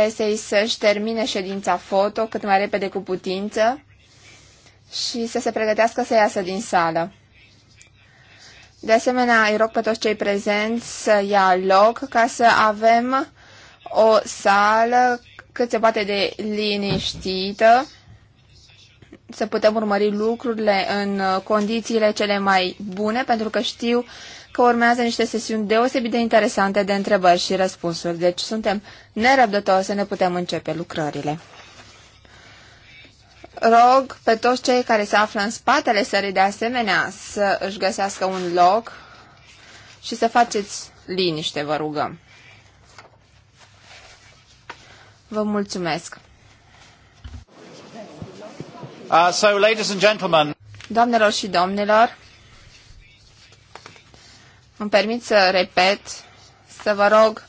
presei să-și termine ședința foto cât mai repede cu putință și să se pregătească să iasă din sală. De asemenea, îi rog pe toți cei prezenți să ia loc ca să avem o sală cât se poate de liniștită, să putem urmări lucrurile în condițiile cele mai bune, pentru că știu că urmează niște sesiuni deosebit de interesante de întrebări și răspunsuri, deci suntem nerăbdători să ne putem începe lucrările. Rog pe toți cei care se află în spatele sării de asemenea să își găsească un loc și să faceți liniște, vă rugăm. Vă mulțumesc. Uh, so, ladies and gentlemen. Doamnelor și domnilor, îmi permit să repet, să vă rog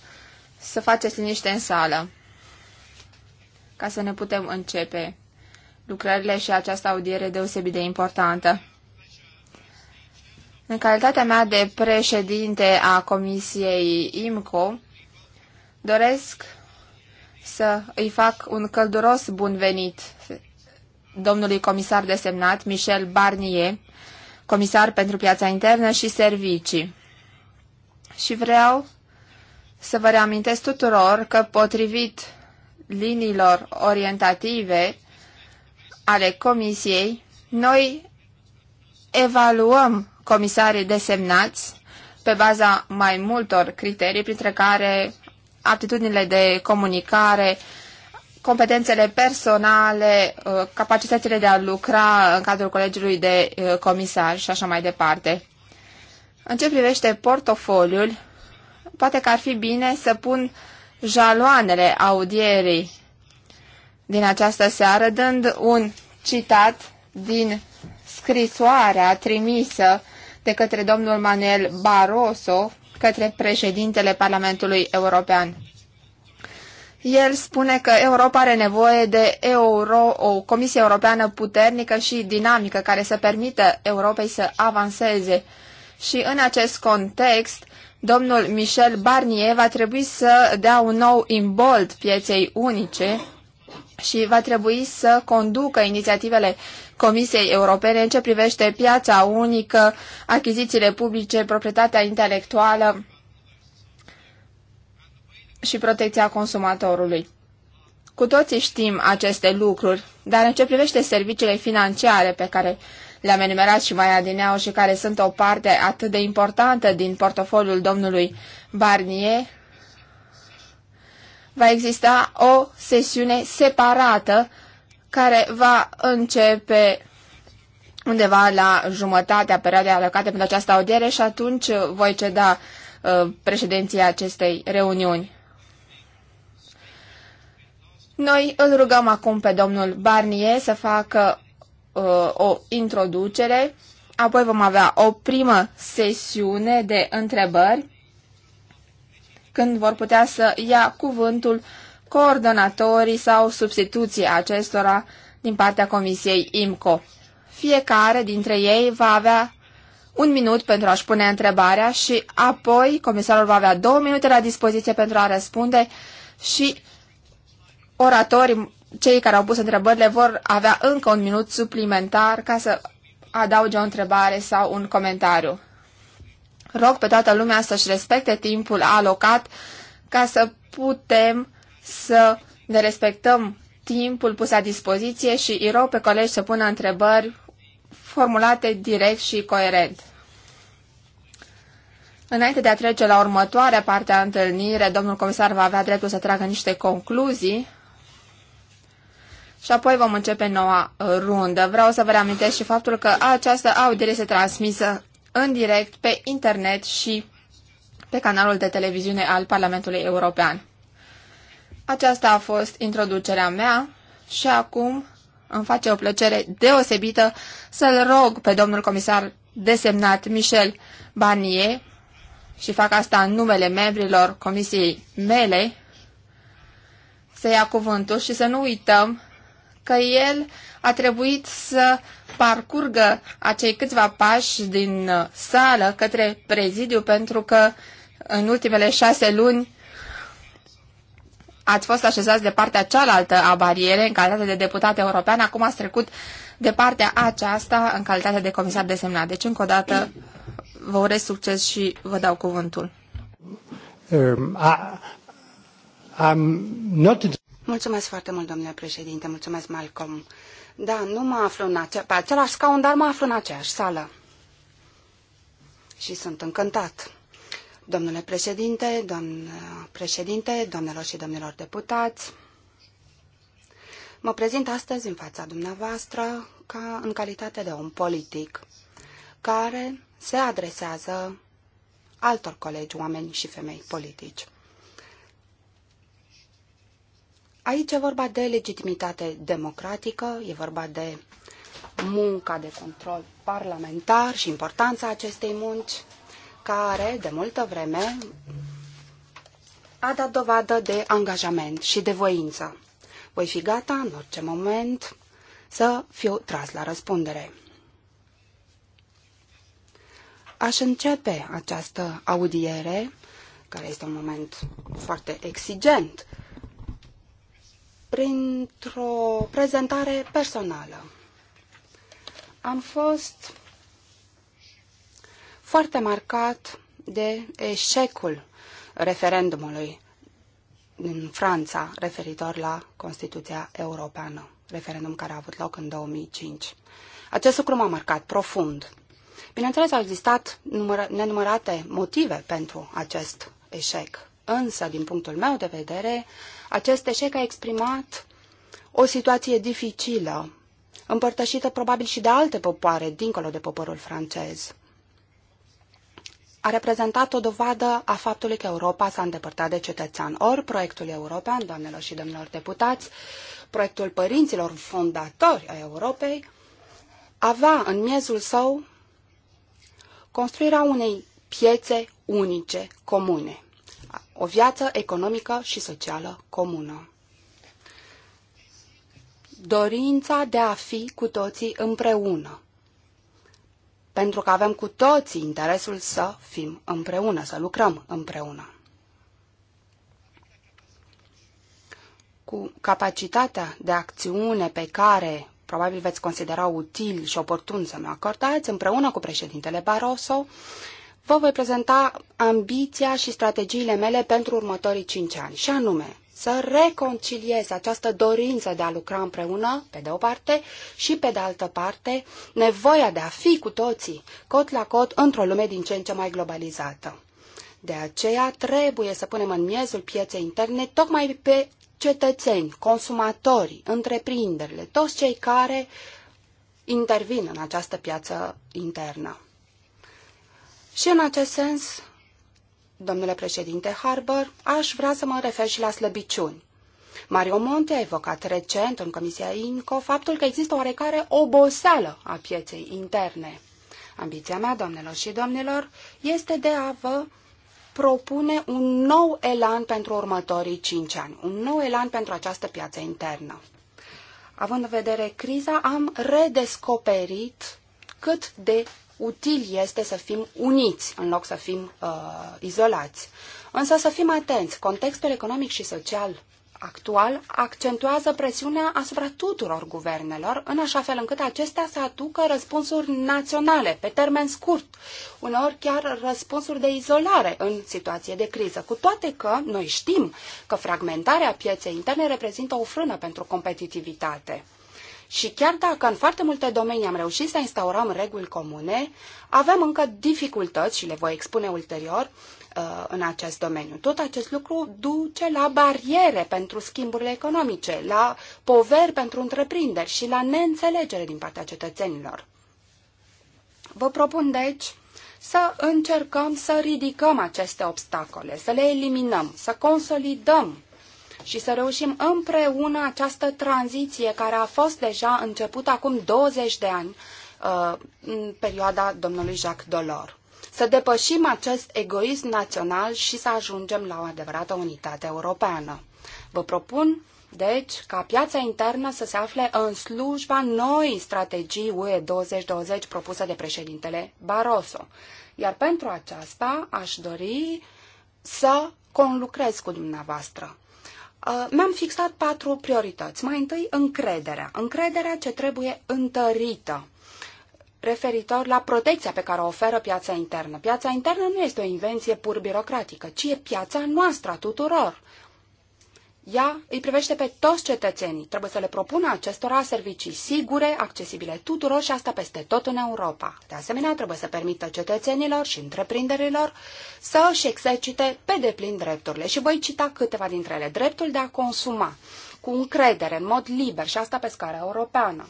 să faceți liniște în sală, ca să ne putem începe lucrările și această audiere deosebit de importantă. În calitatea mea de președinte a Comisiei IMCO, doresc să îi fac un călduros bun venit domnului comisar desemnat Michel Barnier, comisar pentru piața internă și servicii și vreau să vă reamintesc tuturor că potrivit liniilor orientative ale comisiei, noi evaluăm comisarii desemnați pe baza mai multor criterii, printre care aptitudinile de comunicare, competențele personale, uh, capacitățile de a lucra în cadrul colegiului de uh, comisar și așa mai departe. În ce privește portofoliul, poate că ar fi bine să pun jaloanele audierii din această seară, dând un citat din scrisoarea trimisă de către domnul Manuel Barroso către președintele Parlamentului European. El spune că Europa are nevoie de Euro, o Comisie Europeană puternică și dinamică care să permită Europei să avanseze și în acest context domnul Michel Barnier va trebui să dea un nou imbold pieței unice și va trebui să conducă inițiativele Comisiei Europene în ce privește piața unică, achizițiile publice, proprietatea intelectuală și protecția consumatorului. Cu toții știm aceste lucruri, dar în ce privește serviciile financiare pe care le-am enumerat și mai adineau și care sunt o parte atât de importantă din portofoliul domnului Barnier, va exista o sesiune separată care va începe undeva la jumătatea perioadei alocate pentru această audiere și atunci voi ceda uh, președinția acestei reuniuni. Noi îl rugăm acum pe domnul Barnier să facă uh, o introducere, apoi vom avea o primă sesiune de întrebări, când vor putea să ia cuvântul coordonatorii sau substituții acestora din partea Comisiei IMCO. Fiecare dintre ei va avea un minut pentru a-și pune întrebarea și apoi comisarul va avea două minute la dispoziție pentru a răspunde și oratorii cei care au pus întrebările vor avea încă un minut suplimentar ca să adauge o întrebare sau un comentariu. Rog pe toată lumea să-și respecte timpul alocat ca să putem să ne respectăm timpul pus la dispoziție și îi rog pe colegi să pună întrebări formulate direct și coerent. Înainte de a trece la următoarea parte a întâlnire, domnul comisar va avea dreptul să tragă niște concluzii și apoi vom începe noua uh, rundă. Vreau să vă reamintesc și faptul că această audiere este transmisă în direct pe internet și pe canalul de televiziune al Parlamentului European. Aceasta a fost introducerea mea și acum îmi face o plăcere deosebită să-l rog pe domnul comisar desemnat Michel Barnier și fac asta în numele membrilor comisiei mele, să ia cuvântul și să nu uităm că el a trebuit să parcurgă acei câțiva pași din uh, sală către prezidiu pentru că în ultimele șase luni ați fost așezați de partea cealaltă a barierei în calitate de deputat european, acum ați trecut de partea aceasta în calitate de comisar de semnat. Deci, încă o dată, vă urez succes și vă dau cuvântul. Um, I, I'm not... Mulțumesc foarte mult, domnule președinte. Mulțumesc, Malcolm. Da, nu mă aflu în acea, pe același scaun, dar mă aflu în aceeași sală. Și sunt încântat. Domnule președinte, doamnă președinte, doamnelor și domnilor deputați, mă prezint astăzi în fața dumneavoastră ca în calitate de om politic care se adresează altor colegi, oameni și femei politici. Aici e vorba de legitimitate democratică, e vorba de munca de control parlamentar și importanța acestei munci, care, de multă vreme, a dat dovadă de angajament și de voință. Voi fi gata, în orice moment, să fiu tras la răspundere. Aș începe această audiere, care este un moment foarte exigent printr-o prezentare personală. Am fost foarte marcat de eșecul referendumului în Franța referitor la Constituția Europeană, referendum care a avut loc în 2005. Acest lucru m-a marcat profund. Bineînțeles, au existat nenumărate motive pentru acest eșec. Însă, din punctul meu de vedere, acest eșec a exprimat o situație dificilă, împărtășită probabil și de alte popoare, dincolo de poporul francez. A reprezentat o dovadă a faptului că Europa s-a îndepărtat de cetățean. Ori proiectul european, doamnelor și domnilor deputați, proiectul părinților fondatori ai Europei, avea în miezul său construirea unei piețe unice, comune o viață economică și socială comună. Dorința de a fi cu toții împreună. Pentru că avem cu toții interesul să fim împreună, să lucrăm împreună. Cu capacitatea de acțiune pe care probabil veți considera util și oportun să-mi acordați, împreună cu președintele Barroso, vă voi prezenta ambiția și strategiile mele pentru următorii cinci ani, și anume să reconciliez această dorință de a lucra împreună, pe de o parte, și pe de altă parte, nevoia de a fi cu toții, cot la cot, într-o lume din ce în ce mai globalizată. De aceea trebuie să punem în miezul pieței interne tocmai pe cetățeni, consumatori, întreprinderile, toți cei care intervin în această piață internă. Și în acest sens, domnule președinte Harbour, aș vrea să mă refer și la slăbiciuni. Mario Monte a evocat recent în Comisia INCO faptul că există oarecare oboseală a pieței interne. Ambiția mea, doamnelor și domnilor, este de a vă propune un nou elan pentru următorii cinci ani, un nou elan pentru această piață internă. Având în vedere criza, am redescoperit cât de util este să fim uniți în loc să fim uh, izolați. Însă să fim atenți, contextul economic și social actual accentuează presiunea asupra tuturor guvernelor, în așa fel încât acestea să aducă răspunsuri naționale, pe termen scurt, uneori chiar răspunsuri de izolare în situație de criză, cu toate că noi știm că fragmentarea pieței interne reprezintă o frână pentru competitivitate. Și chiar dacă în foarte multe domenii am reușit să instaurăm reguli comune, avem încă dificultăți și le voi expune ulterior uh, în acest domeniu. Tot acest lucru duce la bariere pentru schimburile economice, la poveri pentru întreprinderi și la neînțelegere din partea cetățenilor. Vă propun, deci, să încercăm să ridicăm aceste obstacole, să le eliminăm, să consolidăm și să reușim împreună această tranziție care a fost deja început acum 20 de ani uh, în perioada domnului Jacques Delors. Să depășim acest egoism național și să ajungem la o adevărată unitate europeană. Vă propun deci, ca piața internă să se afle în slujba noii strategii UE 2020 propusă de președintele Barroso. Iar pentru aceasta aș dori să conlucrez cu dumneavoastră. Uh, mi-am fixat patru priorități. Mai întâi, încrederea. Încrederea ce trebuie întărită referitor la protecția pe care o oferă piața internă. Piața internă nu este o invenție pur birocratică, ci e piața noastră a tuturor ea îi privește pe toți cetățenii. Trebuie să le propună acestora servicii sigure, accesibile tuturor și asta peste tot în Europa. De asemenea, trebuie să permită cetățenilor și întreprinderilor să își exercite pe deplin drepturile. Și voi cita câteva dintre ele. Dreptul de a consuma cu încredere, în mod liber și asta pe scară europeană.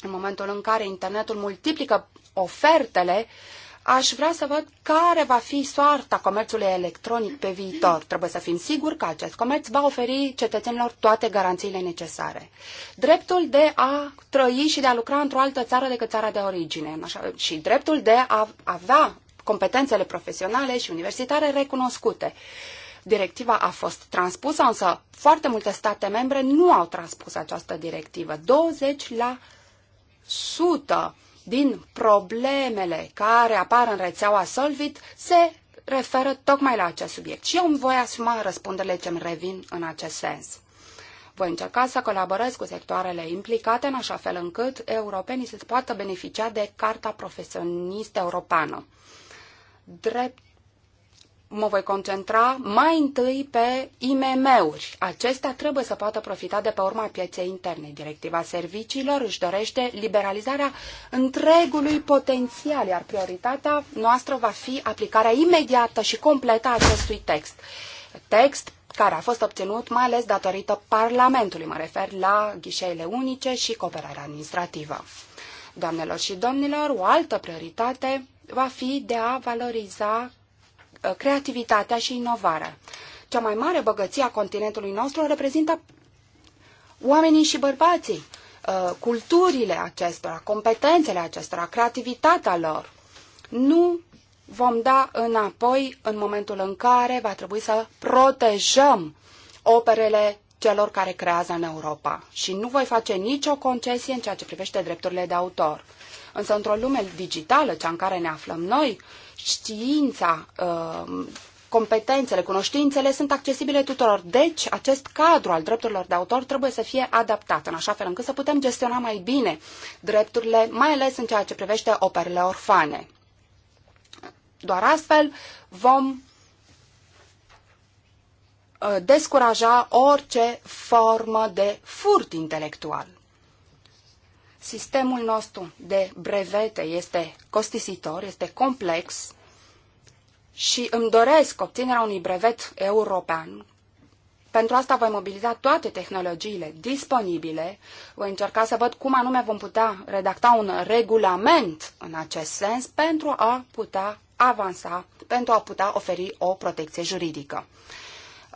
În momentul în care internetul multiplică ofertele, uh, aș vrea să văd care va fi soarta comerțului electronic pe viitor. Trebuie să fim siguri că acest comerț va oferi cetățenilor toate garanțiile necesare. Dreptul de a trăi și de a lucra într-o altă țară decât țara de origine așa, și dreptul de a avea competențele profesionale și universitare recunoscute. Directiva a fost transpusă, însă foarte multe state membre nu au transpus această directivă. 20 la 100 din problemele care apar în rețeaua Solvit se referă tocmai la acest subiect și eu îmi voi asuma răspunderile ce îmi revin în acest sens. Voi încerca să colaborez cu sectoarele implicate în așa fel încât europenii să poată beneficia de Carta Profesionistă Europeană. Drept mă voi concentra mai întâi pe IMM-uri. Acestea trebuie să poată profita de pe urma pieței interne. Directiva serviciilor își dorește liberalizarea întregului potențial, iar prioritatea noastră va fi aplicarea imediată și completă a acestui text. Text care a fost obținut mai ales datorită Parlamentului, mă refer la ghișeile unice și cooperarea administrativă. Doamnelor și domnilor, o altă prioritate va fi de a valoriza Uh, creativitatea și inovarea. Cea mai mare bogăție a continentului nostru reprezintă oamenii și bărbații, uh, culturile acestora, competențele acestora, creativitatea lor. Nu vom da înapoi în momentul în care va trebui să protejăm operele celor care creează în Europa și nu voi face nicio concesie în ceea ce privește drepturile de autor. Însă într-o lume digitală, cea în care ne aflăm noi, știința, uh, competențele, cunoștințele sunt accesibile tuturor. Deci, acest cadru al drepturilor de autor trebuie să fie adaptat în așa fel încât să putem gestiona mai bine drepturile, mai ales în ceea ce privește operele orfane. Doar astfel vom Uh, descuraja orice formă de furt intelectual. Sistemul nostru de brevete este costisitor, este complex și îmi doresc obținerea unui brevet european. Pentru asta voi mobiliza toate tehnologiile disponibile, voi încerca să văd cum anume vom putea redacta un regulament în acest sens pentru a putea avansa, pentru a putea oferi o protecție juridică.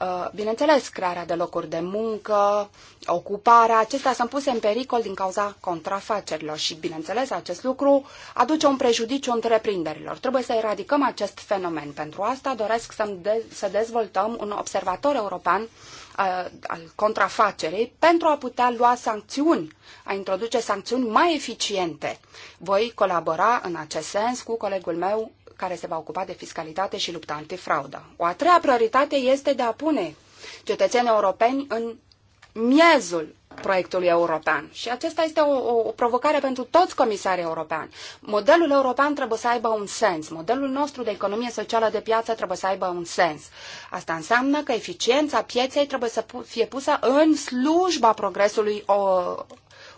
Uh, bineînțeles, crearea de locuri de muncă, ocuparea, acestea sunt puse în pericol din cauza contrafacerilor și, bineînțeles, acest lucru aduce un prejudiciu întreprinderilor. Trebuie să eradicăm acest fenomen. Pentru asta doresc să, de- să dezvoltăm un observator european uh, al contrafacerii pentru a putea lua sancțiuni, a introduce sancțiuni mai eficiente. Voi colabora în acest sens cu colegul meu, care se va ocupa de fiscalitate și lupta antifraudă. O a treia prioritate este de a pune cetățenii europeni în miezul proiectului european. Și acesta este o, o provocare pentru toți comisarii europeni. Modelul european trebuie să aibă un sens. Modelul nostru de economie socială de piață trebuie să aibă un sens. Asta înseamnă că eficiența pieței trebuie să fie pusă în slujba progresului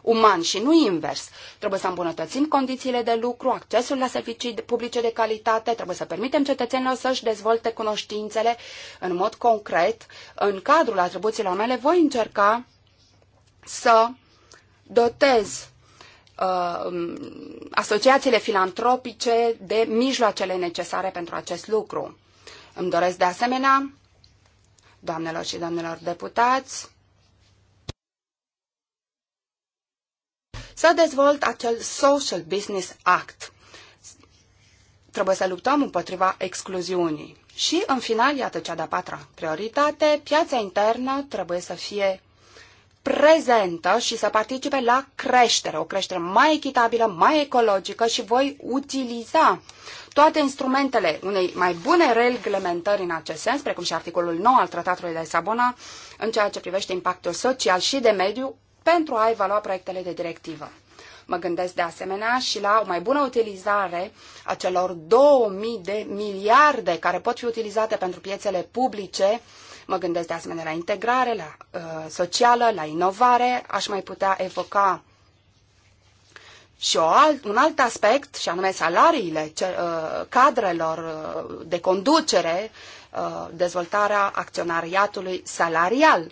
uman și nu invers. Trebuie să îmbunătățim condițiile de lucru, accesul la servicii publice de calitate, trebuie să permitem cetățenilor să-și dezvolte cunoștințele în mod concret. În cadrul atribuțiilor mele voi încerca să dotez uh, asociațiile filantropice de mijloacele necesare pentru acest lucru. Îmi doresc de asemenea, doamnelor și domnilor deputați, să dezvolt acel Social Business Act. Trebuie să luptăm împotriva excluziunii. Și, în final, iată cea de-a patra prioritate, piața internă trebuie să fie prezentă și să participe la creștere, o creștere mai echitabilă, mai ecologică și voi utiliza toate instrumentele unei mai bune reglementări în acest sens, precum și articolul 9 al Tratatului de Sabona, în ceea ce privește impactul social și de mediu, pentru a evalua proiectele de directivă. Mă gândesc de asemenea și la o mai bună utilizare a celor 2000 de miliarde care pot fi utilizate pentru piețele publice. Mă gândesc de asemenea la integrare, la uh, socială, la inovare. Aș mai putea evoca și o alt, un alt aspect, și anume salariile ce, uh, cadrelor uh, de conducere, uh, dezvoltarea acționariatului salarial.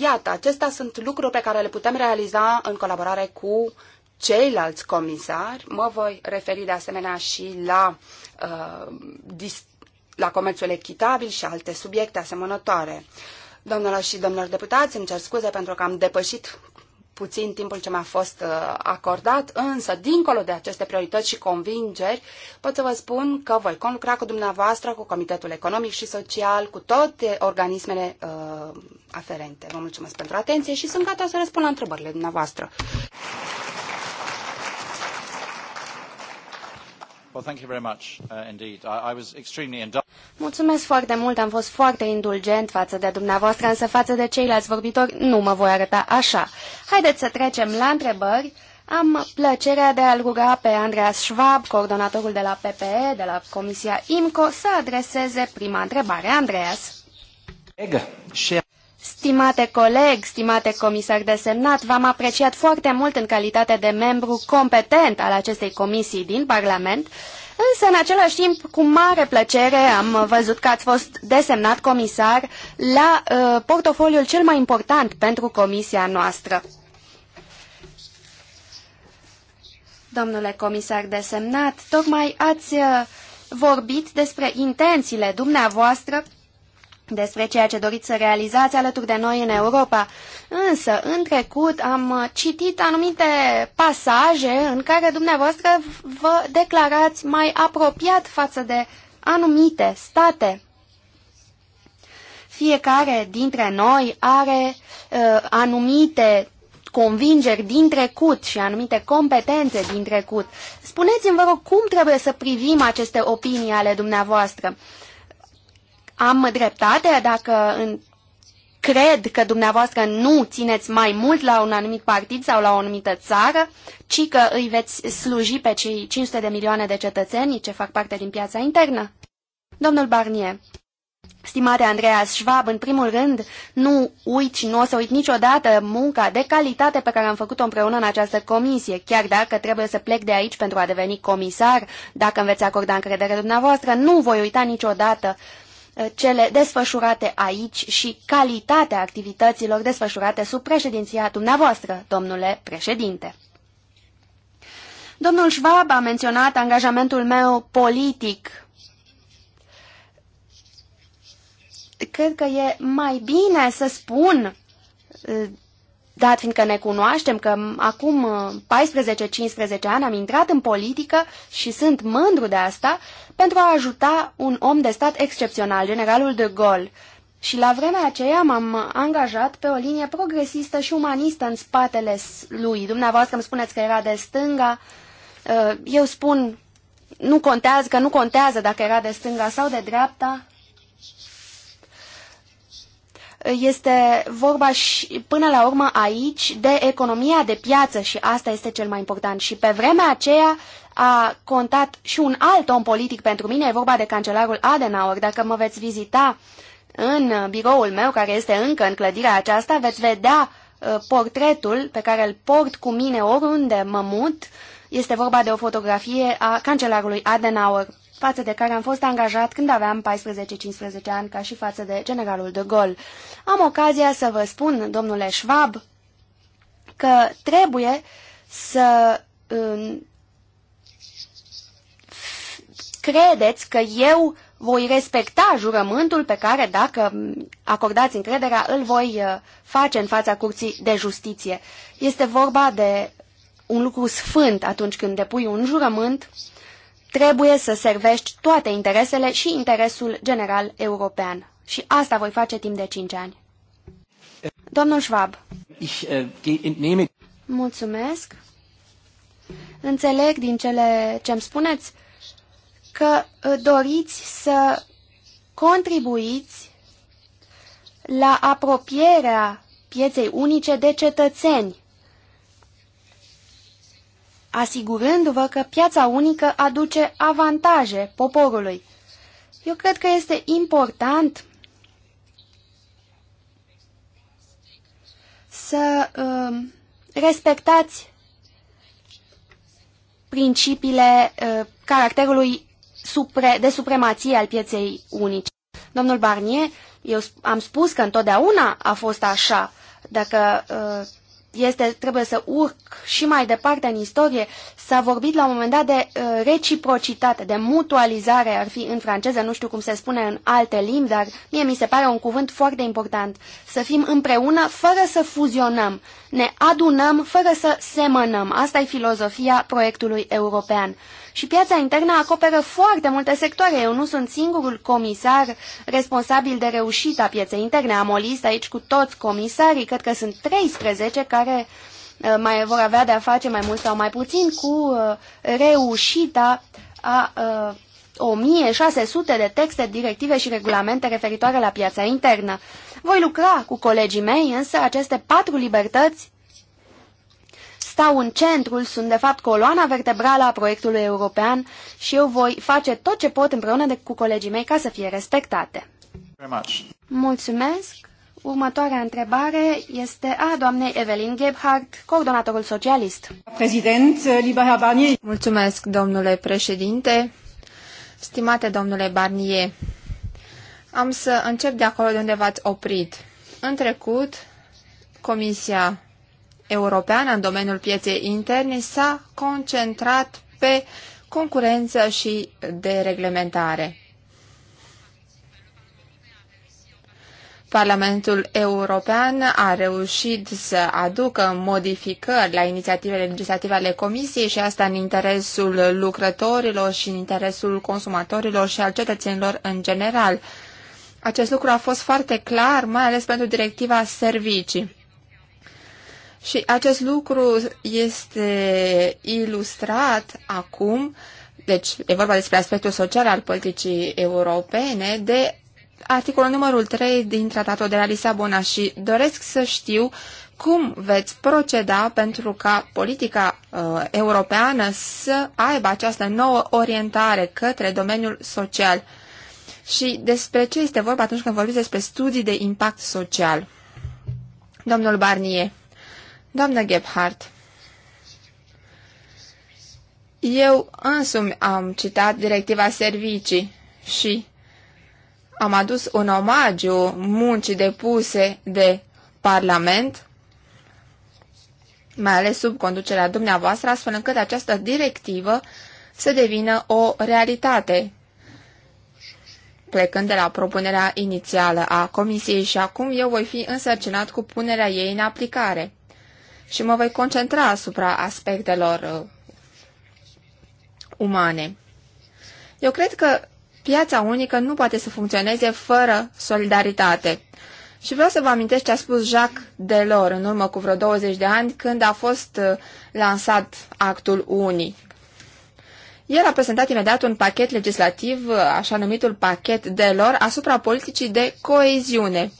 Iată, acestea sunt lucruri pe care le putem realiza în colaborare cu ceilalți comisari. Mă voi referi de asemenea și la, uh, la comerțul echitabil și alte subiecte asemănătoare. Domnilor și domnilor deputați, îmi cer scuze pentru că am depășit puțin timpul ce mi-a fost uh, acordat, însă, dincolo de aceste priorități și convingeri, pot să vă spun că voi conlucra cu dumneavoastră, cu Comitetul Economic și Social, cu toate organismele uh, aferente. Vă mulțumesc pentru atenție și sunt gata să răspund la întrebările dumneavoastră. Mulțumesc foarte mult, am fost foarte indulgent față de dumneavoastră, însă față de ceilalți vorbitori nu mă voi arăta așa. Haideți să trecem la întrebări. Am plăcerea de a-l ruga pe Andreas Schwab, coordonatorul de la PPE, de la Comisia IMCO, să adreseze prima întrebare. Andreas. Stimate coleg, stimate comisar desemnat, v-am apreciat foarte mult în calitate de membru competent al acestei comisii din Parlament, însă în același timp, cu mare plăcere, am văzut că ați fost desemnat comisar la uh, portofoliul cel mai important pentru comisia noastră. Domnule comisar desemnat, tocmai ați uh, vorbit despre intențiile dumneavoastră despre ceea ce doriți să realizați alături de noi în Europa. Însă, în trecut am citit anumite pasaje în care dumneavoastră vă declarați mai apropiat față de anumite state. Fiecare dintre noi are uh, anumite convingeri din trecut și anumite competențe din trecut. Spuneți-mi, vă rog, cum trebuie să privim aceste opinii ale dumneavoastră? Uh, am dreptate dacă în cred că dumneavoastră nu țineți mai mult la un anumit partid sau la o anumită țară, ci că îi veți sluji pe cei 500 de milioane de cetățeni ce fac parte din piața internă? Domnul Barnier, stimate Andreas Schwab, în primul rând, nu uit și nu o să uit niciodată munca de calitate pe care am făcut-o împreună în această comisie, chiar dacă trebuie să plec de aici pentru a deveni comisar, dacă îmi veți acorda încredere dumneavoastră, nu voi uita niciodată uh, cele desfășurate aici și calitatea activităților desfășurate sub președinția dumneavoastră, domnule președinte. Domnul Schwab a menționat angajamentul meu politic. Cred că e mai bine să spun dat fiindcă ne cunoaștem că acum 14-15 uh, ani am intrat în politică și sunt mândru de asta, pentru a ajuta un om de stat excepțional, generalul de Gaulle. Și la vremea aceea m-am angajat pe o linie progresistă și umanistă în spatele lui. Dumneavoastră îmi spuneți că era de stânga, uh, eu spun nu contează, că nu contează dacă era de stânga sau de dreapta, este vorba și până la urmă aici de economia de piață și asta este cel mai important. Și pe vremea aceea a contat și un alt om politic pentru mine, e vorba de cancelarul Adenauer. Dacă mă veți vizita în biroul meu, care este încă în clădirea aceasta, veți vedea uh, portretul pe care îl port cu mine oriunde mă mut. Este vorba de o fotografie a cancelarului Adenauer față de care am fost angajat când aveam 14-15 ani, ca și față de generalul de Gaulle. Am ocazia să vă spun, domnule Schwab, că trebuie să um, credeți că eu voi respecta jurământul pe care, dacă acordați încrederea, îl voi uh, face în fața curții de justiție. Este vorba de un lucru sfânt atunci când depui un jurământ Trebuie să servești toate interesele și interesul general european. Și asta voi face timp de cinci ani. Domnul Schwab. Äh, Mulțumesc. Înțeleg din cele ce îmi spuneți că uh, doriți să contribuiți la apropierea pieței unice de cetățeni asigurându-vă că piața unică aduce avantaje poporului. Eu cred că este important să uh, respectați principiile uh, caracterului supre, de supremație al pieței unice. Domnul Barnier, eu am spus că întotdeauna a fost așa. Dacă uh, este, trebuie să urc și mai departe în istorie, s-a vorbit la un moment dat de uh, reciprocitate, de mutualizare, ar fi în franceză, nu știu cum se spune în alte limbi, dar mie mi se pare un cuvânt foarte important. Să fim împreună fără să fuzionăm, ne adunăm fără să semănăm. Asta e filozofia proiectului european. Și piața internă acoperă foarte multe sectoare. Eu nu sunt singurul comisar responsabil de reușita pieței interne. Am o listă aici cu toți comisarii, cred că sunt 13 care uh, mai vor avea de a face mai mult sau mai puțin cu uh, reușita a 1600 uh, de texte, directive și regulamente referitoare la piața internă. Voi lucra cu colegii mei, însă aceste patru libertăți stau în centrul, sunt de fapt coloana vertebrală a proiectului european și eu voi face tot ce pot împreună de, cu colegii mei ca să fie respectate. Mulțumesc! Următoarea întrebare este a doamnei Evelyn Gebhardt, coordonatorul socialist. Prezident, eh, lieber Barnier. Mulțumesc, domnule președinte. Stimate domnule Barnier, am să încep de acolo de unde v-ați oprit. În trecut, Comisia europeană în domeniul pieței interne s-a concentrat pe concurență și de reglementare. Parlamentul European a reușit să aducă modificări la inițiativele legislative ale Comisiei și asta în interesul lucrătorilor și în interesul consumatorilor și al cetățenilor în general. Acest lucru a fost foarte clar, mai ales pentru directiva servicii. Și acest lucru este ilustrat acum, deci e vorba despre aspectul social al politicii europene, de articolul numărul 3 din Tratatul de la Lisabona și doresc să știu cum veți proceda pentru ca politica uh, europeană să aibă această nouă orientare către domeniul social și despre ce este vorba atunci când vorbiți despre studii de impact social. Domnul Barnier. Doamnă Gebhardt, eu însumi am citat directiva servicii și am adus un omagiu muncii depuse de Parlament, mai ales sub conducerea dumneavoastră, astfel încât această directivă să devină o realitate, plecând de la propunerea inițială a Comisiei și acum eu voi fi însărcinat cu punerea ei în aplicare și mă voi concentra asupra aspectelor uh, umane. Eu cred că piața unică nu poate să funcționeze fără solidaritate. Și vreau să vă amintesc ce a spus Jacques Delors în urmă cu vreo 20 de ani când a fost uh, lansat actul unii. El a prezentat imediat un pachet legislativ, uh, așa numitul pachet Delors, asupra politicii de coeziune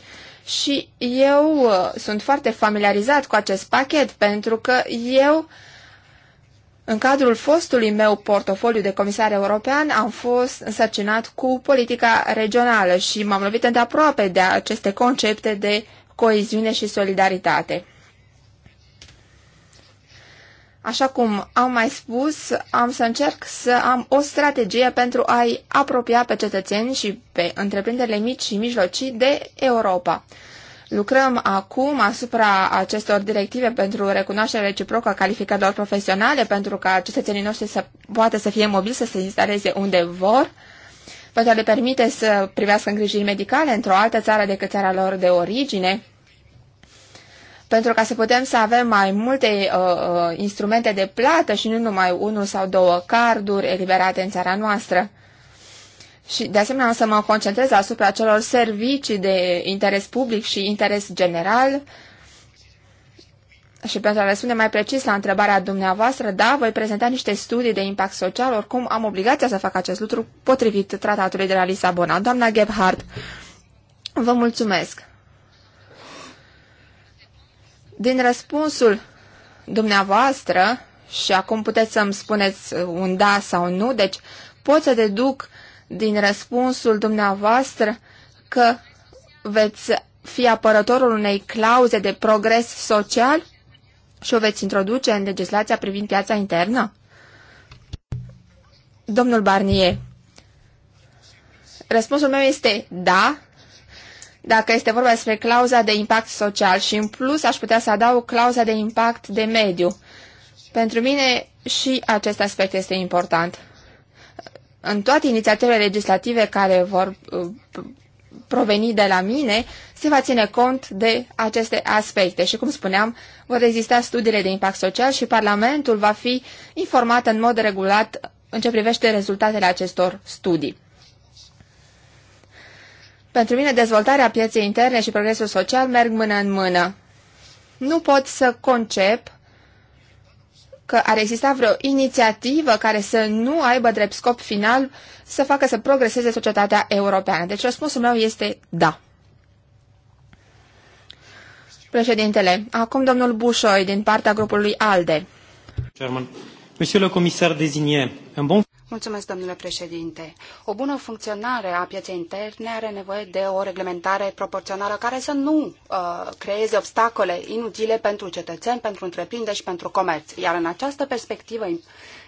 și eu uh, sunt foarte familiarizat cu acest pachet pentru că eu, în cadrul fostului meu portofoliu de comisar european, am fost însărcinat cu politica regională și m-am lovit îndeaproape de aceste concepte de coeziune și solidaritate. Așa cum am mai spus, am să încerc să am o strategie pentru a-i apropia pe cetățeni și pe întreprinderile mici și mijlocii de Europa. Lucrăm acum asupra acestor directive pentru recunoaștere reciprocă a calificărilor profesionale, pentru ca cetățenii noștri să poată să fie mobili, să se instaleze unde vor, pentru a le permite să primească îngrijiri medicale într-o altă țară decât țara lor de origine, pentru ca să putem să avem mai multe uh, uh, instrumente de plată și nu numai unul sau două carduri eliberate în țara noastră. Și de asemenea o să mă concentrez asupra celor servicii de interes public și interes general. Și pentru a răspunde mai precis la întrebarea dumneavoastră, da, voi prezenta niște studii de impact social, oricum am obligația să fac acest lucru potrivit tratatului de la Lisabona. Doamna Gebhardt, vă mulțumesc! Din răspunsul dumneavoastră, și acum puteți să-mi spuneți uh, un da sau un nu, deci pot să deduc din răspunsul dumneavoastră că veți fi apărătorul unei clauze de progres social și o veți introduce în legislația privind piața internă? Domnul Barnier, răspunsul meu este da, dacă este vorba despre clauza de impact social și în plus aș putea să adaug clauza de impact de mediu. Pentru mine și acest aspect este important. În toate inițiativele legislative care vor uh, proveni de la mine, se va ține cont de aceste aspecte și, cum spuneam, vor exista studiile de impact social și Parlamentul va fi informat în mod regulat în ce privește rezultatele acestor studii. Pentru mine, dezvoltarea pieței interne și progresul social merg mână în mână. Nu pot să concep că ar exista vreo inițiativă care să nu aibă drept scop final să facă să progreseze societatea europeană. Deci răspunsul meu este da. Președintele, acum domnul Bușoi din partea grupului ALDE. German. Monsieur le comisar désigné, un bon... Mulțumesc, domnule președinte. O bună funcționare a pieței interne are nevoie de o reglementare proporțională care să nu uh, creeze obstacole inutile pentru cetățeni, pentru întreprinderi și pentru comerț. Iar în această perspectivă,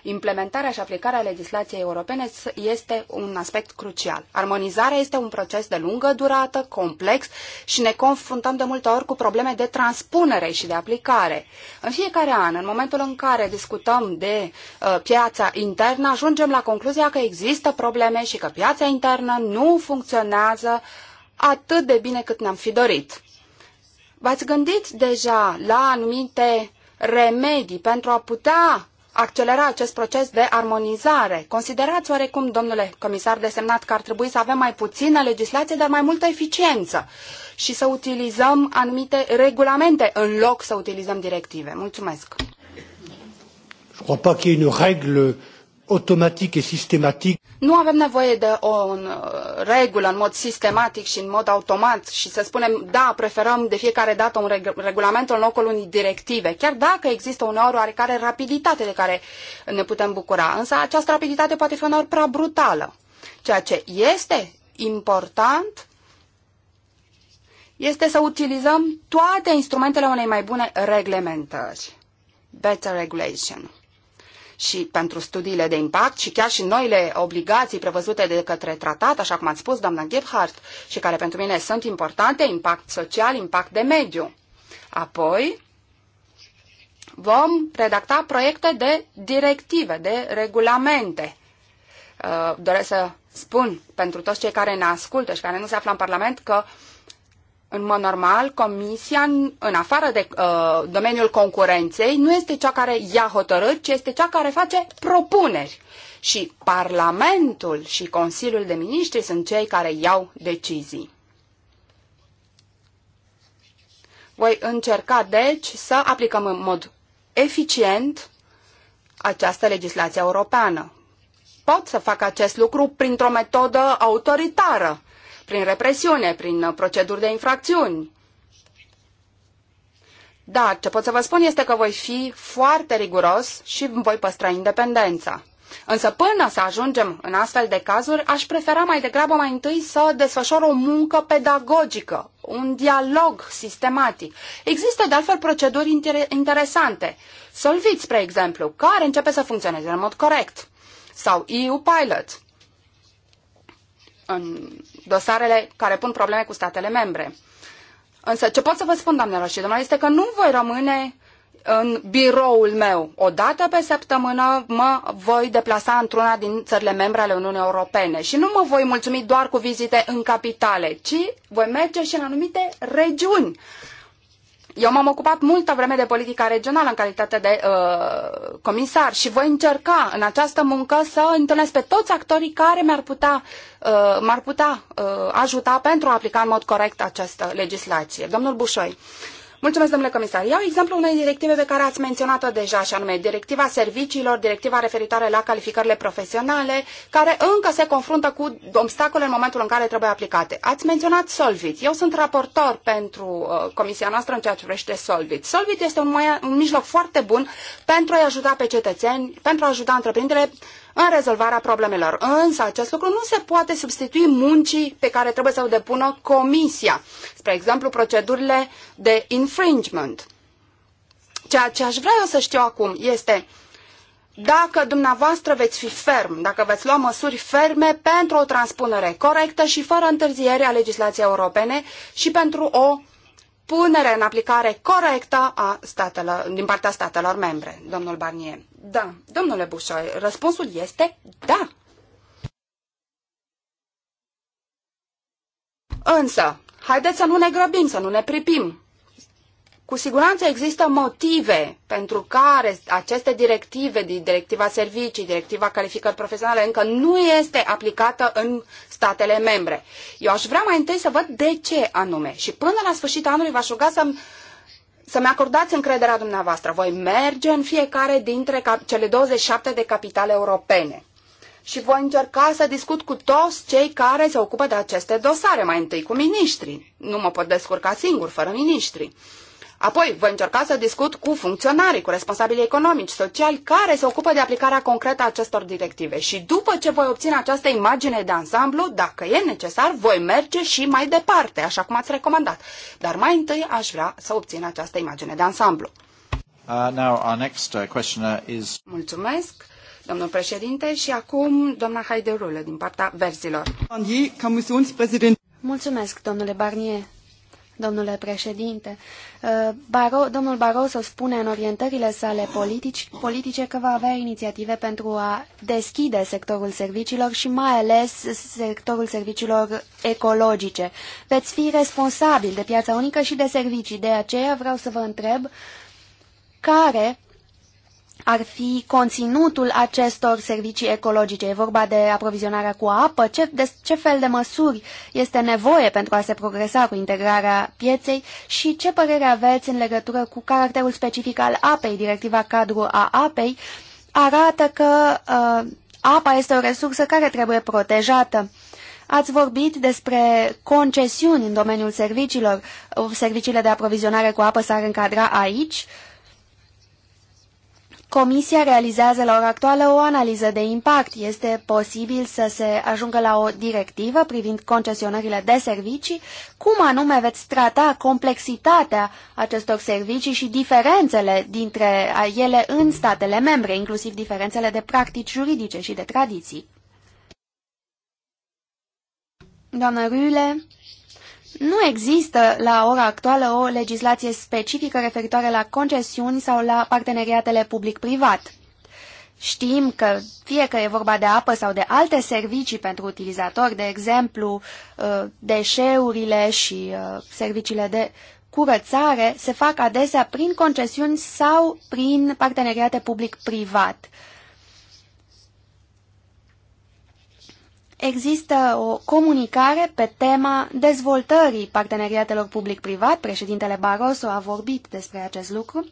implementarea și aplicarea legislației europene este un aspect crucial. Armonizarea este un proces de lungă durată, complex și ne confruntăm de multe ori cu probleme de transpunere și de aplicare. În fiecare an, în momentul în care discutăm de uh, piața internă, ajungem la concluzia că există probleme și că piața internă nu funcționează atât de bine cât ne-am fi dorit. V-ați gândit deja la anumite remedii pentru a putea accelera acest proces de armonizare. Considerați oarecum, domnule comisar desemnat, că ar trebui să avem mai puțină legislație, dar mai multă eficiență și să utilizăm anumite regulamente în loc să utilizăm directive. Mulțumesc! Je crois pas qu'il y ait une règle automatic et systématique. Nu avem nevoie de o uh, regulă în mod sistematic și în mod automat și să spunem, da, preferăm de fiecare dată un reg regulament în locul unei directive, chiar dacă există uneori oarecare rapiditate de care ne putem bucura. Însă această rapiditate poate fi uneori prea brutală. Ceea ce este important este să utilizăm toate instrumentele unei mai bune reglementări. Better regulation și pentru studiile de impact și chiar și noile obligații prevăzute de către tratat, așa cum ați spus, doamna Gebhardt, și care pentru mine sunt importante, impact social, impact de mediu. Apoi, vom redacta proiecte de directive, de regulamente. Uh, doresc să spun pentru toți cei care ne ascultă și care nu se află în Parlament că uh, în mod normal, Comisia, în afară de uh, domeniul concurenței, nu este cea care ia hotărâri, ci este cea care face propuneri. Și Parlamentul și Consiliul de Miniștri sunt cei care iau decizii. Voi încerca, deci, să aplicăm în mod eficient această legislație europeană. Pot să fac acest lucru printr-o metodă autoritară, prin represiune, prin uh, proceduri de infracțiuni. Dar ce pot să vă spun este că voi fi foarte riguros și voi păstra independența. Însă până să ajungem în astfel de cazuri, aș prefera mai degrabă mai întâi să desfășor o muncă pedagogică, un dialog sistematic. Există de altfel proceduri inter- interesante. Solvit, spre exemplu, care începe să funcționeze în mod corect. Sau EU Pilot. În dosarele care pun probleme cu statele membre. Însă ce pot să vă spun, doamnelor și domnilor, este că nu voi rămâne în biroul meu. O dată pe săptămână mă voi deplasa într-una din țările membre ale Uniunii Europene și nu mă voi mulțumi doar cu vizite în capitale, ci voi merge și în anumite regiuni eu m-am ocupat multă vreme de politica regională în calitate de uh, comisar și voi încerca în această muncă să întâlnesc pe toți actorii care mi-ar putea, uh, m-ar putea uh, ajuta pentru a aplica în mod corect această legislație. Domnul Bușoi, uh, Mulțumesc, domnule comisar. Iau exemplu unei directive pe care ați menționat-o deja, și anume directiva serviciilor, directiva referitoare la calificările profesionale, care încă se confruntă cu obstacole în momentul în care trebuie aplicate. Ați menționat Solvit. Eu sunt raportor pentru uh, comisia noastră în ceea ce privește Solvit. Solvit este un, mai, un mijloc foarte bun pentru a-i ajuta pe cetățeni, pentru a ajuta întreprinderile în rezolvarea problemelor. Însă acest lucru nu se poate substitui muncii pe care trebuie să o depună comisia. Spre exemplu, procedurile de infringement. Ceea ce aș vrea eu să știu acum este dacă dumneavoastră veți fi ferm, dacă veți lua măsuri ferme pentru o transpunere corectă și fără întârziere a legislației europene și pentru o punere în aplicare corectă a statelor, din partea statelor membre, domnul Barnier. Da, domnule Bușoi, răspunsul este da. Însă, haideți să nu ne grăbim, să nu ne pripim. Cu siguranță există motive pentru care aceste directive, directiva servicii, directiva calificări profesionale, încă nu este aplicată în statele membre. Eu aș vrea mai întâi să văd de ce anume. Și până la sfârșitul anului v-aș ruga să-mi să-mi acordați încrederea dumneavoastră. Voi merge în fiecare dintre cele 27 de capitale europene și voi încerca să discut cu toți cei care se ocupă de aceste dosare, mai întâi cu miniștrii. Nu mă pot descurca singur, fără miniștri. Apoi voi încerca să discut cu funcționarii, cu responsabilii economici, sociali, care se ocupă de aplicarea concretă a acestor directive. Și după ce voi obține această imagine de ansamblu, dacă e necesar, voi merge și mai departe, așa cum ați recomandat. Dar mai întâi aș vrea să obțin această imagine de ansamblu. Uh, now our next uh, questioner is... Mulțumesc, domnul președinte, și acum doamna Haide Rulă, din partea verzilor. Mulțumesc, domnule Barnier domnule președinte. Uh, Baro, domnul Barroso spune în orientările sale politici, politice că va avea inițiative pentru a deschide sectorul serviciilor și mai ales sectorul serviciilor ecologice. Veți fi responsabil de piața unică și de servicii. De aceea vreau să vă întreb care ar fi conținutul acestor servicii ecologice? E vorba de aprovizionarea cu apă? Ce, de, ce fel de măsuri este nevoie pentru a se progresa cu integrarea pieței? Și ce părere aveți în legătură cu caracterul specific al apei? Directiva cadru a apei arată că uh, apa este o resursă care trebuie protejată. Ați vorbit despre concesiuni în domeniul serviciilor. Serviciile de aprovizionare cu apă s-ar încadra aici? Uh, Comisia realizează la ora actuală o analiză de impact. Este posibil să se ajungă la o directivă privind concesionările de servicii? Cum anume veți trata complexitatea acestor servicii și diferențele dintre ele în statele membre, inclusiv diferențele de practici juridice și de tradiții? Doamnă Rüle, nu există la ora actuală o legislație specifică referitoare la concesiuni sau la parteneriatele public-privat. Știm că fie că e vorba de apă sau de alte servicii pentru utilizatori, de exemplu uh, deșeurile și uh, serviciile de curățare, se fac adesea prin concesiuni sau prin parteneriate public-privat. există o comunicare pe tema dezvoltării parteneriatelor public-privat, președintele Barroso a vorbit despre acest lucru,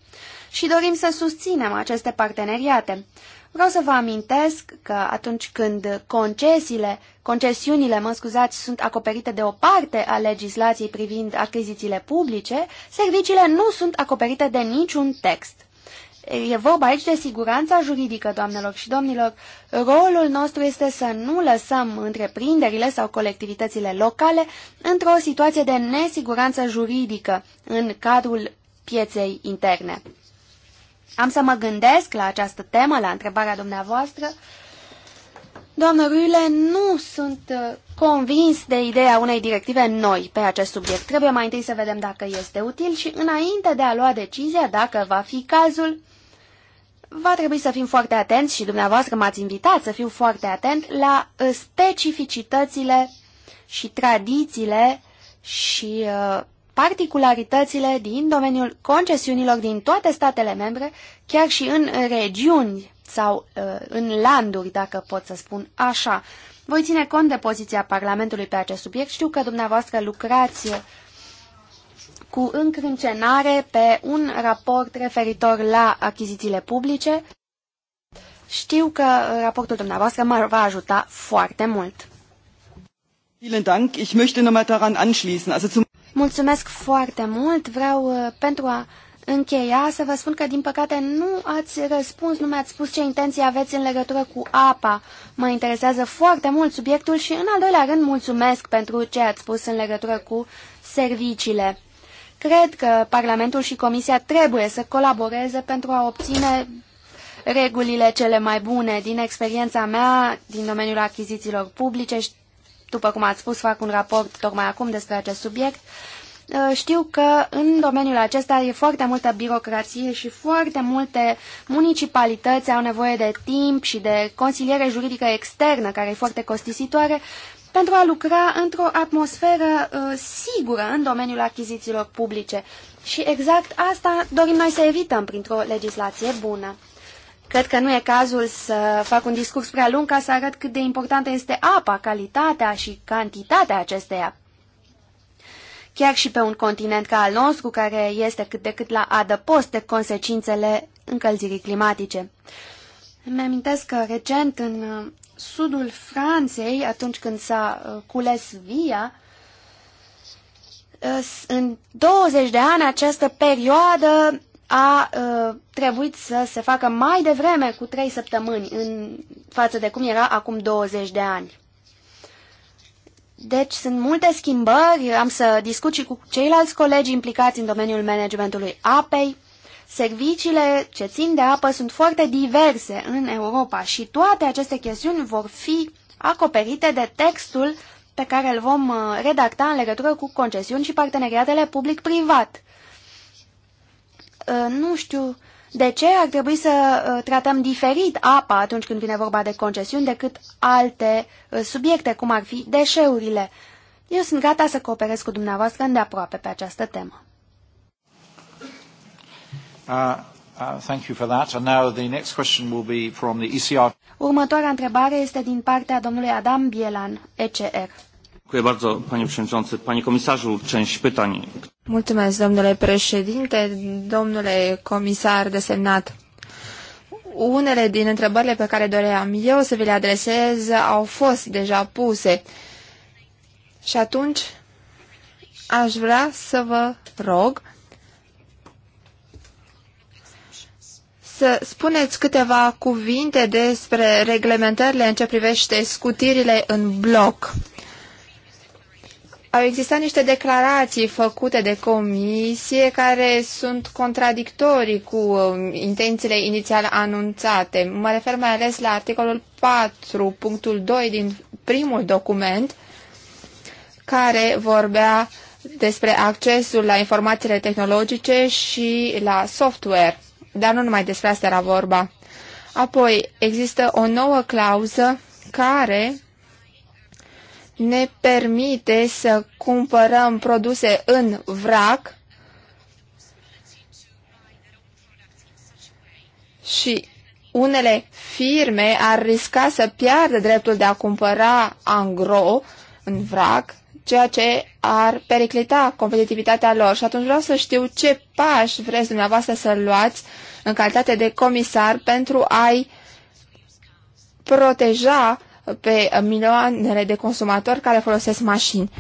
și dorim să susținem aceste parteneriate. Vreau să vă amintesc că atunci când concesiile, concesiunile, mă scuzați, sunt acoperite de o parte a legislației privind achizițiile publice, serviciile nu sunt acoperite de niciun text. E vorba aici de siguranța juridică, doamnelor și domnilor. Rolul nostru este să nu lăsăm întreprinderile sau colectivitățile locale într-o situație de nesiguranță juridică în cadrul pieței interne. Am să mă gândesc la această temă, la întrebarea dumneavoastră. Doamnă Ruile, nu sunt uh, convins de ideea unei directive noi pe acest subiect. Trebuie mai întâi să vedem dacă este util și înainte de a lua decizia, dacă va fi cazul, va trebui să fim foarte atenți și dumneavoastră m-ați invitat să fiu foarte atent la uh, specificitățile și tradițiile și uh, particularitățile din domeniul concesiunilor din toate statele membre, chiar și în regiuni sau uh, în landuri, dacă pot să spun așa. Voi ține cont de poziția Parlamentului pe acest subiect. Știu că dumneavoastră lucrați cu încrâncenare pe un raport referitor la achizițiile publice. Știu că raportul dumneavoastră mă va ajuta foarte mult. Mulțumesc foarte mult. Vreau uh, pentru a încheia să vă spun că, din păcate, nu ați răspuns, nu mi-ați spus ce intenții aveți în legătură cu apa. Mă interesează foarte mult subiectul și, în al doilea rând, mulțumesc pentru ce ați spus în legătură cu serviciile. Cred că Parlamentul și Comisia trebuie să colaboreze pentru a obține regulile cele mai bune. Din experiența mea, din domeniul achizițiilor publice, după cum ați spus, fac un raport tocmai acum despre acest subiect, uh, știu că în domeniul acesta e foarte multă birocrație și foarte multe municipalități au nevoie de timp și de consiliere juridică externă, care e foarte costisitoare, pentru a lucra într-o atmosferă uh, sigură în domeniul achizițiilor publice. Și exact asta dorim noi să evităm printr-o legislație bună. Cred că nu e cazul să fac un discurs prea lung ca să arăt cât de importantă este apa, calitatea și cantitatea acesteia. Chiar și pe un continent ca al nostru, care este cât de cât la adăpost de consecințele încălzirii climatice. Îmi amintesc că recent în uh, sudul Franței, atunci când s-a uh, cules via, uh, în 20 de ani această perioadă a trebuit să se facă mai devreme cu 3 săptămâni în față de cum era acum 20 de ani. Deci sunt multe schimbări, am să discut și cu ceilalți colegi implicați în domeniul managementului apei. Serviciile ce țin de apă sunt foarte diverse în Europa și toate aceste chestiuni vor fi acoperite de textul pe care îl vom uh, redacta în legătură cu concesiuni și parteneriatele public-privat. Uh, nu știu de ce ar trebui să uh, tratăm diferit apa atunci când vine vorba de concesiuni decât alte subiecte, cum ar fi deșeurile. Eu sunt gata să cooperez cu dumneavoastră îndeaproape pe această temă. Uh, uh, thank you for that. And now the next question will be from the ECR. Următoarea întrebare este din partea domnului Adam Bielan, ECR. Mulțumesc, domnule președinte, domnule comisar desemnat. Unele din întrebările pe care doream eu să vi le adresez au fost deja puse. Și atunci aș vrea să vă rog să spuneți câteva cuvinte despre reglementările în ce privește scutirile în bloc. Au existat niște declarații făcute de comisie care sunt contradictorii cu um, intențiile inițial anunțate. Mă refer mai ales la articolul 4.2 din primul document care vorbea despre accesul la informațiile tehnologice și la software dar nu numai despre asta era vorba. Apoi, există o nouă clauză care ne permite să cumpărăm produse în vrac și unele firme ar risca să piardă dreptul de a cumpăra angro în vrac ceea ce ar periclita competitivitatea lor. Și atunci vreau să știu ce pași vreți dumneavoastră să luați în calitate de comisar pentru a-i proteja pe milioanele de consumatori care folosesc mașini.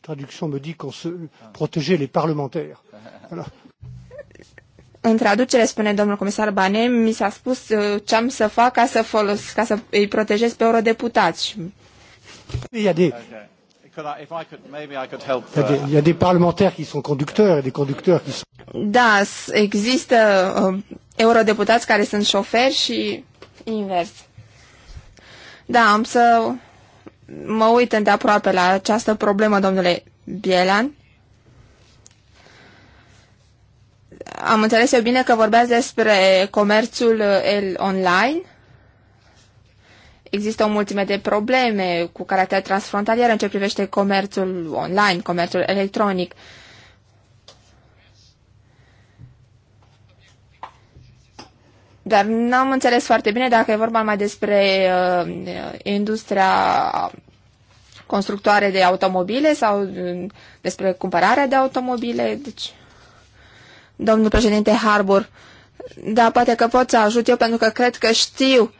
Traducția me dit qu'on se protégeait les parlementaires. Alors, în traducere, spune domnul comisar Bane, mi s-a spus uh, ce am să fac ca să, folos, ca să îi protejez pe eurodeputați. Il y a des, parlementaires qui sont conducteurs et des conducteurs qui sont... Da, există uh, eurodeputați care sunt șoferi și invers. Da, am să mă uit îndeaproape la această problemă, domnule Bielan. am înțeles eu bine că vorbeați despre comerțul eh, online. Există o mulțime de probleme cu caracter transfrontalier în ce privește comerțul online, comerțul electronic. Dar n-am înțeles foarte bine dacă e vorba mai despre uh, industria constructoare de automobile sau uh, despre cumpărarea de automobile. Deci, domnul președinte Harbour. Da, poate că pot să ajut eu pentru că cred că știu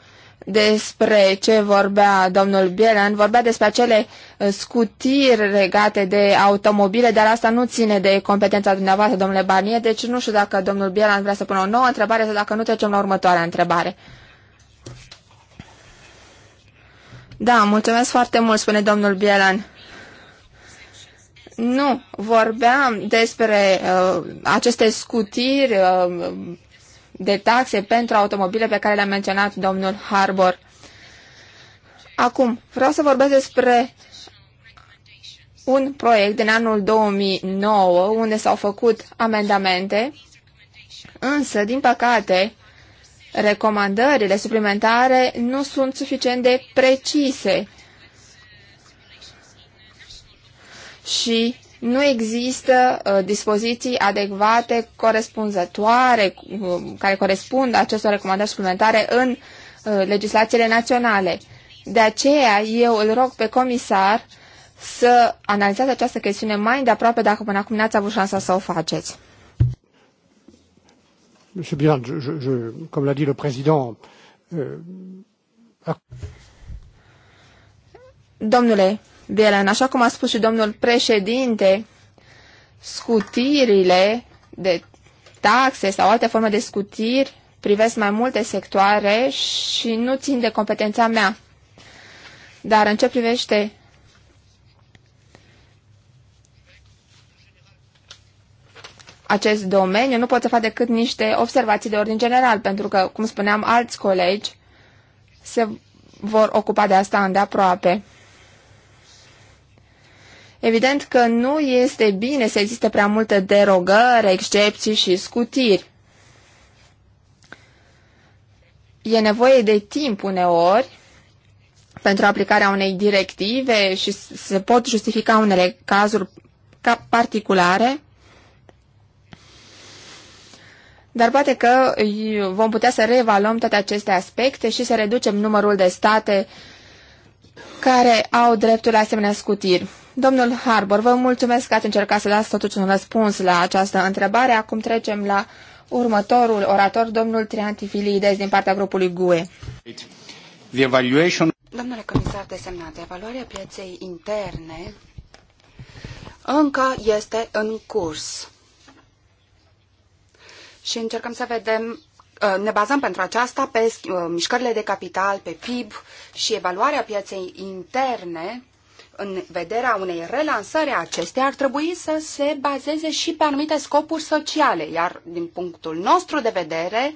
despre ce vorbea domnul Bielan. Vorbea despre acele uh, scutiri legate de automobile, dar asta nu ține de competența dumneavoastră, domnule Barnier, deci nu știu dacă domnul Bielan vrea să pună o nouă întrebare sau dacă nu trecem la următoarea întrebare. Da, mulțumesc foarte mult, spune domnul Bielan. Nu, vorbeam despre uh, aceste scutiri uh, de taxe pentru automobile pe care le-a menționat domnul Harbour. Acum, vreau să vorbesc despre un proiect din anul 2009 unde s-au făcut amendamente, însă, din păcate, recomandările suplimentare nu sunt suficient de precise și nu există uh, dispoziții adecvate corespunzătoare uh, care corespund acestor recomandări suplimentare în uh, legislațiile naționale. De aceea eu îl rog pe comisar să analizați această chestiune mai aproape dacă până acum n-ați avut șansa să o faceți. Monsieur Björn, je, je, je, comme l'a dit le président, euh, a... Domnule ele. Așa cum a spus și domnul președinte, scutirile de taxe sau alte forme de scutiri privesc mai multe sectoare și nu țin de competența mea. Dar în ce privește acest domeniu, nu pot să fac decât niște observații de ordin general, pentru că, cum spuneam, alți colegi se vor ocupa de asta îndeaproape. aproape. Evident că nu este bine să existe prea multe derogări, excepții și scutiri. E nevoie de timp uneori pentru aplicarea unei directive și se pot justifica unele cazuri particulare, dar poate că vom putea să reevaluăm toate aceste aspecte și să reducem numărul de state care au dreptul la asemenea scutiri. Domnul Harbour, vă mulțumesc că ați încercat să dați totuși un răspuns la această întrebare. Acum trecem la următorul orator, domnul Filides, din partea grupului GUE. evaluation... Domnule comisar desemnat, evaluarea pieței interne încă este în curs. Și încercăm să vedem, uh, ne bazăm pentru aceasta pe uh, mișcările de capital, pe PIB și evaluarea pieței interne în vederea unei relansări a acesteia ar trebui să se bazeze și pe anumite scopuri sociale, iar din punctul nostru de vedere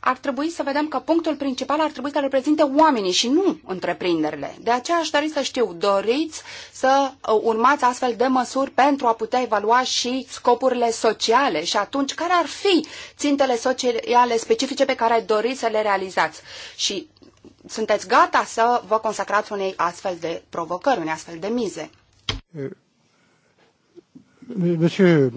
ar trebui să vedem că punctul principal ar trebui să reprezinte oamenii și nu întreprinderile. De aceea aș dori să știu, doriți să uh, urmați astfel de măsuri pentru a putea evalua și scopurile sociale și atunci care ar fi țintele sociale specifice pe care doriți să le realizați? Și sunteți gata să vă consacrați unei astfel de provocări, unei astfel de mize? Euh, monsieur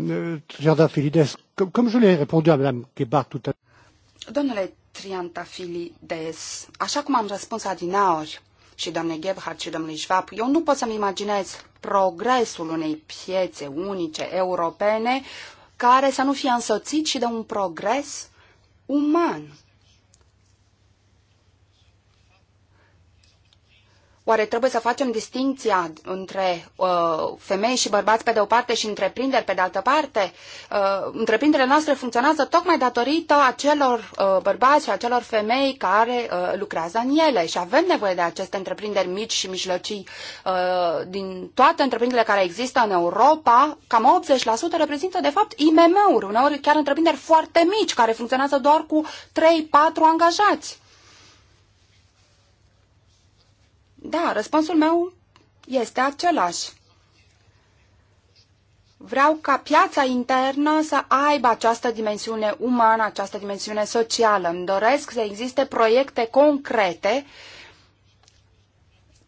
Triantafilides, euh, comme je l'ai répondu à Madame Gebhardt tout à l'heure. Domnule Triantafilides, așa cum am răspuns adinaori și doamnei Gebhardt și domnului Schwab, eu nu pot să-mi imaginez progresul unei piețe unice europene care să nu fie însoțit și de un progres uman. Oare trebuie să facem distinția între uh, femei și bărbați pe de o parte și întreprinderi pe de altă parte? Uh, întreprinderile noastre funcționează tocmai datorită acelor uh, bărbați și acelor femei care uh, lucrează în ele și avem nevoie de aceste întreprinderi mici și mijlocii. Uh, din toate întreprinderile care există în Europa, cam 80% reprezintă de fapt IMM-uri, uneori chiar întreprinderi foarte mici care funcționează doar cu 3-4 angajați. Da, răspunsul meu este același. Vreau ca piața internă să aibă această dimensiune umană, această dimensiune socială. Îmi doresc să existe proiecte concrete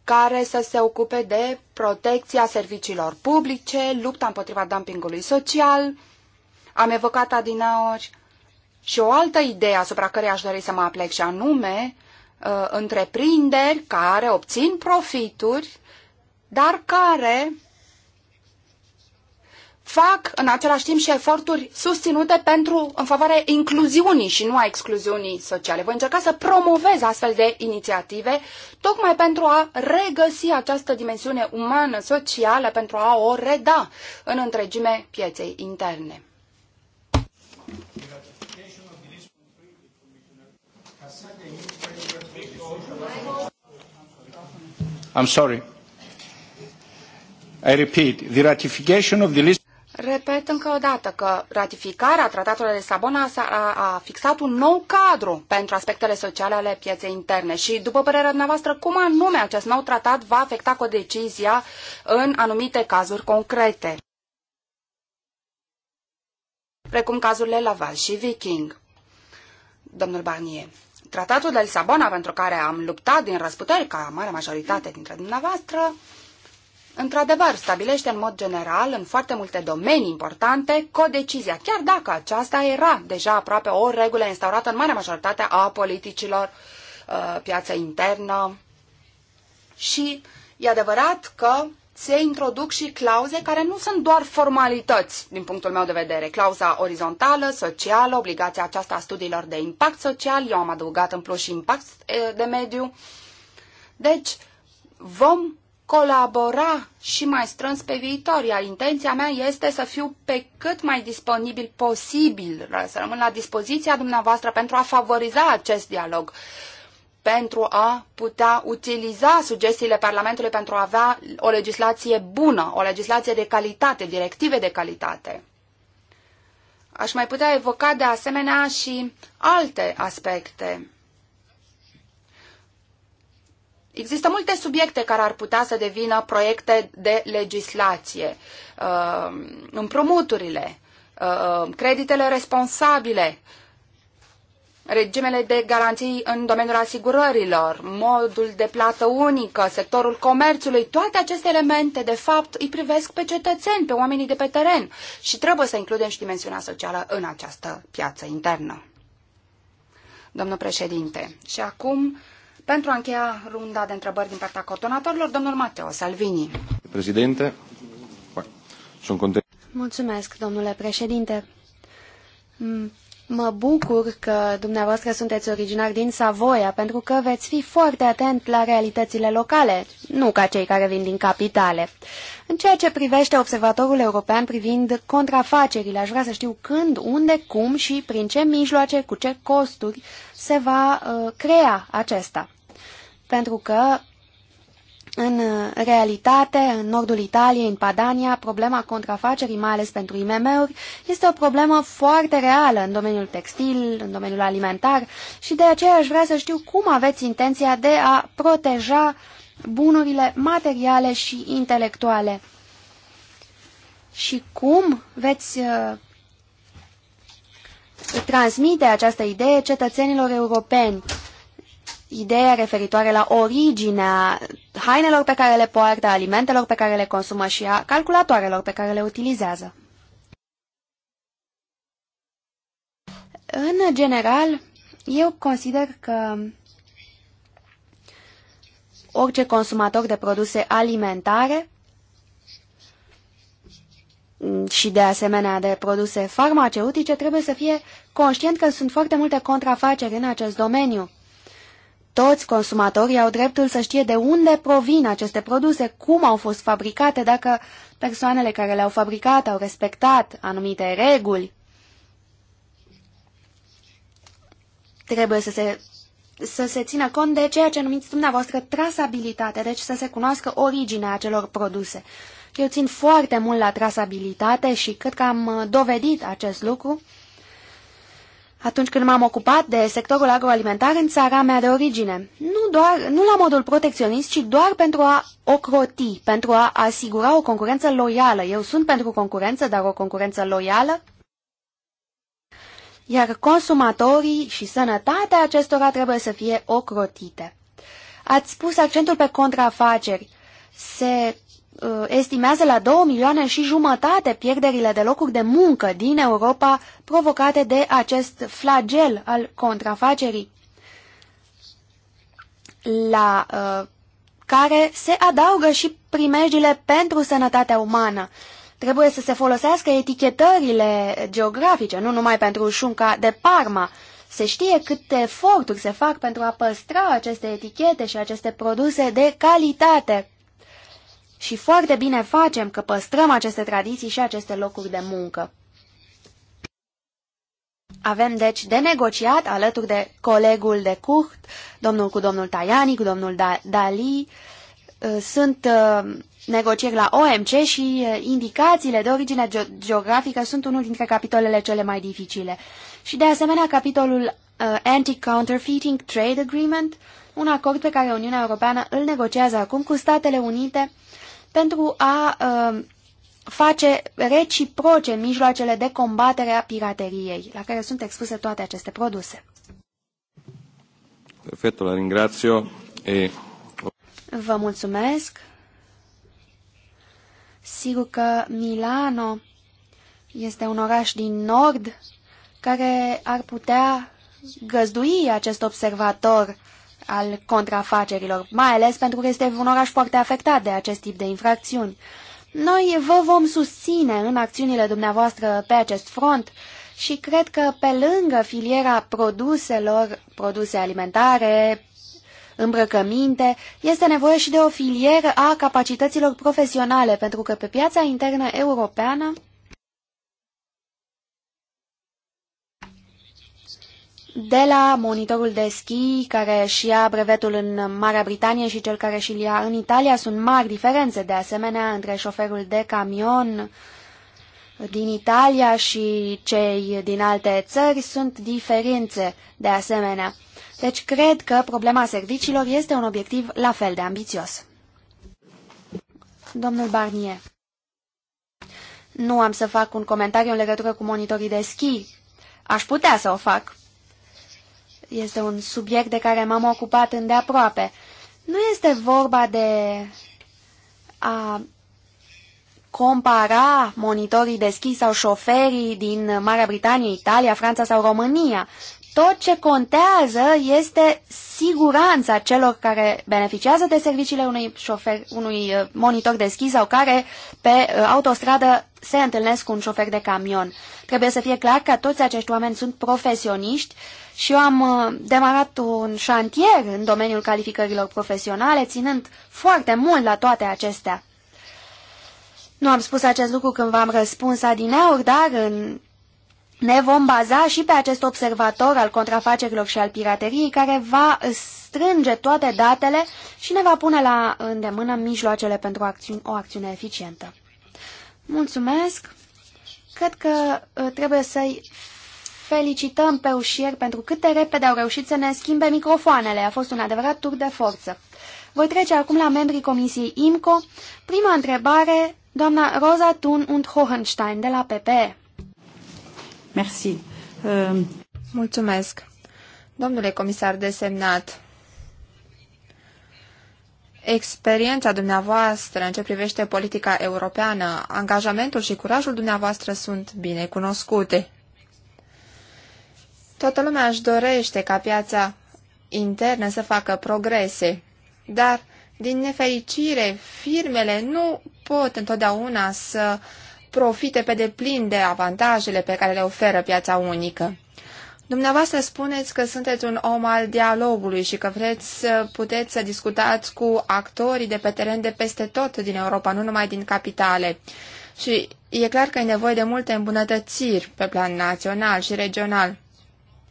care să se ocupe de protecția serviciilor publice, lupta împotriva dumpingului social. Am evocat adinaori și o altă idee asupra cărei aș dori să mă aplec și anume uh, întreprinderi care obțin profituri, dar care fac în același timp și eforturi susținute pentru în favoarea incluziunii și nu a excluziunii sociale. Voi încerca să promovez astfel de inițiative tocmai pentru a regăsi această dimensiune umană, socială, pentru a o reda în întregime pieței interne. I'm sorry. I repeat, the ratification of the list... Repet încă o dată că ratificarea tratatului de Sabona a, a fixat un nou cadru pentru aspectele sociale ale pieței interne și, după părerea dumneavoastră, cum anume acest nou tratat va afecta decizia în anumite cazuri concrete, precum cazurile Laval și Viking. Domnul Barnier. Tratatul de Lisabona, pentru care am luptat din răsputeri, ca mare majoritate dintre dumneavoastră, într-adevăr stabilește în mod general, în foarte multe domenii importante, codecizia, chiar dacă aceasta era deja aproape o regulă instaurată în mare majoritate a politicilor, uh, piață internă. Și e adevărat că se introduc și clauze care nu sunt doar formalități, din punctul meu de vedere. Clauza orizontală, socială, obligația aceasta a studiilor de impact social, eu am adăugat în plus și impact de mediu. Deci, vom colabora și mai strâns pe viitor, iar intenția mea este să fiu pe cât mai disponibil posibil, să rămân la dispoziția dumneavoastră pentru a favoriza acest dialog pentru a putea utiliza sugestiile Parlamentului pentru a avea o legislație bună, o legislație de calitate, directive de calitate. Aș mai putea evoca de asemenea și alte aspecte. Există multe subiecte care ar putea să devină proiecte de legislație. Uh, împrumuturile, uh, creditele responsabile, regimele de garanții în domeniul asigurărilor, modul de plată unică, sectorul comerțului, toate aceste elemente, de fapt, îi privesc pe cetățeni, pe oamenii de pe teren și trebuie să includem și dimensiunea socială în această piață internă. Domnul președinte, și acum, pentru a încheia runda de întrebări din partea coordonatorilor, domnul Mateo Salvini. Președinte, sunt content. Mulțumesc, domnule președinte. Mă bucur că dumneavoastră sunteți originar din Savoia, pentru că veți fi foarte atent la realitățile locale, nu ca cei care vin din capitale. În ceea ce privește observatorul european privind contrafacerile, aș vrea să știu când, unde, cum și prin ce mijloace, cu ce costuri se va uh, crea acesta. Pentru că în uh, realitate, în nordul Italiei, în Padania, problema contrafacerii, mai ales pentru IMM-uri, este o problemă foarte reală în domeniul textil, în domeniul alimentar și de aceea aș vrea să știu cum aveți intenția de a proteja bunurile materiale și intelectuale și cum veți uh, transmite această idee cetățenilor europeni ideea referitoare la originea hainelor pe care le poartă, alimentelor pe care le consumă și a calculatoarelor pe care le utilizează. În general, eu consider că orice consumator de produse alimentare și de asemenea de produse farmaceutice trebuie să fie conștient că sunt foarte multe contrafaceri în acest domeniu toți consumatorii au dreptul să știe de unde provin aceste produse, cum au fost fabricate, dacă persoanele care le-au fabricat au respectat anumite reguli. Trebuie să se, să se țină cont de ceea ce numiți dumneavoastră trasabilitate, deci să se cunoască originea acelor produse. Eu țin foarte mult la trasabilitate și cred că am dovedit acest lucru atunci când m-am ocupat de sectorul agroalimentar în țara mea de origine. Nu, doar, nu la modul protecționist, ci doar pentru a ocroti, pentru a asigura o concurență loială. Eu sunt pentru concurență, dar o concurență loială. Iar consumatorii și sănătatea acestora trebuie să fie ocrotite. Ați spus accentul pe contrafaceri. Se Uh, estimează la 2 milioane și jumătate pierderile de locuri de muncă din Europa provocate de acest flagel al contrafacerii, la uh, care se adaugă și primejile pentru sănătatea umană. Trebuie să se folosească etichetările geografice, nu numai pentru șunca de Parma. Se știe câte eforturi se fac pentru a păstra aceste etichete și aceste produse de calitate și foarte bine facem că păstrăm aceste tradiții și aceste locuri de muncă. Avem deci de negociat alături de colegul de Curt, domnul cu domnul Tajani, cu domnul da, Dali. Uh, sunt uh, negocieri la OMC și uh, indicațiile de origine geografică sunt unul dintre capitolele cele mai dificile. Și de asemenea capitolul Anti-Counterfeiting Trade Agreement, un acord pe care Uniunea Europeană îl negociază acum cu Statele Unite pentru a ă, face reciproce mijloacele de combatere a pirateriei, la care sunt expuse toate aceste produse. Perfect, la ringrazio. E... Vă mulțumesc. Sigur că Milano este un oraș din nord care ar putea găzdui acest observator al contrafacerilor, mai ales pentru că este un oraș foarte afectat de acest tip de infracțiuni. Noi vă vom susține în acțiunile dumneavoastră pe acest front și cred că pe lângă filiera produselor, produse alimentare, îmbrăcăminte, este nevoie și de o filieră a capacităților profesionale, pentru că pe piața internă europeană de la monitorul de schi care și ia brevetul în Marea Britanie și cel care și-l ia în Italia sunt mari diferențe de asemenea între șoferul de camion din Italia și cei din alte țări sunt diferențe de asemenea. Deci cred că problema serviciilor este un obiectiv la fel de ambițios. Domnul Barnier, nu am să fac un comentariu în legătură cu monitorii de schi. Aș putea să o fac, este un subiect de care m-am ocupat îndeaproape. Nu este vorba de a compara monitorii deschiși sau șoferii din Marea Britanie, Italia, Franța sau România. Tot ce contează este siguranța celor care beneficiază de serviciile unui, șofer, unui uh, monitor deschis sau care pe uh, autostradă se întâlnesc cu un șofer de camion. Trebuie să fie clar că toți acești oameni sunt profesioniști și eu am uh, demarat un șantier în domeniul calificărilor profesionale, ținând foarte mult la toate acestea. Nu am spus acest lucru când v-am răspuns adineauri, dar în... ne vom baza și pe acest observator al contrafacerilor și al pirateriei care va strânge toate datele și ne va pune la îndemână mijloacele pentru acțiune, o acțiune eficientă. Mulțumesc! Cred că uh, trebuie să-i felicităm pe ușier pentru cât de repede au reușit să ne schimbe microfoanele. A fost un adevărat tur de forță. Voi trece acum la membrii Comisiei IMCO. Prima întrebare, doamna Rosa Thun und Hohenstein de la PPE. Merci. Uh... Mulțumesc. Domnule comisar desemnat, Experiența dumneavoastră în ce privește politica europeană, angajamentul și curajul dumneavoastră sunt bine cunoscute. Toată lumea își dorește ca piața internă să facă progrese, dar, din nefericire, firmele nu pot întotdeauna să profite pe deplin de avantajele pe care le oferă piața unică. Dumneavoastră spuneți că sunteți un om al dialogului și că vreți să puteți să discutați cu actorii de pe teren de peste tot din Europa, nu numai din capitale. Și e clar că e nevoie de multe îmbunătățiri pe plan național și regional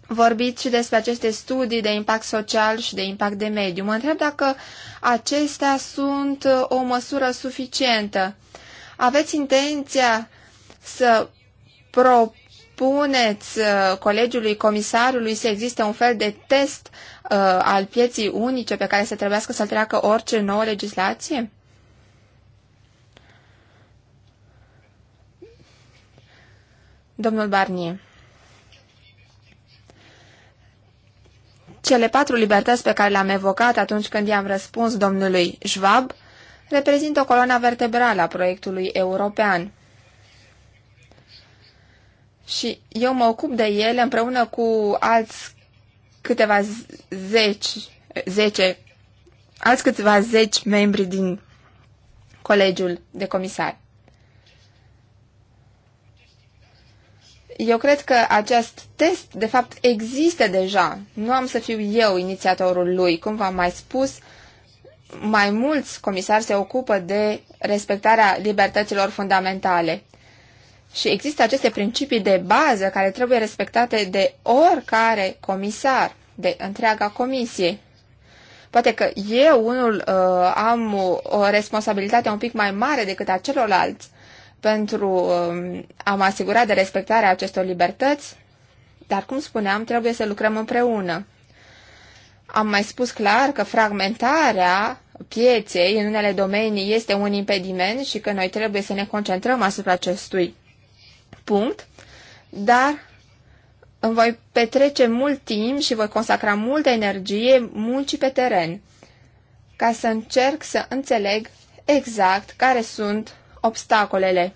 vorbit și despre aceste studii de impact social și de impact de mediu. Mă întreb dacă acestea sunt uh, o măsură suficientă. Aveți intenția să propuneți uh, colegiului comisarului să existe un fel de test uh, al pieții unice pe care să trebuiască să treacă orice nouă legislație? Domnul Barnier. Cele patru libertăți pe care le-am evocat atunci când i-am răspuns domnului Schwab reprezintă o coloană vertebrală a proiectului european. Și eu mă ocup de ele împreună cu alți câteva zeci, zece, alți câțiva zeci membri din colegiul de comisari. eu cred că acest test, de fapt, există deja. Nu am să fiu eu inițiatorul lui. Cum v-am mai spus, mai mulți comisari se ocupă de respectarea libertăților fundamentale. Și există aceste principii de bază care trebuie respectate de oricare comisar, de întreaga comisie. Poate că eu, unul, uh, am o responsabilitate un pic mai mare decât a celorlalți, pentru um, a mă asigura de respectarea acestor libertăți, dar, cum spuneam, trebuie să lucrăm împreună. Am mai spus clar că fragmentarea pieței în unele domenii este un impediment și că noi trebuie să ne concentrăm asupra acestui punct, dar îmi voi petrece mult timp și voi consacra multă energie muncii pe teren, ca să încerc să înțeleg exact care sunt obstacolele.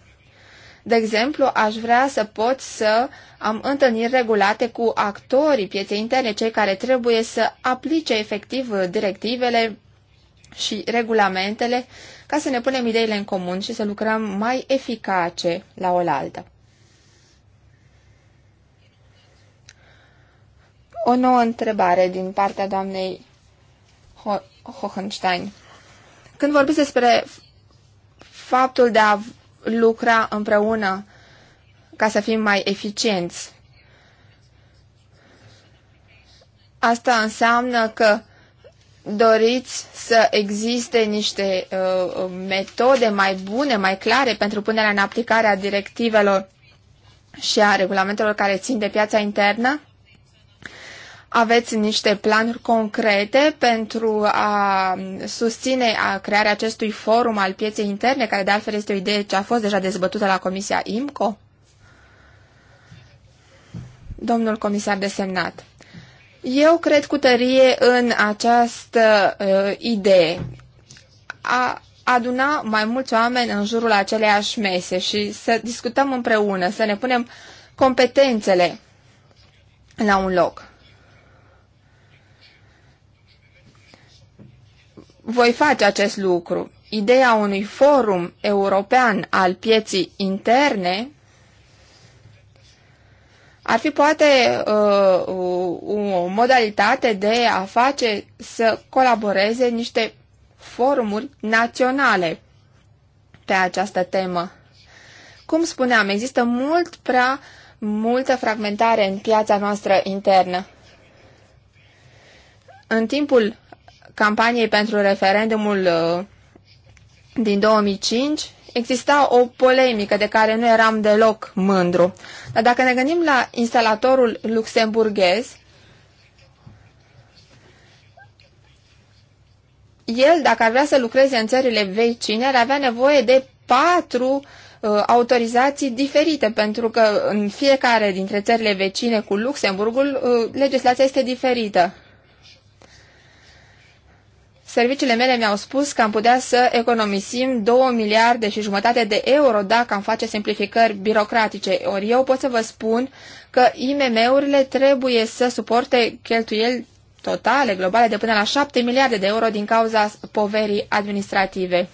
De exemplu, aș vrea să pot să am întâlniri regulate cu actorii pieței interne, cei care trebuie să aplice efectiv directivele și regulamentele ca să ne punem ideile în comun și să lucrăm mai eficace la oaltă. O nouă întrebare din partea doamnei Ho Hohenstein. Când vorbiți despre faptul de a lucra împreună ca să fim mai eficienți. Asta înseamnă că doriți să existe niște uh, metode mai bune, mai clare pentru punerea în aplicare a directivelor și a regulamentelor care țin de piața internă? aveți niște planuri concrete pentru a susține a crearea acestui forum al pieței interne, care de altfel este o idee ce a fost deja dezbătută la Comisia IMCO? Domnul comisar desemnat. Eu cred cu tărie în această uh, idee. A aduna mai mulți oameni în jurul aceleiași mese și să discutăm împreună, să ne punem competențele la un loc. voi face acest lucru. Ideea unui forum european al pieții interne ar fi poate uh, uh, o modalitate de a face să colaboreze niște forumuri naționale pe această temă. Cum spuneam, există mult prea multă fragmentare în piața noastră internă. În timpul campaniei pentru referendumul uh, din 2005 exista o polemică de care nu eram deloc mândru. Dar dacă ne gândim la instalatorul luxemburghez, el, dacă ar vrea să lucreze în țările vecine, ar avea nevoie de patru uh, autorizații diferite, pentru că în fiecare dintre țările vecine cu Luxemburgul, uh, legislația este diferită. Serviciile mele mi-au spus că am putea să economisim 2 miliarde și jumătate de euro dacă am face simplificări birocratice. Ori eu pot să vă spun că IMM-urile trebuie să suporte cheltuieli totale, globale, de până la 7 miliarde de euro din cauza poverii administrative.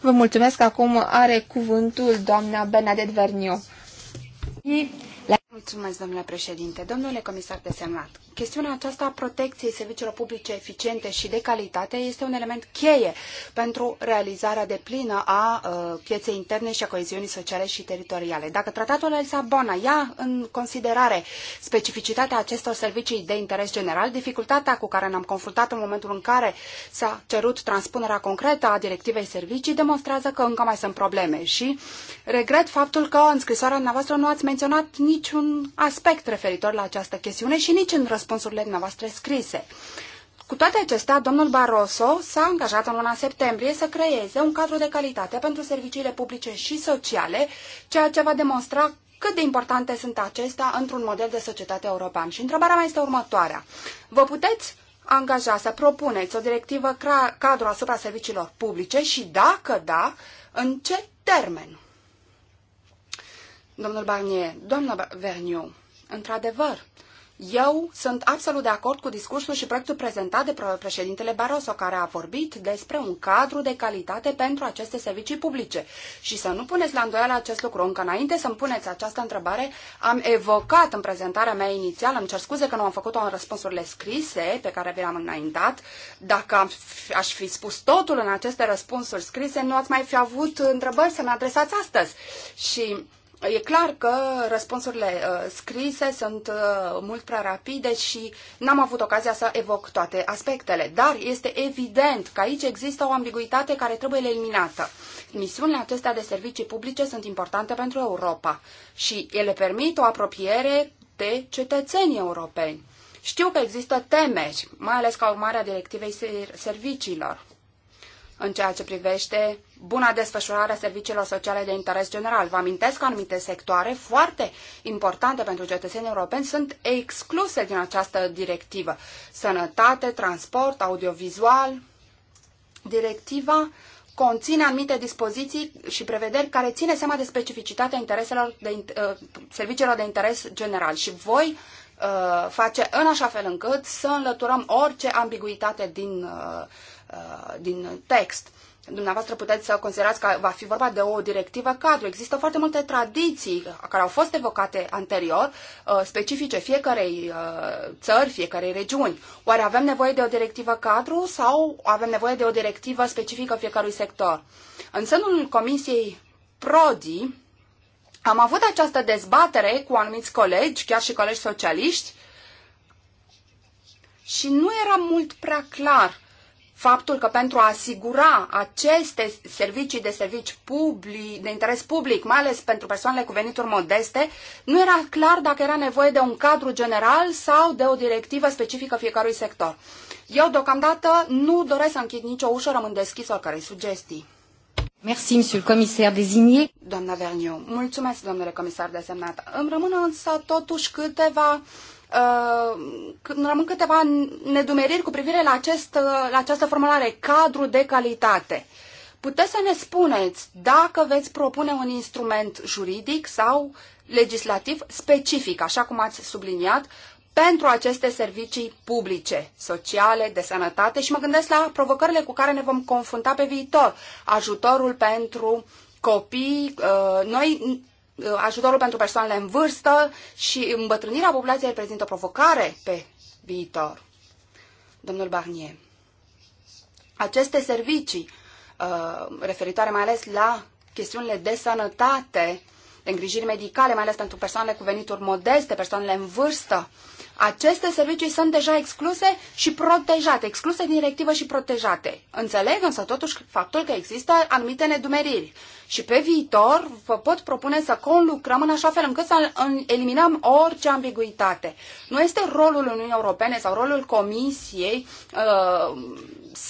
Vă mulțumesc. Acum are cuvântul doamna Bernadette Verniu. Mulțumesc, domnule președinte. Domnule comisar desemnat, chestiunea aceasta a protecției serviciilor publice eficiente și de calitate este un element cheie pentru realizarea deplină a uh, pieței interne și a coeziunii sociale și teritoriale. Dacă tratatul de Lisabona ia în considerare specificitatea acestor servicii de interes general, dificultatea cu care ne-am confruntat în momentul în care s-a cerut transpunerea concretă a directivei servicii demonstrează că încă mai sunt probleme și regret faptul că în scrisoarea noastră nu ați menționat niciun niciun aspect referitor la această chestiune și nici în răspunsurile dumneavoastră scrise. Cu toate acestea, domnul Barroso s-a angajat în luna septembrie să creeze un cadru de calitate pentru serviciile publice și sociale, ceea ce va demonstra cât de importante sunt acestea într-un model de societate european. Și întrebarea mea este următoarea. Vă puteți angaja să propuneți o directivă cadru asupra serviciilor publice și, dacă da, în ce termen? Domnul Barnier, doamna Verniu, într-adevăr, eu sunt absolut de acord cu discursul și proiectul prezentat de președintele Barroso, care a vorbit despre un cadru de calitate pentru aceste servicii publice. Și să nu puneți la îndoială acest lucru. Încă înainte să-mi puneți această întrebare, am evocat în prezentarea mea inițială, îmi cer scuze că nu am făcut-o în răspunsurile scrise pe care vi le-am înaintat. Dacă am, aș fi spus totul în aceste răspunsuri scrise, nu ați mai fi avut întrebări să-mi adresați astăzi. Și E clar că răspunsurile uh, scrise sunt uh, mult prea rapide și n-am avut ocazia să evoc toate aspectele, dar este evident că aici există o ambiguitate care trebuie eliminată. Misiunile acestea de servicii publice sunt importante pentru Europa și ele permit o apropiere de cetățenii europeni. Știu că există temeri, mai ales ca urmare a directivei serviciilor în ceea ce privește buna desfășurare a serviciilor sociale de interes general. Vă amintesc că anumite sectoare foarte importante pentru cetățenii europeni sunt excluse din această directivă. Sănătate, transport, audiovizual. Directiva conține anumite dispoziții și prevederi care ține seama de specificitatea intereselor de, uh, serviciilor de interes general și voi uh, face în așa fel încât să înlăturăm orice ambiguitate din uh, Uh, din text. Dumneavoastră puteți să considerați că va fi vorba de o directivă cadru. Există foarte multe tradiții care au fost evocate anterior, uh, specifice fiecarei uh, țări, fiecarei regiuni. Oare avem nevoie de o directivă cadru sau avem nevoie de o directivă specifică fiecărui sector? În sânul Comisiei Prodi am avut această dezbatere cu anumiți colegi, chiar și colegi socialiști, și nu era mult prea clar faptul că pentru a asigura aceste servicii de servici public, de interes public, mai ales pentru persoanele cu venituri modeste, nu era clar dacă era nevoie de un cadru general sau de o directivă specifică fiecărui sector. Eu, deocamdată, nu doresc să închid nicio ușă, rămân deschis oricărei sugestii. Merci, monsieur le commissaire désigné. Doamna Verniu, mulțumesc, domnule comisar desemnat. Îmi rămână însă totuși câteva uh, rămân câteva nedumeriri cu privire la, acest, uh, la această formulare, cadru de calitate. Puteți să ne spuneți dacă veți propune un instrument juridic sau legislativ specific, așa cum ați subliniat, pentru aceste servicii publice, sociale, de sănătate și mă gândesc la provocările cu care ne vom confrunta pe viitor. Ajutorul pentru copii, uh, noi Uh, ajutorul pentru persoanele în vârstă și îmbătrânirea populației reprezintă o provocare pe viitor. Domnul Barnier, aceste servicii uh, referitoare mai ales la chestiunile de sănătate de îngrijiri medicale, mai ales pentru persoanele cu venituri modeste, persoanele în vârstă. Aceste servicii sunt deja excluse și protejate, excluse din directivă și protejate. Înțeleg însă totuși faptul că există anumite nedumeriri și pe viitor vă pot propune să conlucrăm în așa fel încât să eliminăm orice ambiguitate. Nu este rolul Uniunii Europene sau rolul Comisiei uh,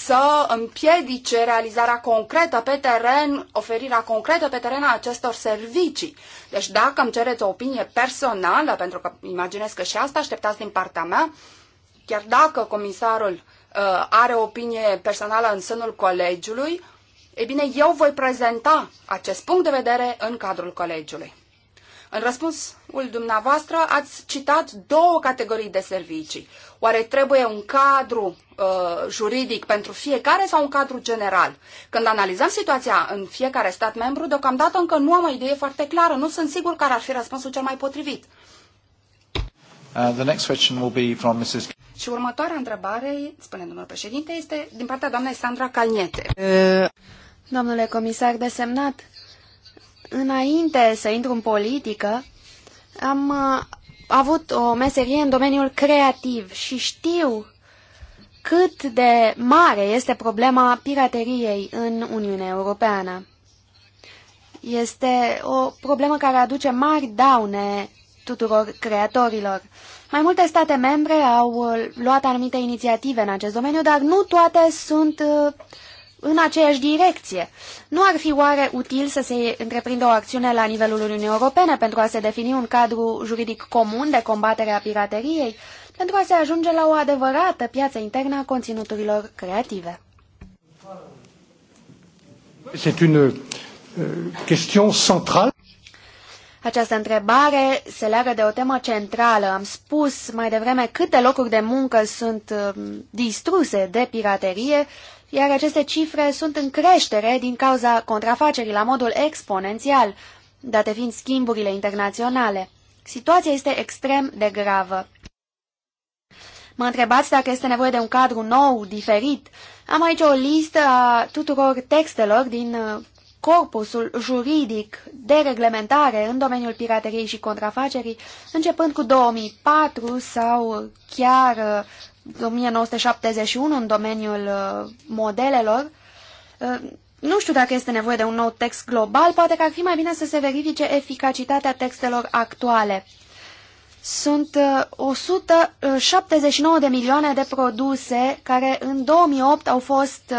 să împiedice realizarea concretă pe teren, oferirea concretă pe teren a acestor servicii. Deci dacă îmi cereți o opinie personală, pentru că imaginez că și asta așteptați din partea mea, chiar dacă comisarul uh, are o opinie personală în sânul colegiului, e bine, eu voi prezenta acest punct de vedere în cadrul colegiului. În răspunsul dumneavoastră ați citat două categorii de servicii. Oare trebuie un cadru uh, juridic pentru fiecare sau un cadru general? Când analizăm situația în fiecare stat membru, deocamdată încă nu am o idee foarte clară. Nu sunt sigur care ar fi răspunsul cel mai potrivit. Uh, the next question will be from Mrs. Și următoarea întrebare, spune domnul președinte, este din partea doamnei Sandra Calniete. Uh, domnule comisar desemnat, înainte să intru în politică, am uh, avut o meserie în domeniul creativ și știu cât de mare este problema pirateriei în Uniunea Europeană. Este o problemă care aduce mari daune tuturor creatorilor. Mai multe state membre au uh, luat anumite inițiative în acest domeniu, dar nu toate sunt uh, în aceeași direcție. Nu ar fi oare util să se întreprindă o acțiune la nivelul Uniunii Europene pentru a se defini un cadru juridic comun de combatere a pirateriei, pentru a se ajunge la o adevărată piață internă a conținuturilor creative? C'est une euh, question centrale. Această întrebare se leagă de o temă centrală. Am spus mai devreme câte locuri de muncă sunt uh, distruse de piraterie iar aceste cifre sunt în creștere din cauza contrafacerii la modul exponențial, date fiind schimburile internaționale. Situația este extrem de gravă. Mă întrebați dacă este nevoie de un cadru nou, diferit. Am aici o listă a tuturor textelor din uh, corpusul juridic de reglementare în domeniul pirateriei și contrafacerii, începând cu 2004 sau chiar uh, 1971 în domeniul uh, modelelor. Uh, nu știu dacă este nevoie de un nou text global, poate că ar fi mai bine să se verifice eficacitatea textelor actuale. Sunt 179 uh, de milioane de produse care în 2008 au fost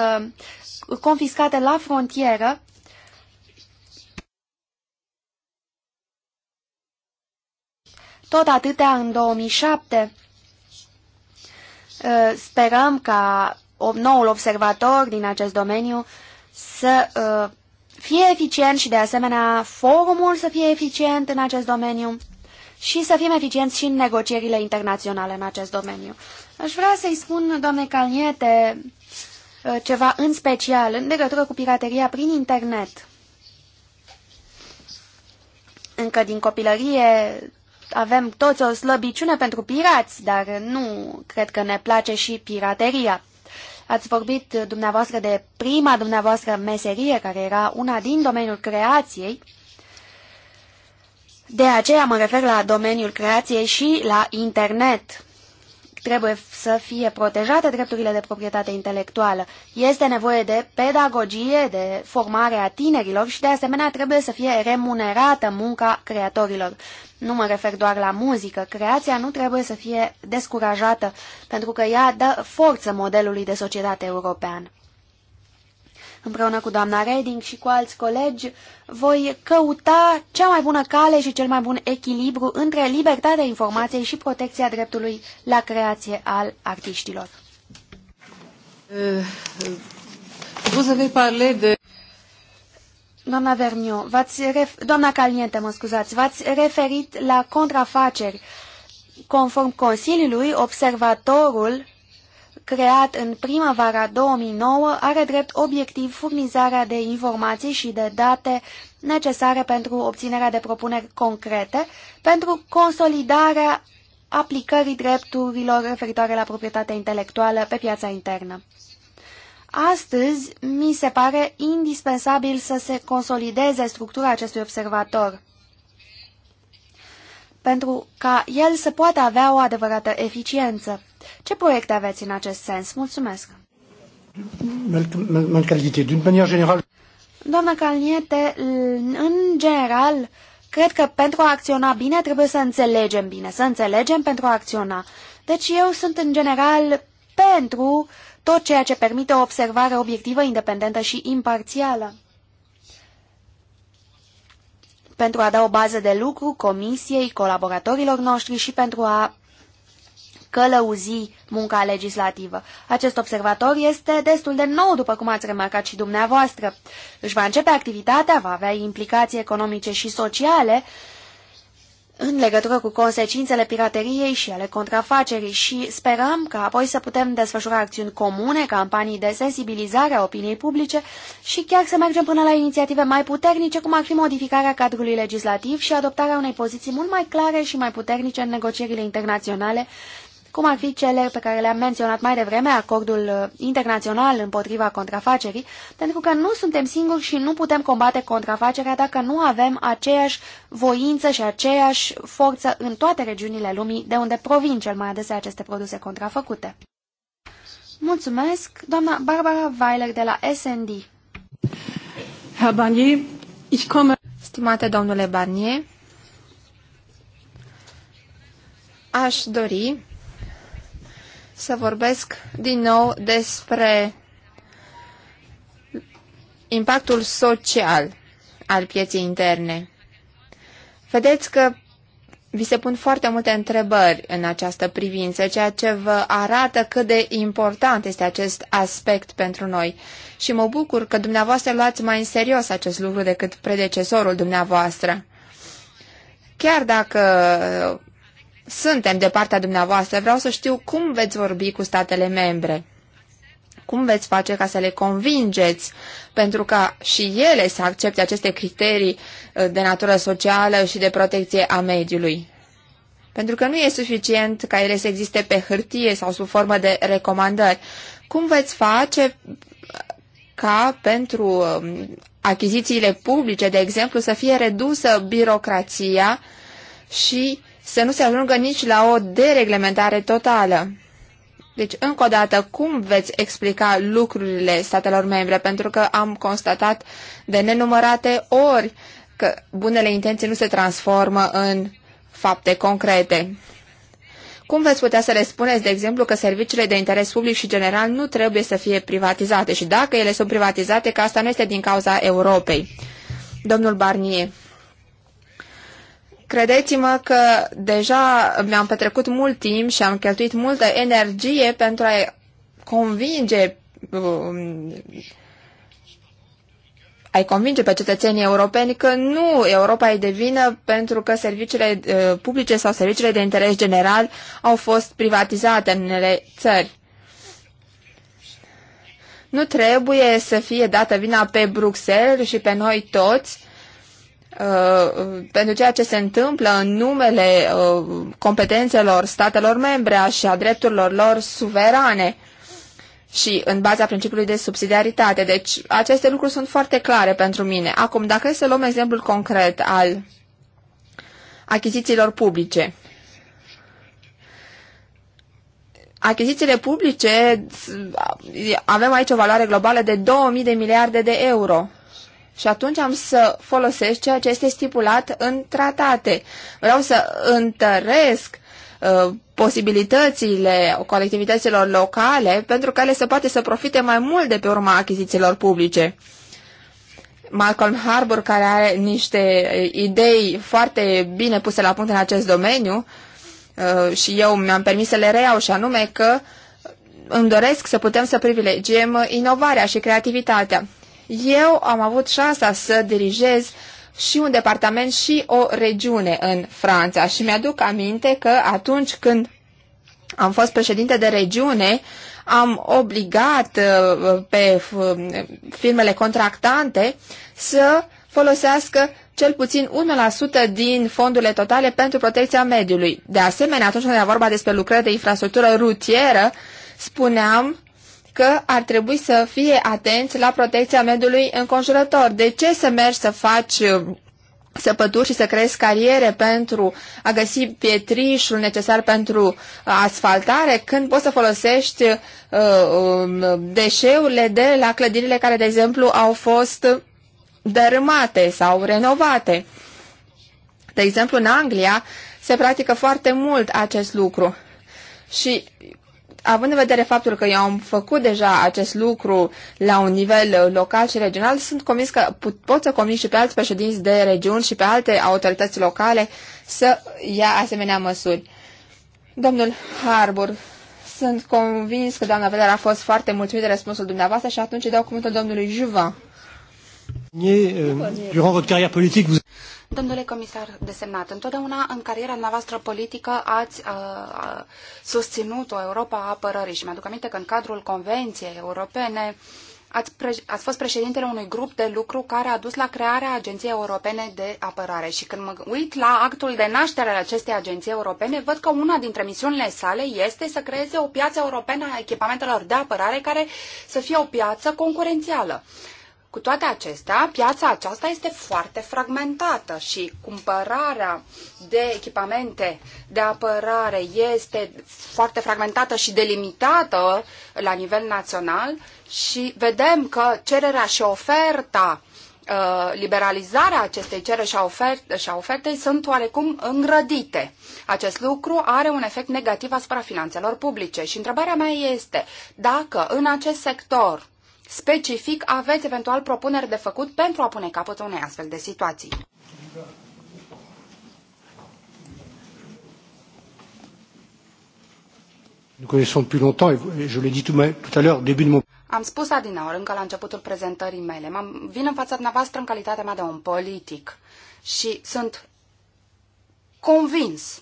confiscate la frontieră tot atâtea în 2007. Uh, sperăm ca noul observator din acest domeniu să uh, fie eficient și de asemenea forumul să fie eficient în acest domeniu și să fim eficienți și în negocierile internaționale în acest domeniu. Aș vrea să-i spun, doamne Calniete, uh, ceva în special în legătură cu pirateria prin internet. Încă din copilărie avem toți o slăbiciune pentru pirați, dar nu cred că ne place și pirateria. Ați vorbit dumneavoastră de prima dumneavoastră meserie, care era una din domeniul creației. De aceea mă refer la domeniul creației și la internet. Trebuie să fie protejate drepturile de proprietate intelectuală. Este nevoie de pedagogie, de formare a tinerilor și de asemenea trebuie să fie remunerată munca creatorilor. Nu mă refer doar la muzică, creația nu trebuie să fie descurajată, pentru că ea dă forță modelului de societate european. Împreună cu doamna Reding și cu alți colegi, voi căuta cea mai bună cale și cel mai bun echilibru între libertatea informației și protecția dreptului la creație al artiștilor. Vous avez parlé de... Doamna Verniu, ref... doamna Caliente, mă scuzați, v-ați referit la contrafaceri. Conform Consiliului, observatorul creat în primăvara 2009 are drept obiectiv furnizarea de informații și de date necesare pentru obținerea de propuneri concrete, pentru consolidarea aplicării drepturilor referitoare la proprietatea intelectuală pe piața internă. Astăzi, mi se pare indispensabil să se consolideze structura acestui observator pentru ca el să poată avea o adevărată eficiență. Ce proiecte aveți în acest sens? Mulțumesc! Doamna Calniete, în general, cred că pentru a acționa bine trebuie să înțelegem bine, să înțelegem pentru a acționa. Deci eu sunt în general pentru uh, tot ceea ce permite o observare obiectivă, independentă și imparțială. Pentru a da o bază de lucru comisiei, colaboratorilor noștri și pentru a călăuzi munca legislativă. Acest observator este destul de nou, după cum ați remarcat și dumneavoastră. Își va începe activitatea, va avea implicații economice și sociale, uh, în legătură cu consecințele pirateriei și ale contrafacerii și sperăm că apoi să putem desfășura acțiuni comune, campanii de sensibilizare a opiniei publice și chiar să mergem până la inițiative mai puternice, cum ar fi modificarea cadrului legislativ și adoptarea unei poziții mult mai clare și mai puternice în negocierile internaționale cum ar fi cele pe care le-am menționat mai devreme, acordul uh, internațional împotriva contrafacerii, pentru că nu suntem singuri și nu putem combate contrafacerea dacă nu avem aceeași voință și aceeași forță în toate regiunile lumii de unde provin cel mai adesea aceste produse contrafăcute. Mulțumesc, doamna Barbara Weiler de la SND. Herr Barnier, ich komme... Stimate domnule Barnier, aș dori să vorbesc din nou despre impactul social al pieței interne. Vedeți că vi se pun foarte multe întrebări în această privință, ceea ce vă arată cât de important este acest aspect pentru noi. Și mă bucur că dumneavoastră luați mai în serios acest lucru decât predecesorul dumneavoastră. Chiar dacă suntem de partea dumneavoastră. Vreau să știu cum veți vorbi cu statele membre. Cum veți face ca să le convingeți pentru ca și ele să accepte aceste criterii uh, de natură socială și de protecție a mediului? Pentru că nu e suficient ca ele să existe pe hârtie sau sub formă de recomandări. Cum veți face uh, ca pentru um, achizițiile publice, de exemplu, să fie redusă birocrația și să nu se ajungă nici la o dereglementare totală. Deci, încă o dată, cum veți explica lucrurile statelor membre? Pentru că am constatat de nenumărate ori că bunele intenții nu se transformă în fapte concrete. Cum veți putea să le spuneți, de exemplu, că serviciile de interes public și general nu trebuie să fie privatizate și dacă ele sunt privatizate, că asta nu este din cauza Europei? Domnul Barnier, Credeți-mă că deja mi-am petrecut mult timp și am cheltuit multă energie pentru a convinge um, ai convinge pe cetățenii europeni că nu Europa e de vină pentru că serviciile uh, publice sau serviciile de interes general au fost privatizate în unele țări. Nu trebuie să fie dată vina pe Bruxelles și pe noi toți Uh, pentru ceea ce se întâmplă în numele uh, competențelor statelor membre și a drepturilor lor suverane și în baza principiului de subsidiaritate. Deci aceste lucruri sunt foarte clare pentru mine. Acum, dacă e să luăm exemplul concret al achizițiilor publice, achizițiile publice, avem aici o valoare globală de 2000 de miliarde de euro. Și atunci am să folosesc ceea ce este stipulat în tratate. Vreau să întăresc uh, posibilitățile colectivităților locale pentru că ele se poate să profite mai mult de pe urma achizițiilor publice. Malcolm Harbour, care are niște uh, idei foarte bine puse la punct în acest domeniu, uh, și eu mi-am permis să le reiau, și anume că îmi doresc să putem să privilegiem inovarea și creativitatea. Eu am avut șansa să dirigez și un departament și o regiune în Franța și mi-aduc aminte că atunci când am fost președinte de regiune, am obligat uh, pe uh, firmele contractante să folosească cel puțin 1% din fondurile totale pentru protecția mediului. De asemenea, atunci când era vorba despre lucrări de infrastructură rutieră, spuneam că ar trebui să fie atenți la protecția mediului înconjurător. De ce să mergi să faci uh, săpături și să creezi cariere pentru a găsi pietrișul necesar pentru uh, asfaltare, când poți să folosești uh, um, deșeurile de la clădirile care, de exemplu, au fost dărâmate sau renovate. De exemplu, în Anglia se practică foarte mult acest lucru. Și având în vedere faptul că eu am făcut deja acest lucru la un nivel local și regional, sunt convins că pot să convins și pe alți președinți de regiuni și pe alte autorități locale să ia asemenea măsuri. Domnul Harbour, sunt convins că doamna Veler a fost foarte mulțumit de răspunsul dumneavoastră și atunci dau cuvântul domnului Juvan. Durant votre carrière politique, vous... Domnule comisar desemnat, întotdeauna în cariera noastră politică ați a, uh, a, uh, susținut o Europa a apărării și mi-aduc aminte că în cadrul Convenției Europene ați, pre, ați fost președintele unui grup de lucru care a dus la crearea Agenției Europene de Apărare și când mă uit la actul de naștere al acestei agenții europene, văd că una dintre misiunile sale este să creeze o piață europeană a echipamentelor de apărare care să fie o piață concurențială. Cu toate acestea, piața aceasta este foarte fragmentată și cumpărarea de echipamente de apărare este foarte fragmentată și delimitată la nivel național și vedem că cererea și oferta uh, liberalizarea acestei cereri și a, oferte, și ofertei sunt oarecum îngrădite. Acest lucru are un efect negativ asupra finanțelor publice și întrebarea mea este dacă în acest sector specific aveți eventual propuneri de făcut pentru a pune capăt unei astfel de situații. Am spus adinaori încă la începutul prezentării mele, M vin în fața dumneavoastră în calitatea mea de om politic și sunt convins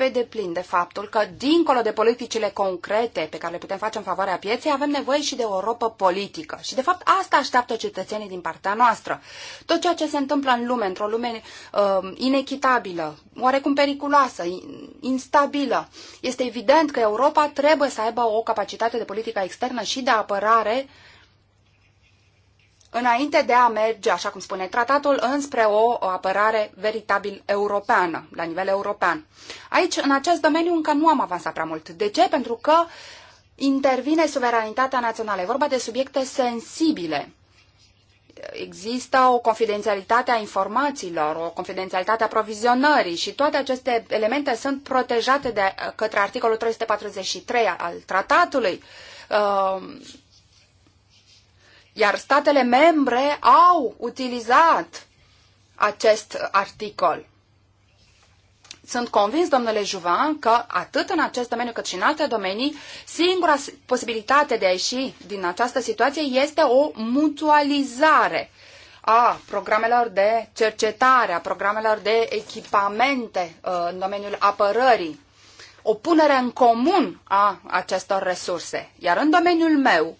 pe deplin de faptul că, dincolo de politicile concrete pe care le putem face în favoarea pieței, avem nevoie și de o Europa politică. Și, de fapt, asta așteaptă cetățenii din partea noastră. Tot ceea ce se întâmplă în lume, într-o lume uh, inechitabilă, oarecum periculoasă, instabilă, este evident că Europa trebuie să aibă o capacitate de politică externă și de apărare uh, înainte de a merge, așa cum spune tratatul, înspre o, o apărare veritabil europeană, la nivel european. Aici, în acest domeniu, încă nu am avansat prea mult. De ce? Pentru că intervine suveranitatea națională. E vorba de subiecte sensibile. Există o confidențialitate a informațiilor, o confidențialitate a provizionării și toate aceste elemente sunt protejate de către articolul 343 al tratatului. Uh, iar statele membre au utilizat acest articol. Sunt convins, domnule Juvan, că atât în acest domeniu cât și în alte domenii, singura posibilitate de a ieși din această situație este o mutualizare a programelor de cercetare, a programelor de echipamente uh, în domeniul apărării, o punere în comun a acestor resurse. Iar în domeniul meu,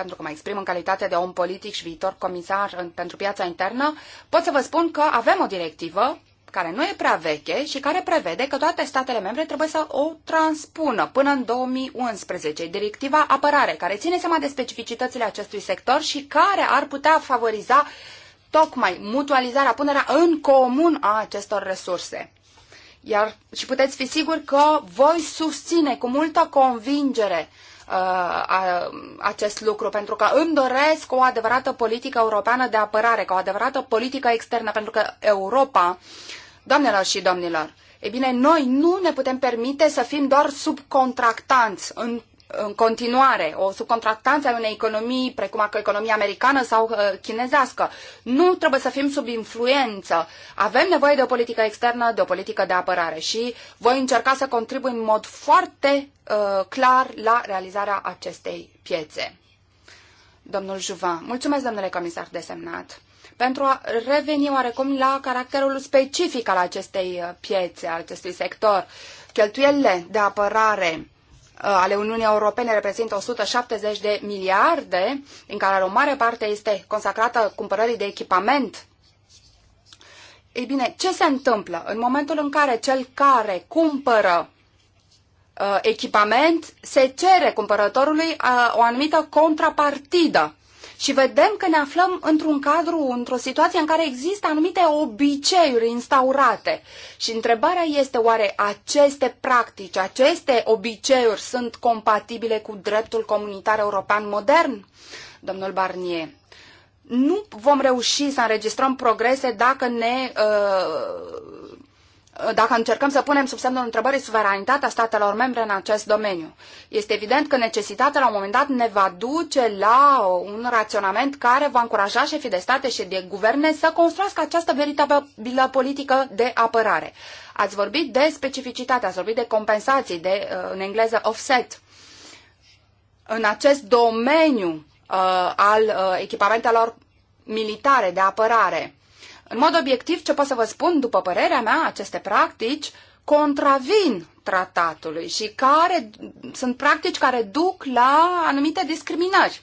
pentru că mă exprim în calitate de om politic și viitor comisar în, pentru piața internă, pot să vă spun că avem o directivă care nu e prea veche și care prevede că toate statele membre trebuie să o transpună până în 2011. Directiva apărare, care ține seama de specificitățile acestui sector și care ar putea favoriza tocmai mutualizarea, punerea în comun a acestor resurse. Iar și puteți fi siguri că voi susține cu multă convingere uh, Uh, acest lucru, pentru că îmi doresc o adevărată politică europeană de apărare, ca o adevărată politică externă, pentru că Europa, doamnelor și domnilor, e bine, noi nu ne putem permite să fim doar subcontractanți în în continuare o subcontractanță a unei economii precum economia americană sau uh, chinezească. Nu trebuie să fim sub influență. Avem nevoie de o politică externă, de o politică de apărare și voi încerca să contribui în mod foarte uh, clar la realizarea acestei piețe. Domnul Juvan, mulțumesc, domnule comisar desemnat pentru a reveni oarecum la caracterul specific al acestei uh, piețe, al acestui sector, cheltuielile de apărare Uh, ale Uniunii Europene reprezintă 170 de miliarde, din care o mare parte este consacrată cumpărării de echipament. Ei bine, ce se întâmplă în momentul în care cel care cumpără uh, echipament se cere cumpărătorului uh, o anumită contrapartidă și vedem că ne aflăm într-un cadru, într-o situație în care există anumite obiceiuri instaurate. Și întrebarea este oare aceste practici, aceste obiceiuri sunt compatibile cu dreptul comunitar european modern? Domnul Barnier nu vom reuși să înregistrăm progrese dacă ne uh, dacă încercăm să punem sub semnul întrebării suveranitatea statelor membre în acest domeniu. Este evident că necesitatea la un moment dat ne va duce la un raționament care va încuraja șefii de state și de guverne să construiască această veritabilă politică de apărare. Ați vorbit de specificitate, ați vorbit de compensații, de, uh, în engleză, offset. În acest domeniu uh, al uh, echipamentelor militare de apărare, în mod obiectiv, ce pot să vă spun, după părerea mea, aceste practici contravin tratatului și care sunt practici care duc la anumite discriminări.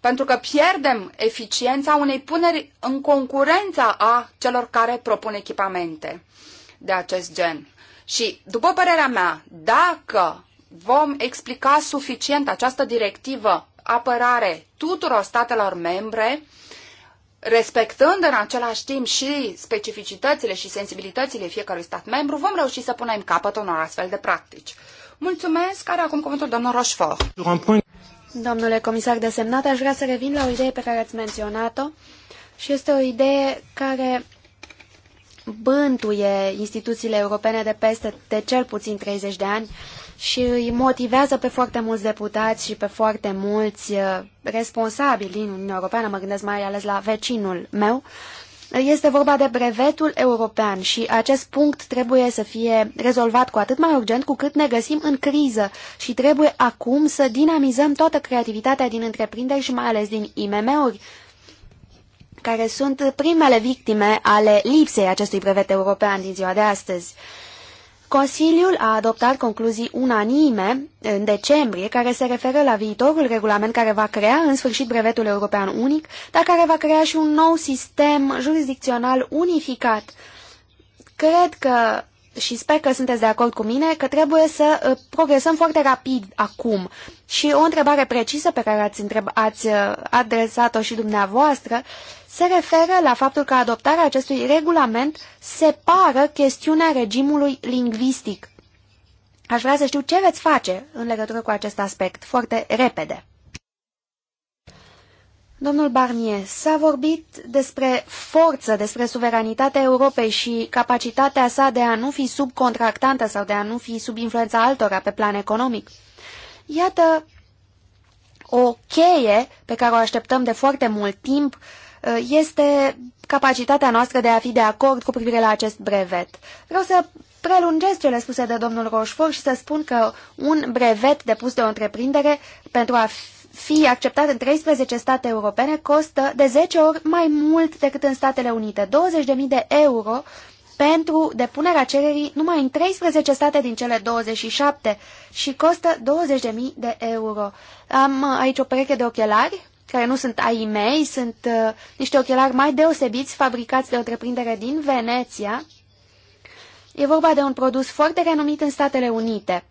Pentru că pierdem eficiența unei puneri în concurența a celor care propun echipamente de acest gen. Și, după părerea mea, dacă vom explica suficient această directivă apărare tuturor statelor membre, respectând în același timp și specificitățile și sensibilitățile fiecărui stat membru, vom reuși să punem capăt unor astfel de practici. Mulțumesc, care acum cuvântul domnul Rochefort. Domnule comisar desemnat, aș vrea să revin la o idee pe care ați menționat-o și este o idee care bântuie instituțiile europene de peste de cel puțin 30 de ani și îi motivează pe foarte mulți deputați și pe foarte mulți uh, responsabili din Uniunea Europeană, mă gândesc mai ales la vecinul meu, este vorba de brevetul european și acest punct trebuie să fie rezolvat cu atât mai urgent cu cât ne găsim în criză și trebuie acum să dinamizăm toată creativitatea din întreprinderi și mai ales din IMM-uri, care sunt primele victime ale lipsei acestui brevet european din ziua de astăzi. Consiliul a adoptat concluzii unanime în decembrie care se referă la viitorul regulament care va crea în sfârșit brevetul european unic, dar care va crea și un nou sistem jurisdicțional unificat. Cred că și sper că sunteți de acord cu mine că trebuie să uh, progresăm foarte rapid acum. Și o întrebare precisă pe care ați, întreb, ați uh, adresat-o și dumneavoastră se referă la faptul că adoptarea acestui regulament separă chestiunea regimului lingvistic. Aș vrea să știu ce veți face în legătură cu acest aspect, foarte repede. Domnul Barnier, s-a vorbit despre forță, despre suveranitatea Europei și capacitatea sa de a nu fi subcontractantă sau de a nu fi sub influența altora pe plan economic. Iată o cheie pe care o așteptăm de foarte mult timp uh, Uh, este capacitatea noastră de a fi de acord cu privire la acest brevet. Vreau să prelungesc cele spuse de domnul Roșfort și să spun că un brevet depus de o întreprindere pentru a fi acceptat în 13 state europene costă de 10 ori mai mult decât în Statele Unite, 20.000 de euro pentru depunerea cererii numai în 13 state din cele 27 și costă 20.000 de euro. Am aici o pereche de ochelari care nu sunt ai mei, sunt uh, niște ochelari mai deosebiți fabricați de o întreprindere din Veneția. E vorba de un produs foarte renumit în Statele Unite.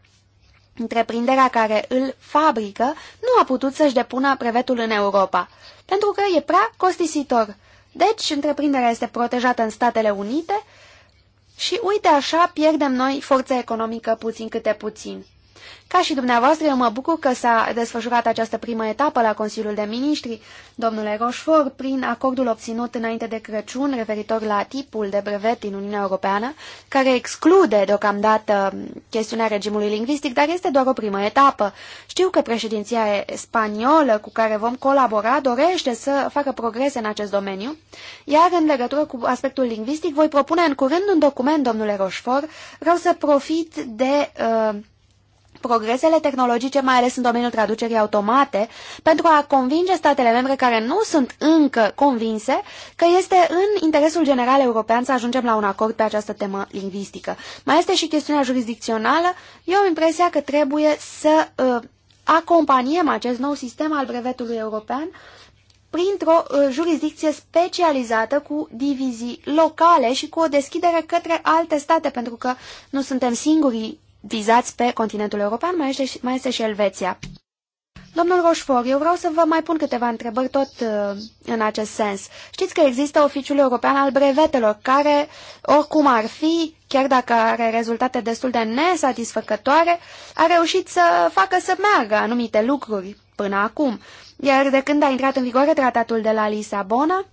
Întreprinderea care îl fabrică nu a putut să-și depună brevetul în Europa, pentru că e prea costisitor. Deci, întreprinderea este protejată în Statele Unite și, uite așa, pierdem noi forță economică puțin câte puțin. Ca și dumneavoastră, eu mă bucur că s-a desfășurat această primă etapă la Consiliul de Ministri, domnule Rochefort, prin acordul obținut înainte de Crăciun referitor la tipul de brevet din Uniunea Europeană, care exclude deocamdată chestiunea regimului lingvistic, dar este doar o primă etapă. Știu că președinția spaniolă cu care vom colabora dorește să facă progrese în acest domeniu, iar în legătură cu aspectul lingvistic voi propune în curând un document, domnule Rochefort, vreau să profit de... Uh, progresele tehnologice, mai ales în domeniul traducerii automate, pentru a convinge statele membre care nu sunt încă convinse că este în interesul general european să ajungem la un acord pe această temă lingvistică. Mai este și chestiunea jurisdicțională. Eu am impresia că trebuie să uh, acompaniem acest nou sistem al brevetului european printr-o uh, jurisdicție specializată cu divizii locale și cu o deschidere către alte state, pentru că nu suntem singurii vizați pe continentul european, mai este, și, mai este și Elveția. Domnul Roșfor, eu vreau să vă mai pun câteva întrebări tot uh, în acest sens. Știți că există Oficiul European al Brevetelor, care, oricum ar fi, chiar dacă are rezultate destul de nesatisfăcătoare, a reușit să facă să meargă anumite lucruri până acum. Iar de când a intrat în vigoare tratatul de la Lisabona,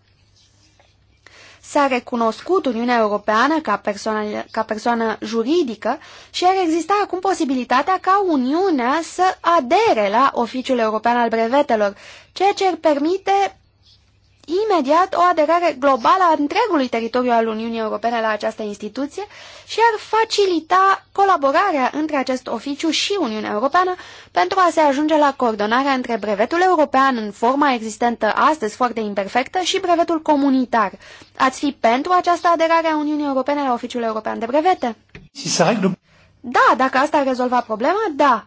s-a recunoscut Uniunea Europeană ca persoană, ca persoană juridică și ar exista acum posibilitatea ca Uniunea să adere la Oficiul European al Brevetelor, ceea ce ar permite imediat o aderare globală a întregului teritoriu al Uniunii Europene la această instituție și ar facilita colaborarea între acest oficiu și Uniunea Europeană pentru a se ajunge la coordonarea între brevetul european în forma existentă astăzi foarte imperfectă și brevetul comunitar. Ați fi pentru această aderare a Uniunii Europene la Oficiul European de Brevete? Da, dacă asta ar rezolva problema, da.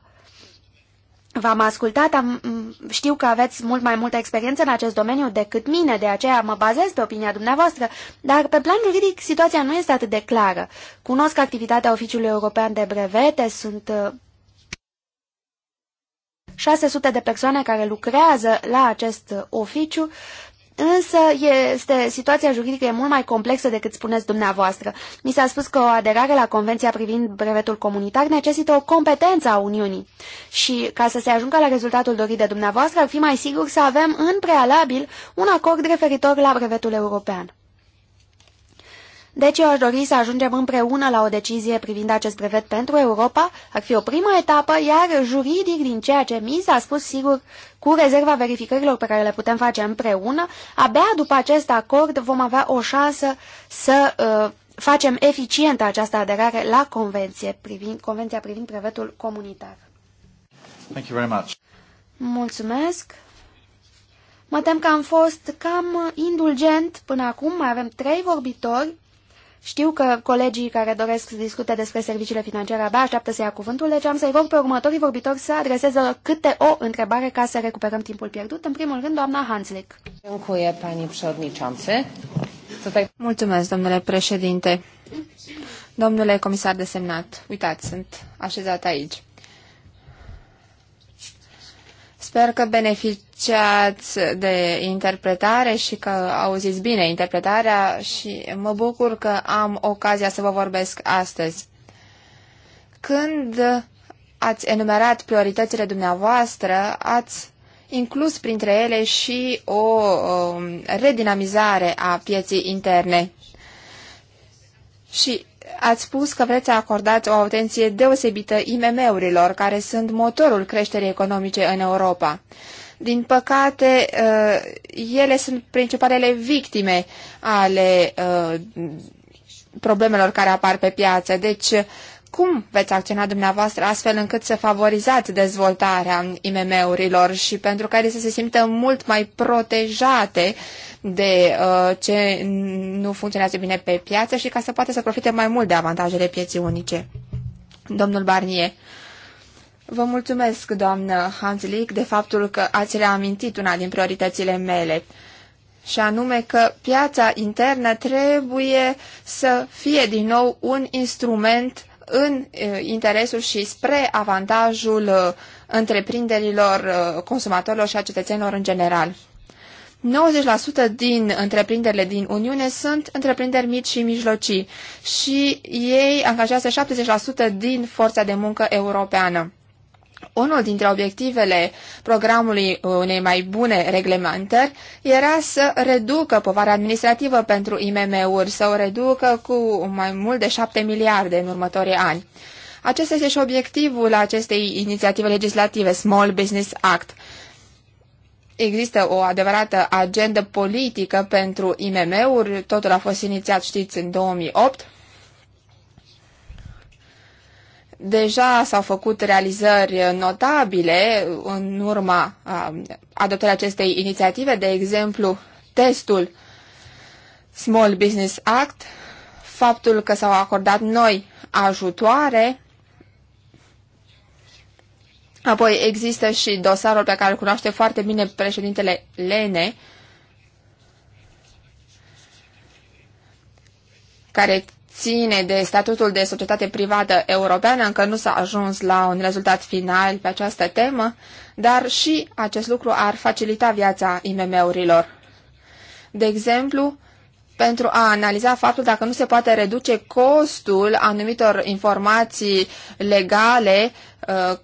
V-am ascultat, am, știu că aveți mult mai multă experiență în acest domeniu decât mine, de aceea mă bazez pe opinia dumneavoastră, dar pe plan juridic situația nu este atât de clară. Cunosc activitatea Oficiului European de Brevete, sunt 600 uh, de persoane care lucrează la acest uh, oficiu Însă este, situația juridică e mult mai complexă decât spuneți dumneavoastră. Mi s-a spus că o aderare la Convenția privind brevetul comunitar necesită o competență a Uniunii. Și ca să se ajungă la rezultatul dorit de dumneavoastră, ar fi mai sigur să avem în prealabil un acord referitor la brevetul european. Deci eu aș dori să ajungem împreună la o decizie privind acest brevet pentru Europa, ar fi o primă etapă, iar juridic din ceea ce MIS a spus sigur cu rezerva verificărilor pe care le putem face împreună, abia după acest acord vom avea o șansă să uh, facem eficientă această aderare la convenție privind, Convenția privind brevetul comunitar. Thank you very much. Mulțumesc. Mă tem că am fost cam indulgent până acum, mai avem trei vorbitori știu că colegii care doresc să discute despre serviciile financiare abia așteaptă să ia cuvântul, deci am să-i rog pe următorii vorbitori să adreseze câte o întrebare ca să recuperăm timpul pierdut. În primul rând, doamna Hanslick. Mulțumesc, domnule președinte. Domnule comisar desemnat, uitați, sunt așezat aici. Sper că beneficiați de interpretare și că auziți bine interpretarea și mă bucur că am ocazia să vă vorbesc astăzi. Când ați enumerat prioritățile dumneavoastră, ați inclus printre ele și o, o um, redinamizare a pieții interne. Și ați spus că vreți să acordați o atenție deosebită IMM-urilor, care sunt motorul creșterii economice în Europa. Din păcate, uh, ele sunt principalele victime ale uh, problemelor care apar pe piață. Deci, cum veți acționa dumneavoastră astfel încât să favorizați dezvoltarea IMM-urilor și pentru care să se simtă mult mai protejate de uh, ce nu funcționează bine pe piață și ca să poată să profite mai mult de avantajele pieții unice? Domnul Barnier, Vă mulțumesc, doamnă Hanslick, de faptul că ați reamintit una din prioritățile mele, și anume că piața internă trebuie să fie din nou un instrument în interesul și spre avantajul întreprinderilor, consumatorilor și a cetățenilor în general. 90% din întreprinderile din Uniune sunt întreprinderi mici și mijlocii și ei angajează 70% din forța de muncă europeană. Unul dintre obiectivele programului unei mai bune reglementări era să reducă povara administrativă pentru IMM-uri, să o reducă cu mai mult de 7 miliarde în următorii ani. Acesta este și obiectivul acestei inițiative legislative, Small Business Act. Există o adevărată agendă politică pentru IMM-uri, totul a fost inițiat, știți, în 2008 Deja s-au făcut realizări notabile în urma uh, adoptării acestei inițiative, de exemplu, testul Small Business Act, faptul că s-au acordat noi ajutoare, apoi există și dosarul pe care îl cunoaște foarte bine președintele Lene, care ține de statutul de societate privată europeană, încă nu s-a ajuns la un rezultat final pe această temă, dar și acest lucru ar facilita viața IMM-urilor. De exemplu, pentru a analiza faptul dacă nu se poate reduce costul anumitor informații legale uh,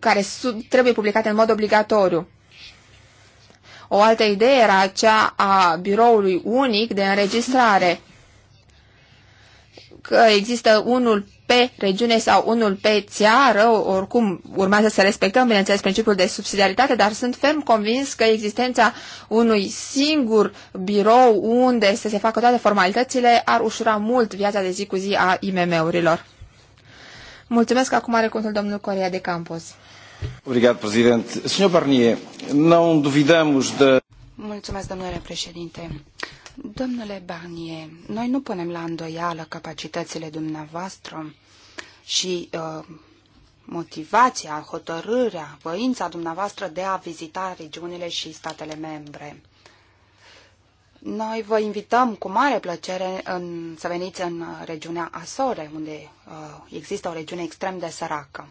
care trebuie publicate în mod obligatoriu. O altă idee era cea a biroului unic de înregistrare că există unul pe regiune sau unul pe țară, oricum urmează să respectăm, bineînțeles, principiul de subsidiaritate, dar sunt ferm convins că existența unui singur birou unde să se facă toate formalitățile ar ușura mult viața de zi cu zi a IMM-urilor. Mulțumesc, acum are cuvântul domnul Corea de Campos. Obrigat, prezident. Senhor Barnier, não duvidăm de... Mulțumesc, domnule președinte. Domnule Barnier, noi nu punem la îndoială capacitățile dumneavoastră și uh, motivația, hotărârea, voința dumneavoastră de a vizita regiunile și statele membre. Noi vă invităm cu mare plăcere în, să veniți în regiunea Asore, unde uh, există o regiune extrem de săracă.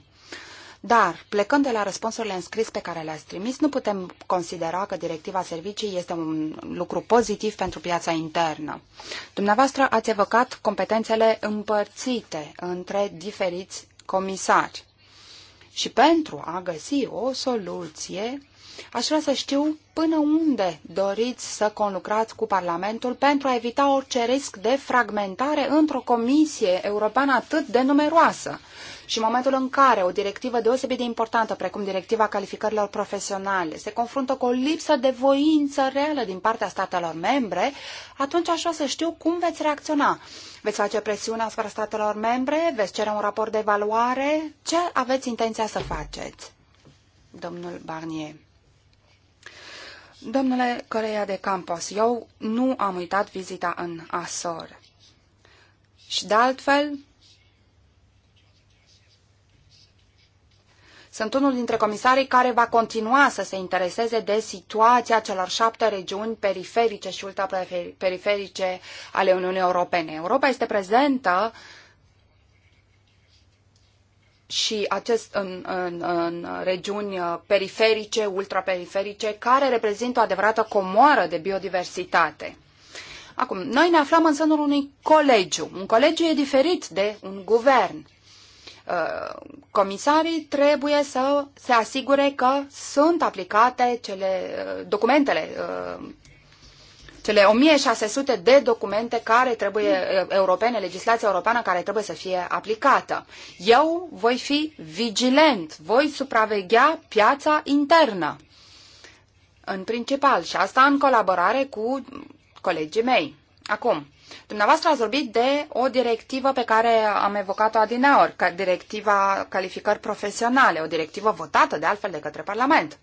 Dar, plecând de la răspunsurile înscris pe care le-ați trimis, nu putem considera că directiva servicii este un lucru pozitiv pentru piața internă. Dumneavoastră ați evocat competențele împărțite între diferiți comisari. Și pentru a găsi o soluție, aș vrea să știu până unde doriți să conlucrați cu Parlamentul pentru a evita orice risc de fragmentare într-o comisie europeană atât de numeroasă și în momentul în care o directivă deosebit de importantă, precum directiva calificărilor profesionale, se confruntă cu o lipsă de voință reală din partea statelor membre, atunci aș vrea să știu cum veți reacționa. Veți face presiune asupra statelor membre? Veți cere un raport de evaluare? Ce aveți intenția să faceți? Domnul Barnier. Domnule Coreia de Campos, eu nu am uitat vizita în Asor. Și de altfel, Sunt unul dintre comisarii care va continua să se intereseze de situația celor șapte regiuni periferice și ultraperiferice ale Uniunii Europene. Europa este prezentă și acest în, în, în regiuni periferice, ultraperiferice, care reprezintă o adevărată comoară de biodiversitate. Acum, noi ne aflăm în sânul unui colegiu. Un colegiu e diferit de un guvern. Uh, comisarii trebuie să se asigure că sunt aplicate cele uh, documentele uh, cele 1600 de documente care trebuie europene, legislația europeană care trebuie să fie aplicată. Eu voi fi vigilent, voi supraveghea piața internă în principal și asta în colaborare cu colegii mei. Acum, Dumneavoastră ați vorbit de o directivă pe care am evocat-o adineori, directiva calificări profesionale, o directivă votată de altfel de către Parlament.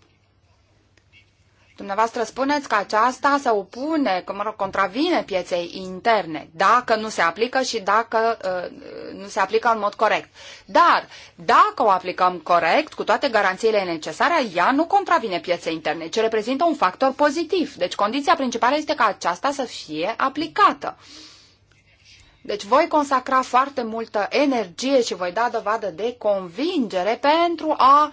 Dumneavoastră spuneți că aceasta se opune, că mă rog, contravine pieței interne, dacă nu se aplică și dacă uh, nu se aplică în mod corect. Dar dacă o aplicăm corect, cu toate garanțiile necesare, ea nu contravine pieței interne, ce reprezintă un factor pozitiv. Deci condiția principală este ca aceasta să fie aplicată. Deci voi consacra foarte multă energie și voi da dovadă de convingere pentru a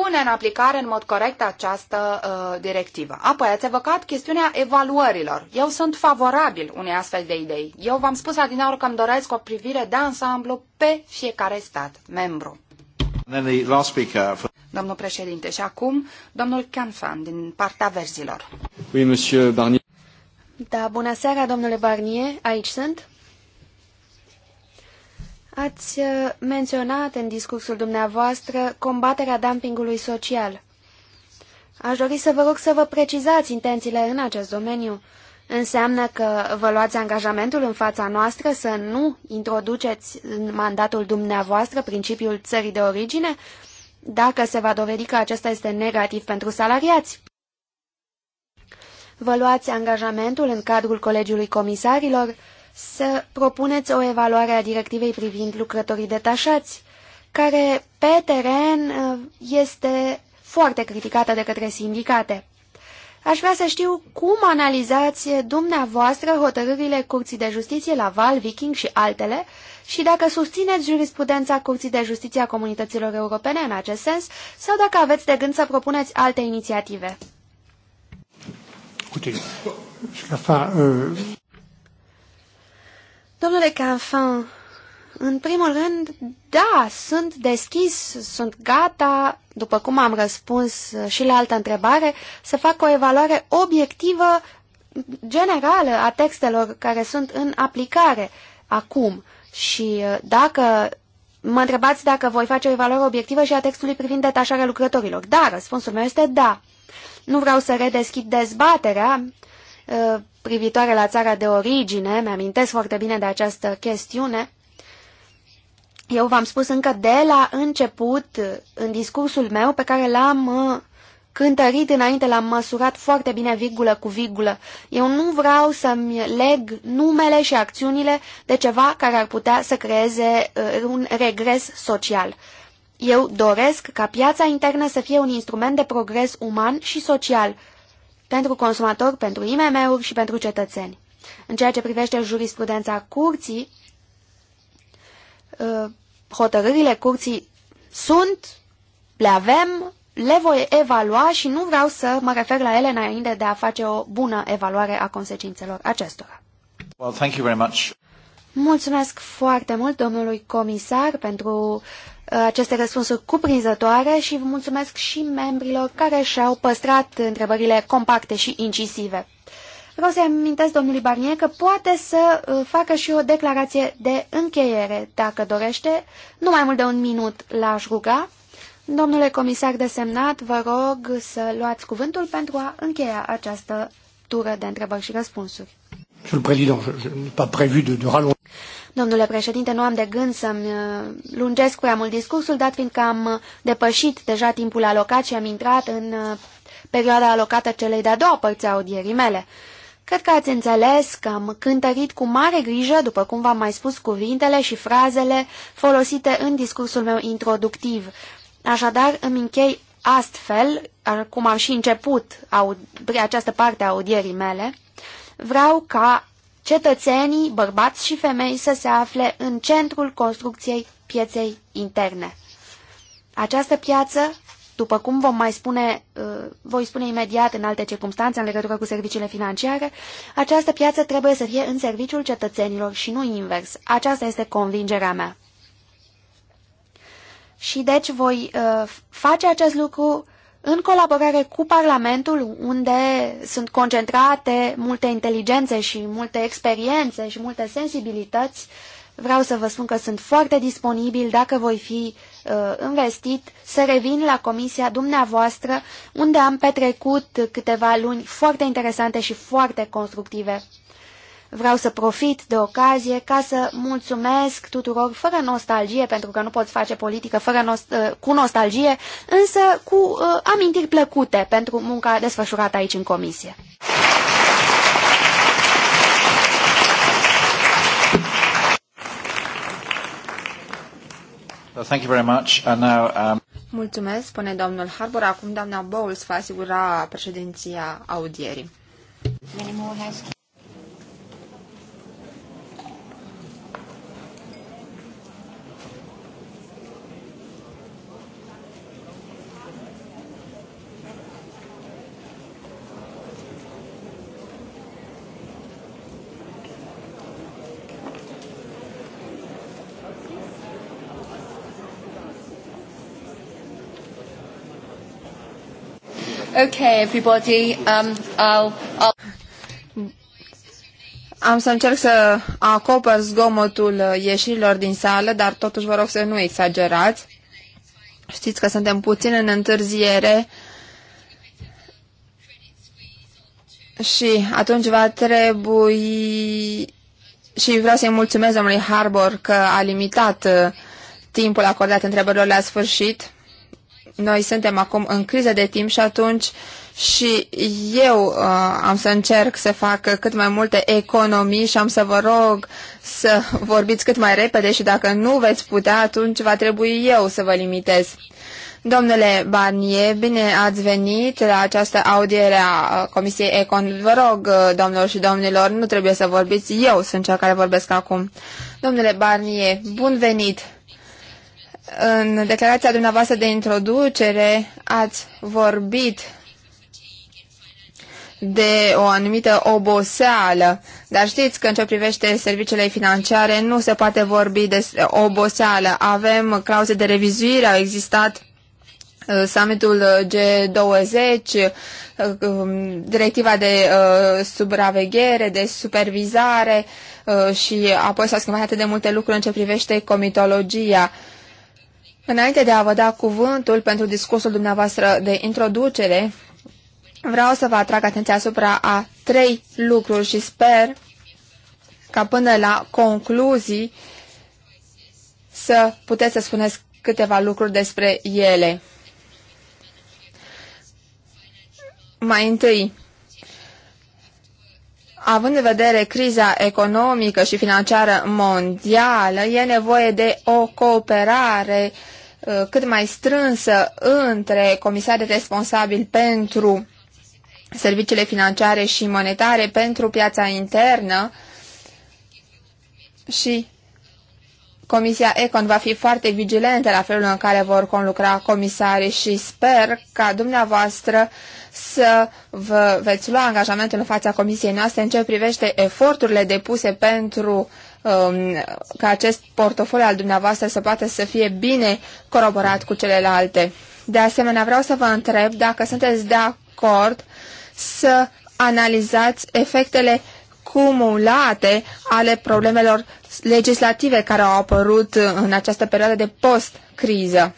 pune în aplicare în mod corect această uh, directivă. Apoi ați evocat chestiunea evaluărilor. Eu sunt favorabil unei astfel de idei. Eu v-am spus adineaur că îmi doresc o privire de ansamblu pe fiecare stat membru. The last speaker... Domnul președinte, și acum domnul Canfan din partea verzilor. Oui, monsieur Barnier. Da, bună seara, domnule Barnier, aici sunt. Ați uh, menționat în discursul dumneavoastră combaterea dumpingului social. Aș dori să vă rog să vă precizați intențiile în acest domeniu. Înseamnă că vă luați angajamentul în fața noastră să nu introduceți în mandatul dumneavoastră principiul țării de origine, dacă se va dovedi că acesta este negativ pentru salariați. Vă luați angajamentul în cadrul Colegiului Comisarilor să propuneți o evaluare a directivei privind lucrătorii detașați, care pe teren uh, este foarte criticată de către sindicate. Aș vrea să știu cum analizați dumneavoastră hotărârile Curții de Justiție la Val, Viking și altele și dacă susțineți jurisprudența Curții de Justiție a Comunităților Europene în acest sens sau dacă aveți de gând să propuneți alte inițiative. Uite, Domnule Canfin, în primul rând, da, sunt deschis, sunt gata, după cum am răspuns și la altă întrebare, să fac o evaluare obiectivă generală a textelor care sunt în aplicare acum. Și uh, dacă mă întrebați dacă voi face o evaluare obiectivă și a textului privind detașarea lucrătorilor, da, răspunsul meu este da. Nu vreau să redeschid dezbaterea uh, privitoare la țara de origine, mi-amintesc foarte bine de această chestiune, eu v-am spus încă de la început, în discursul meu, pe care l-am uh, cântărit înainte, l-am măsurat foarte bine virgulă cu virgulă. Eu nu vreau să-mi leg numele și acțiunile de ceva care ar putea să creeze uh, un regres social. Eu doresc ca piața internă să fie un instrument de progres uman și social, pentru consumatori, pentru IMM-uri și pentru cetățeni. În ceea ce privește jurisprudența curții, uh, hotărârile curții sunt, le avem, le voi evalua și nu vreau să mă refer la ele înainte de a face o bună evaluare a consecințelor acestora. Well, thank you very much. Mulțumesc foarte mult domnului comisar pentru uh, aceste răspunsuri cuprinzătoare și vă mulțumesc și membrilor care și-au păstrat întrebările compacte și incisive. Vreau să-i amintesc domnului Barnier că poate să uh, facă și o declarație de încheiere, dacă dorește, nu mai mult de un minut l-aș ruga. Domnule comisar desemnat, vă rog să luați cuvântul pentru a încheia această tură de întrebări și răspunsuri. Domnule președinte, nu am de gând să-mi uh, lungesc prea mult discursul, dat fiindcă am uh, depășit deja timpul alocat și am intrat în uh, perioada alocată celei de-a doua părți a audierii mele. Cred că ați înțeles că am cântărit cu mare grijă, după cum v-am mai spus, cuvintele și frazele folosite în discursul meu introductiv. Așadar, îmi închei astfel, cum am și început această parte a audierii mele, Vreau ca cetățenii, bărbați și femei, să se afle în centrul construcției pieței interne. Această piață, după cum vom mai spune, uh, voi spune imediat în alte circunstanțe în legătură cu serviciile financiare, această piață trebuie să fie în serviciul cetățenilor și nu invers. Aceasta este convingerea mea. Și deci voi uh, face acest lucru în colaborare cu Parlamentul, unde sunt concentrate multe inteligențe și multe experiențe și multe sensibilități, vreau să vă spun că sunt foarte disponibil dacă voi fi uh, investit să revin la comisia dumneavoastră, unde am petrecut câteva luni foarte interesante și foarte constructive Vreau să profit de ocazie ca să mulțumesc tuturor, fără nostalgie, pentru că nu poți face politică fără nost uh, cu nostalgie, însă cu uh, amintiri plăcute pentru munca desfășurată aici în comisie. Thank you very much. And now, um... Mulțumesc, spune domnul Harbour. Acum doamna Bowles va asigura președinția audierii. Okay, everybody, um, I'll, I'll... Am să încerc să acopăr zgomotul uh, ieșirilor din sală, dar totuși vă rog să nu exagerați. Știți că suntem puțin în întârziere și atunci va trebui... Și vreau să-i mulțumesc domnului Harbor că a limitat uh, timpul acordat întrebărilor la sfârșit noi suntem acum în criză de timp și atunci și eu uh, am să încerc să fac cât mai multe economii și am să vă rog să vorbiți cât mai repede și dacă nu veți putea, atunci va trebui eu să vă limitez. Domnule Barnier, bine ați venit la această audiere a uh, Comisiei Econ. Vă rog, uh, domnilor și domnilor, nu trebuie să vorbiți, eu sunt cea care vorbesc acum. Domnule Barnier, bun venit! În declarația dumneavoastră de introducere ați vorbit de o anumită oboseală, dar știți că în ce privește serviciile financiare nu se poate vorbi de oboseală. Avem clauze de revizuire, au existat uh, summitul G20, uh, um, directiva de uh, supraveghere, de supervizare și apoi s-au schimbat atât de multe lucruri în ce privește comitologia. Înainte de a vă da cuvântul pentru discursul dumneavoastră de introducere, vreau să vă atrag atenția asupra a trei lucruri și sper ca până la concluzii să puteți să spuneți câteva lucruri despre ele. Mai întâi, având în vedere criza economică și financiară mondială, e nevoie de o cooperare uh, cât mai strânsă între comisarii responsabili pentru serviciile financiare și monetare, pentru piața internă și Comisia Econ va fi foarte vigilentă la felul în care vor conlucra comisarii și sper ca dumneavoastră să vă veți lua angajamentul în fața comisiei noastre în ce privește eforturile depuse pentru um, ca acest portofoliu al dumneavoastră să poată să fie bine coroborat cu celelalte. De asemenea, vreau să vă întreb dacă sunteți de acord să analizați efectele cumulate ale problemelor legislative care au apărut în această perioadă de post-criză.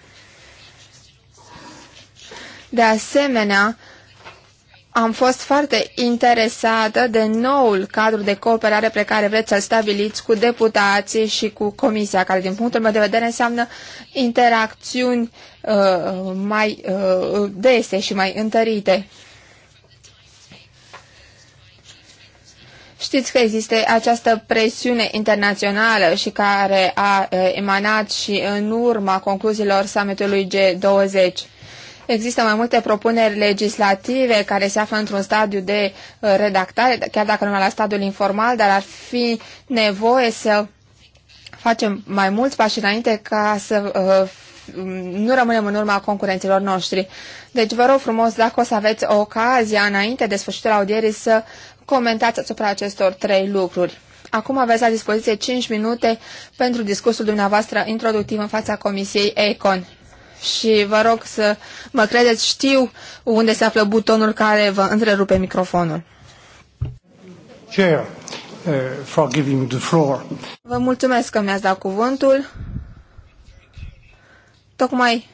De asemenea, am fost foarte interesată de noul cadru de cooperare pe care vreți să-l stabiliți cu deputații și cu comisia, care din punctul meu de vedere înseamnă interacțiuni uh, mai uh, dese și mai întărite. Știți că există această presiune internațională și care a emanat și în urma concluziilor summitului G20. Există mai multe propuneri legislative care se află într-un stadiu de redactare, chiar dacă nu la stadiul informal, dar ar fi nevoie să facem mai mulți pași înainte ca să nu rămânem în urma concurenților noștri. Deci vă rog frumos, dacă o să aveți ocazia înainte de sfârșitul audierii să comentați asupra acestor trei lucruri. Acum aveți la dispoziție 5 minute pentru discursul dumneavoastră introductiv în fața Comisiei ECON. Și vă rog să mă credeți, știu unde se află butonul care vă întrerupe microfonul. Chair, uh, for giving the floor. Vă mulțumesc că mi-ați dat cuvântul. Tocmai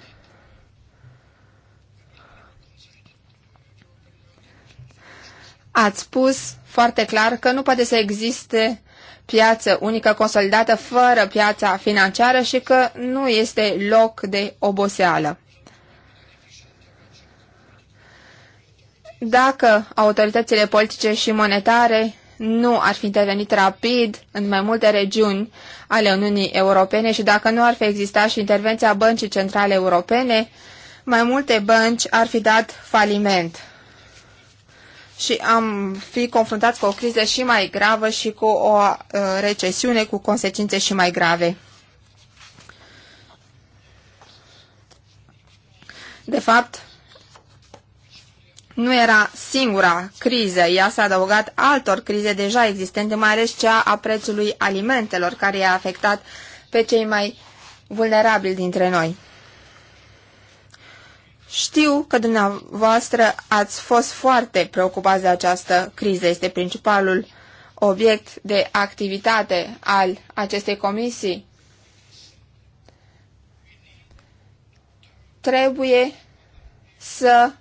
ați spus foarte clar că nu poate să existe piață unică consolidată fără piața financiară și că nu este loc de oboseală. Dacă autoritățile politice și monetare nu ar fi intervenit rapid în mai multe regiuni ale Uniunii Europene și dacă nu ar fi existat și intervenția Băncii Centrale Europene, mai multe bănci ar fi dat faliment și am fi confruntați cu o criză și mai gravă și cu o uh, recesiune cu consecințe și mai grave. De fapt, nu era singura criză, ea s-a adăugat altor crize deja existente, mai ales cea a prețului alimentelor, care i-a afectat pe cei mai vulnerabili dintre noi. Știu că dumneavoastră ați fost foarte preocupați de această criză. Este principalul obiect de activitate al acestei comisii. Trebuie să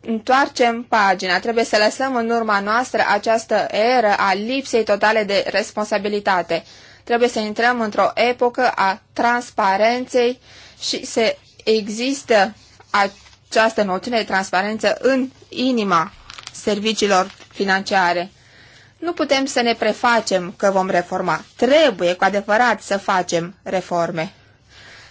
întoarcem pagina, trebuie să lăsăm în urma noastră această eră a lipsei totale de responsabilitate. Trebuie să intrăm într-o epocă a transparenței și se există această noțiune de transparență în inima serviciilor financiare. Nu putem să ne prefacem că vom reforma. Trebuie cu adevărat să facem reforme.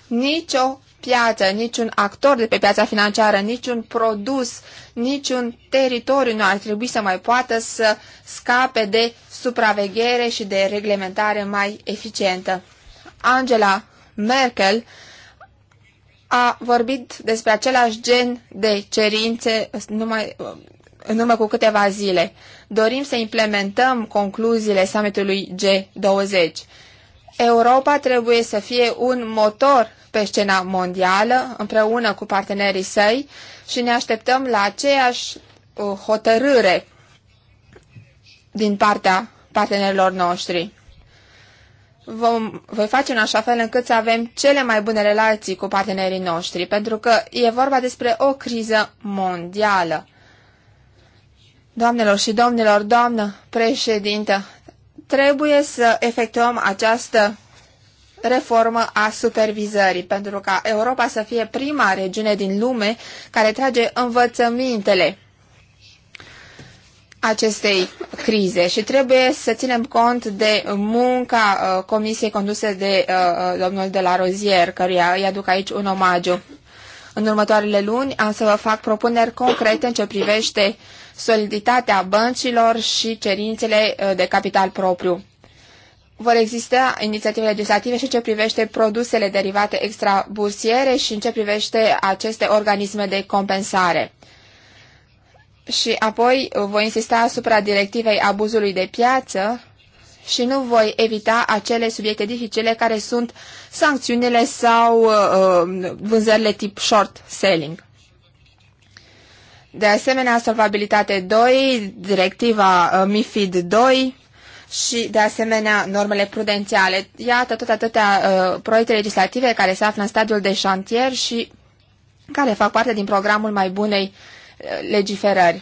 Nicio piață, niciun actor de pe piața financiară, niciun produs, niciun teritoriu nu ar trebui să mai poată să scape de supraveghere și de reglementare mai eficientă. Angela Merkel a vorbit despre același gen de cerințe numai în urmă cu câteva zile. Dorim să implementăm concluziile summitului G20. Europa trebuie să fie un motor pe scena mondială împreună cu partenerii săi și ne așteptăm la aceeași uh, hotărâre din partea partenerilor noștri vom, voi face în așa fel încât să avem cele mai bune relații cu partenerii noștri, pentru că e vorba despre o criză mondială. Doamnelor și domnilor, doamnă președintă, trebuie să efectuăm această reformă a supervizării, pentru ca Europa să fie prima regiune din lume care trage învățămintele acestei crize și trebuie să ținem cont de munca uh, comisiei conduse de uh, uh, domnul de la Rozier, căruia îi aduc aici un omagiu. În următoarele luni am să vă fac propuneri concrete în ce privește soliditatea băncilor și cerințele uh, de capital propriu. Vor exista inițiative legislative și în ce privește produsele derivate extrabursiere și în ce privește aceste organisme de compensare. Și apoi uh, voi insista asupra directivei abuzului de piață și nu voi evita acele subiecte dificile care sunt sancțiunile sau uh, uh vânzările tip short selling. De asemenea, solvabilitate 2, directiva uh, MIFID 2 și, de asemenea, normele prudențiale. Iată tot atâtea uh, proiecte legislative care se află în stadiul de șantier și care fac parte din programul mai bunei uh, legiferări.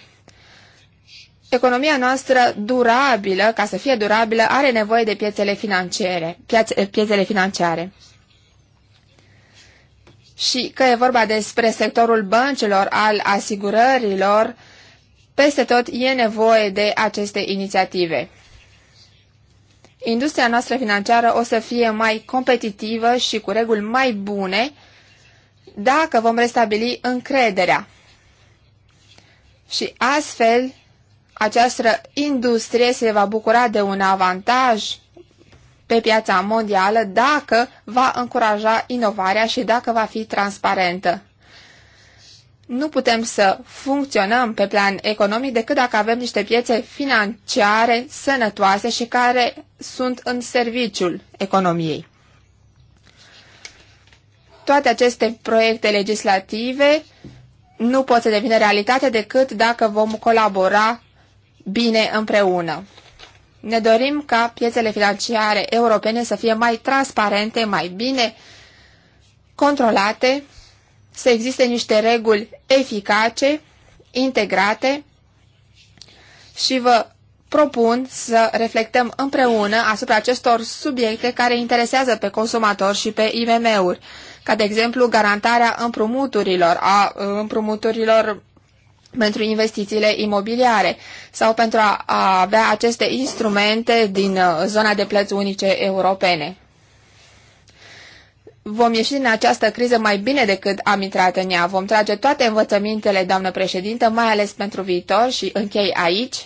Economia noastră durabilă, ca să fie durabilă, are nevoie de piețele financiare. Eh, piețele financiare. Și că e vorba despre sectorul băncilor, al asigurărilor, peste tot e nevoie de aceste inițiative. Industria noastră financiară o să fie mai competitivă și cu reguli mai bune dacă vom restabili încrederea și astfel, această industrie se va bucura de un avantaj pe piața mondială dacă va încuraja inovarea și dacă va fi transparentă. Nu putem să funcționăm pe plan economic decât dacă avem niște piețe financiare sănătoase și care sunt în serviciul economiei. Toate aceste proiecte legislative nu pot să devină realitate decât dacă vom colabora bine împreună. Ne dorim ca piețele financiare europene să fie mai transparente, mai bine controlate, să existe niște reguli eficace, integrate și vă propun să reflectăm împreună asupra acestor subiecte care interesează pe consumatori și pe IMM-uri ca de exemplu garantarea împrumuturilor, a împrumuturilor pentru investițiile imobiliare sau pentru a, a avea aceste instrumente din uh, zona de plăți unice europene. Vom ieși din această criză mai bine decât am intrat în ea. Vom trage toate învățămintele, doamnă președintă, mai ales pentru viitor și închei aici.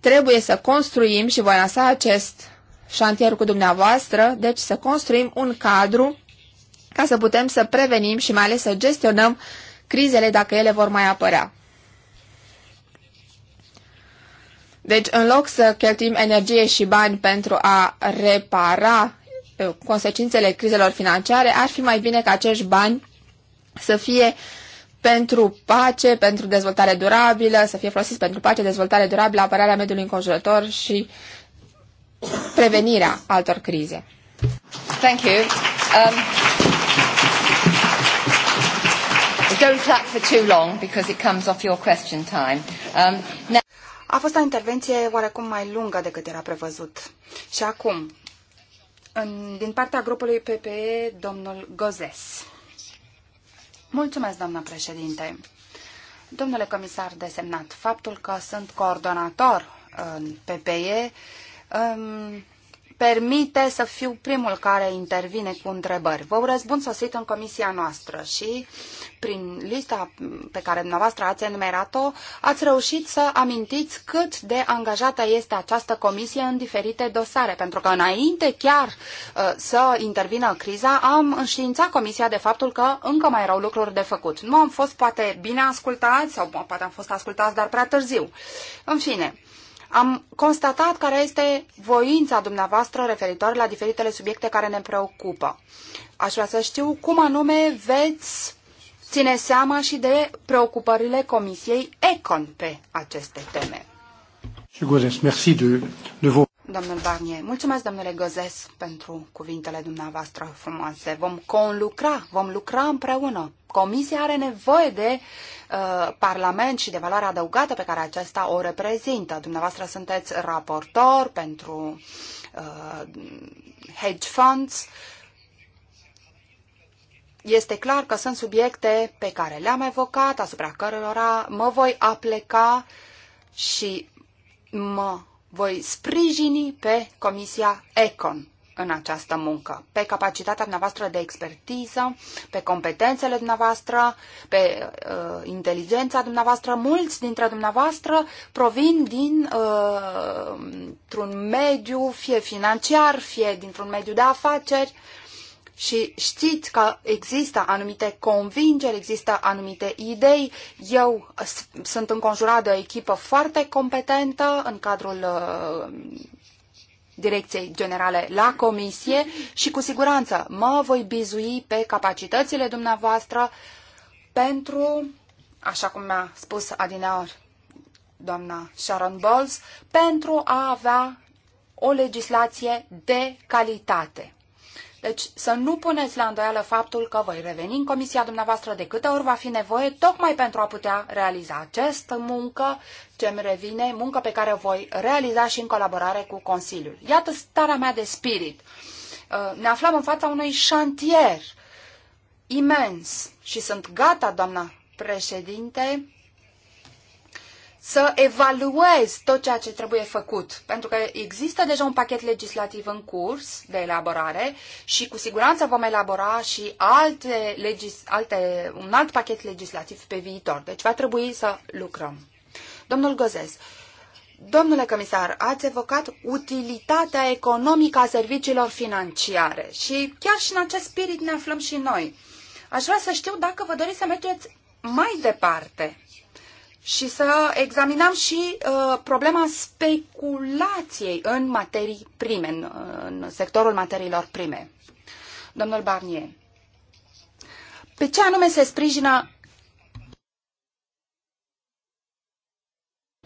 Trebuie să construim și voi lansa acest șantier cu dumneavoastră, deci să construim un cadru ca să putem să prevenim și mai ales să gestionăm crizele dacă ele vor mai apărea. Deci, în loc să cheltuim energie și bani pentru a repara eh, consecințele crizelor financiare, ar fi mai bine ca acești bani să fie pentru pace, pentru dezvoltare durabilă, să fie folosiți pentru pace, dezvoltare durabilă, apărarea mediului înconjurător și prevenirea altor crize. Thank you. Um don't clap for too long because it comes off your question time. Um, now... A fost o intervenție oarecum mai lungă decât era prevăzut. Și acum, în, din partea grupului PPE, domnul Gozes. Mulțumesc, doamna președinte. Domnule comisar desemnat, faptul că sunt coordonator în PPE um, permite să fiu primul care intervine cu întrebări. Vă răspund sosit în comisia noastră și prin lista pe care dumneavoastră ați enumerat-o, ați reușit să amintiți cât de angajată este această comisie în diferite dosare, pentru că înainte chiar uh, să intervină criza, am înștiințat comisia de faptul că încă mai erau lucruri de făcut. Nu am fost poate bine ascultați sau poate am fost ascultați, dar prea târziu. În fine, am constatat care este voința dumneavoastră referitoare la diferitele subiecte care ne preocupă. Aș vrea să știu cum anume veți ține seama și de preocupările Comisiei ECON pe aceste teme. Merci de, de vă domnul Barnier. Mulțumesc, domnule Gozes, pentru cuvintele dumneavoastră frumoase. Vom conlucra, vom lucra împreună. Comisia are nevoie de uh, Parlament și de valoarea adăugată pe care acesta o reprezintă. Dumneavoastră sunteți raportor pentru uh, hedge funds. Este clar că sunt subiecte pe care le-am evocat, asupra cărora mă voi apleca și mă voi sprijini pe Comisia ECON în această muncă, pe capacitatea dumneavoastră de expertiză, pe competențele dumneavoastră, pe uh, inteligența dumneavoastră. Mulți dintre dumneavoastră provin dintr-un uh, un mediu, fie financiar, fie dintr-un mediu de afaceri. Uh, și știți că există anumite convingeri, există anumite idei. Eu sunt înconjurat de o echipă foarte competentă în cadrul uh, Direcției Generale la Comisie și cu siguranță mă voi bizui pe capacitățile dumneavoastră pentru, așa cum mi-a spus adineori doamna Sharon Bowles, pentru a avea o legislație de calitate. Deci să nu puneți la îndoială faptul că voi reveni în comisia dumneavoastră de câte ori va fi nevoie, tocmai pentru a putea realiza această muncă ce îmi revine, muncă pe care o voi realiza și în colaborare cu Consiliul. Iată starea mea de spirit. Uh, ne aflăm în fața unui șantier imens și sunt gata, doamna președinte, să evaluezi tot ceea ce trebuie făcut, pentru că există deja un pachet legislativ în curs de elaborare și cu siguranță vom elabora și alte legis, alte, un alt pachet legislativ pe viitor. Deci va trebui să lucrăm. Domnul Gozes, Domnule comisar, ați evocat utilitatea economică a serviciilor financiare și chiar și în acest spirit ne aflăm și noi. Aș vrea să știu dacă vă doriți să mergeți mai departe și să examinăm și uh, problema speculației în materii prime, în, în sectorul materiilor prime. Domnul Barnier, pe ce anume se sprijină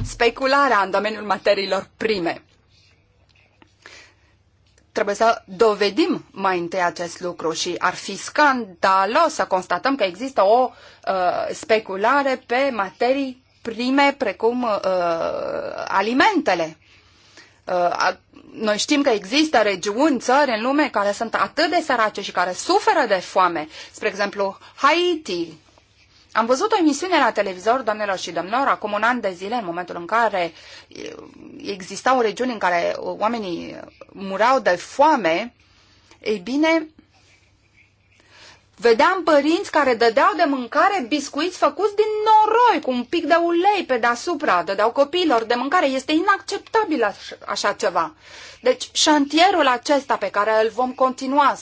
specularea în domeniul materiilor prime? Trebuie să dovedim mai întâi acest lucru și ar fi scandalos să constatăm că există o uh, speculare pe materii prime precum uh, alimentele. Uh, noi știm că există regiuni, țări în lume care sunt atât de sărace și care suferă de foame. Spre exemplu, Haiti. Am văzut o emisiune la televizor, doamnelor și domnilor, acum un an de zile, în momentul în care uh, existau regiuni în care oamenii mureau de foame. Ei bine, Vedeam părinți care dădeau de mâncare biscuiți făcuți din noroi, cu un pic de ulei pe deasupra, dădeau copiilor de mâncare. Este inacceptabil așa ceva. Deci șantierul acesta pe care îl vom continua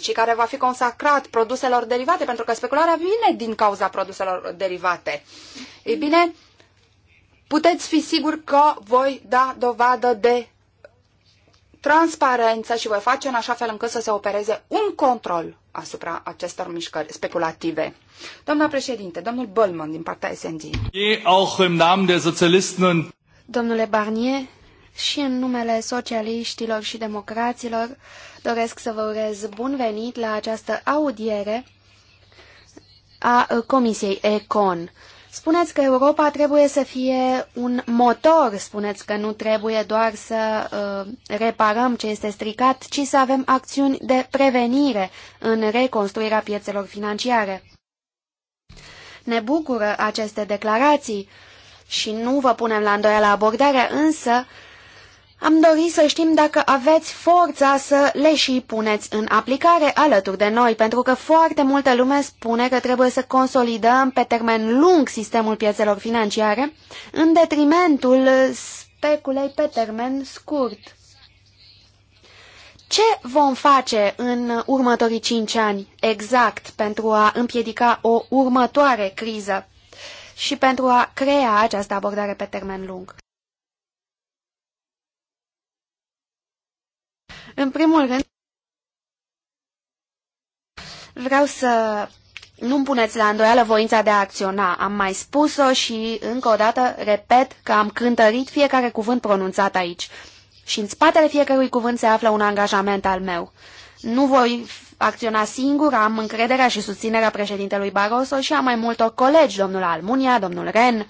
și care va fi consacrat produselor derivate, pentru că specularea vine din cauza produselor derivate. Ei bine, puteți fi siguri că voi da dovadă de transparență și voi face în așa fel încât să se opereze un control asupra acestor mișcări speculative. Doamna președinte, domnul Bălman din partea SND. Domnule Barnier, și în numele socialiștilor și democraților doresc să vă urez bun venit la această audiere a Comisiei ECON. Spuneți că Europa trebuie să fie un motor, spuneți că nu trebuie doar să uh, reparăm ce este stricat, ci să avem acțiuni de prevenire în reconstruirea piețelor financiare. Ne bucură aceste declarații și nu vă punem la îndoială abordarea, însă am dorit să știm dacă aveți forța să le și puneți în aplicare alături de noi, pentru că foarte multă lume spune că trebuie să consolidăm pe termen lung sistemul piețelor financiare, în detrimentul speculei pe termen scurt. Ce vom face în următorii cinci ani exact pentru a împiedica o următoare criză și pentru a crea această abordare pe termen lung? În primul rând, vreau să nu-mi puneți la îndoială voința de a acționa. Am mai spus-o și, încă o dată, repet că am cântărit fiecare cuvânt pronunțat aici. Și în spatele fiecărui cuvânt se află un angajament al meu. Nu voi acționa singur, am încrederea și susținerea președintelui Barroso și a mai multor colegi, domnul Almunia, domnul Ren,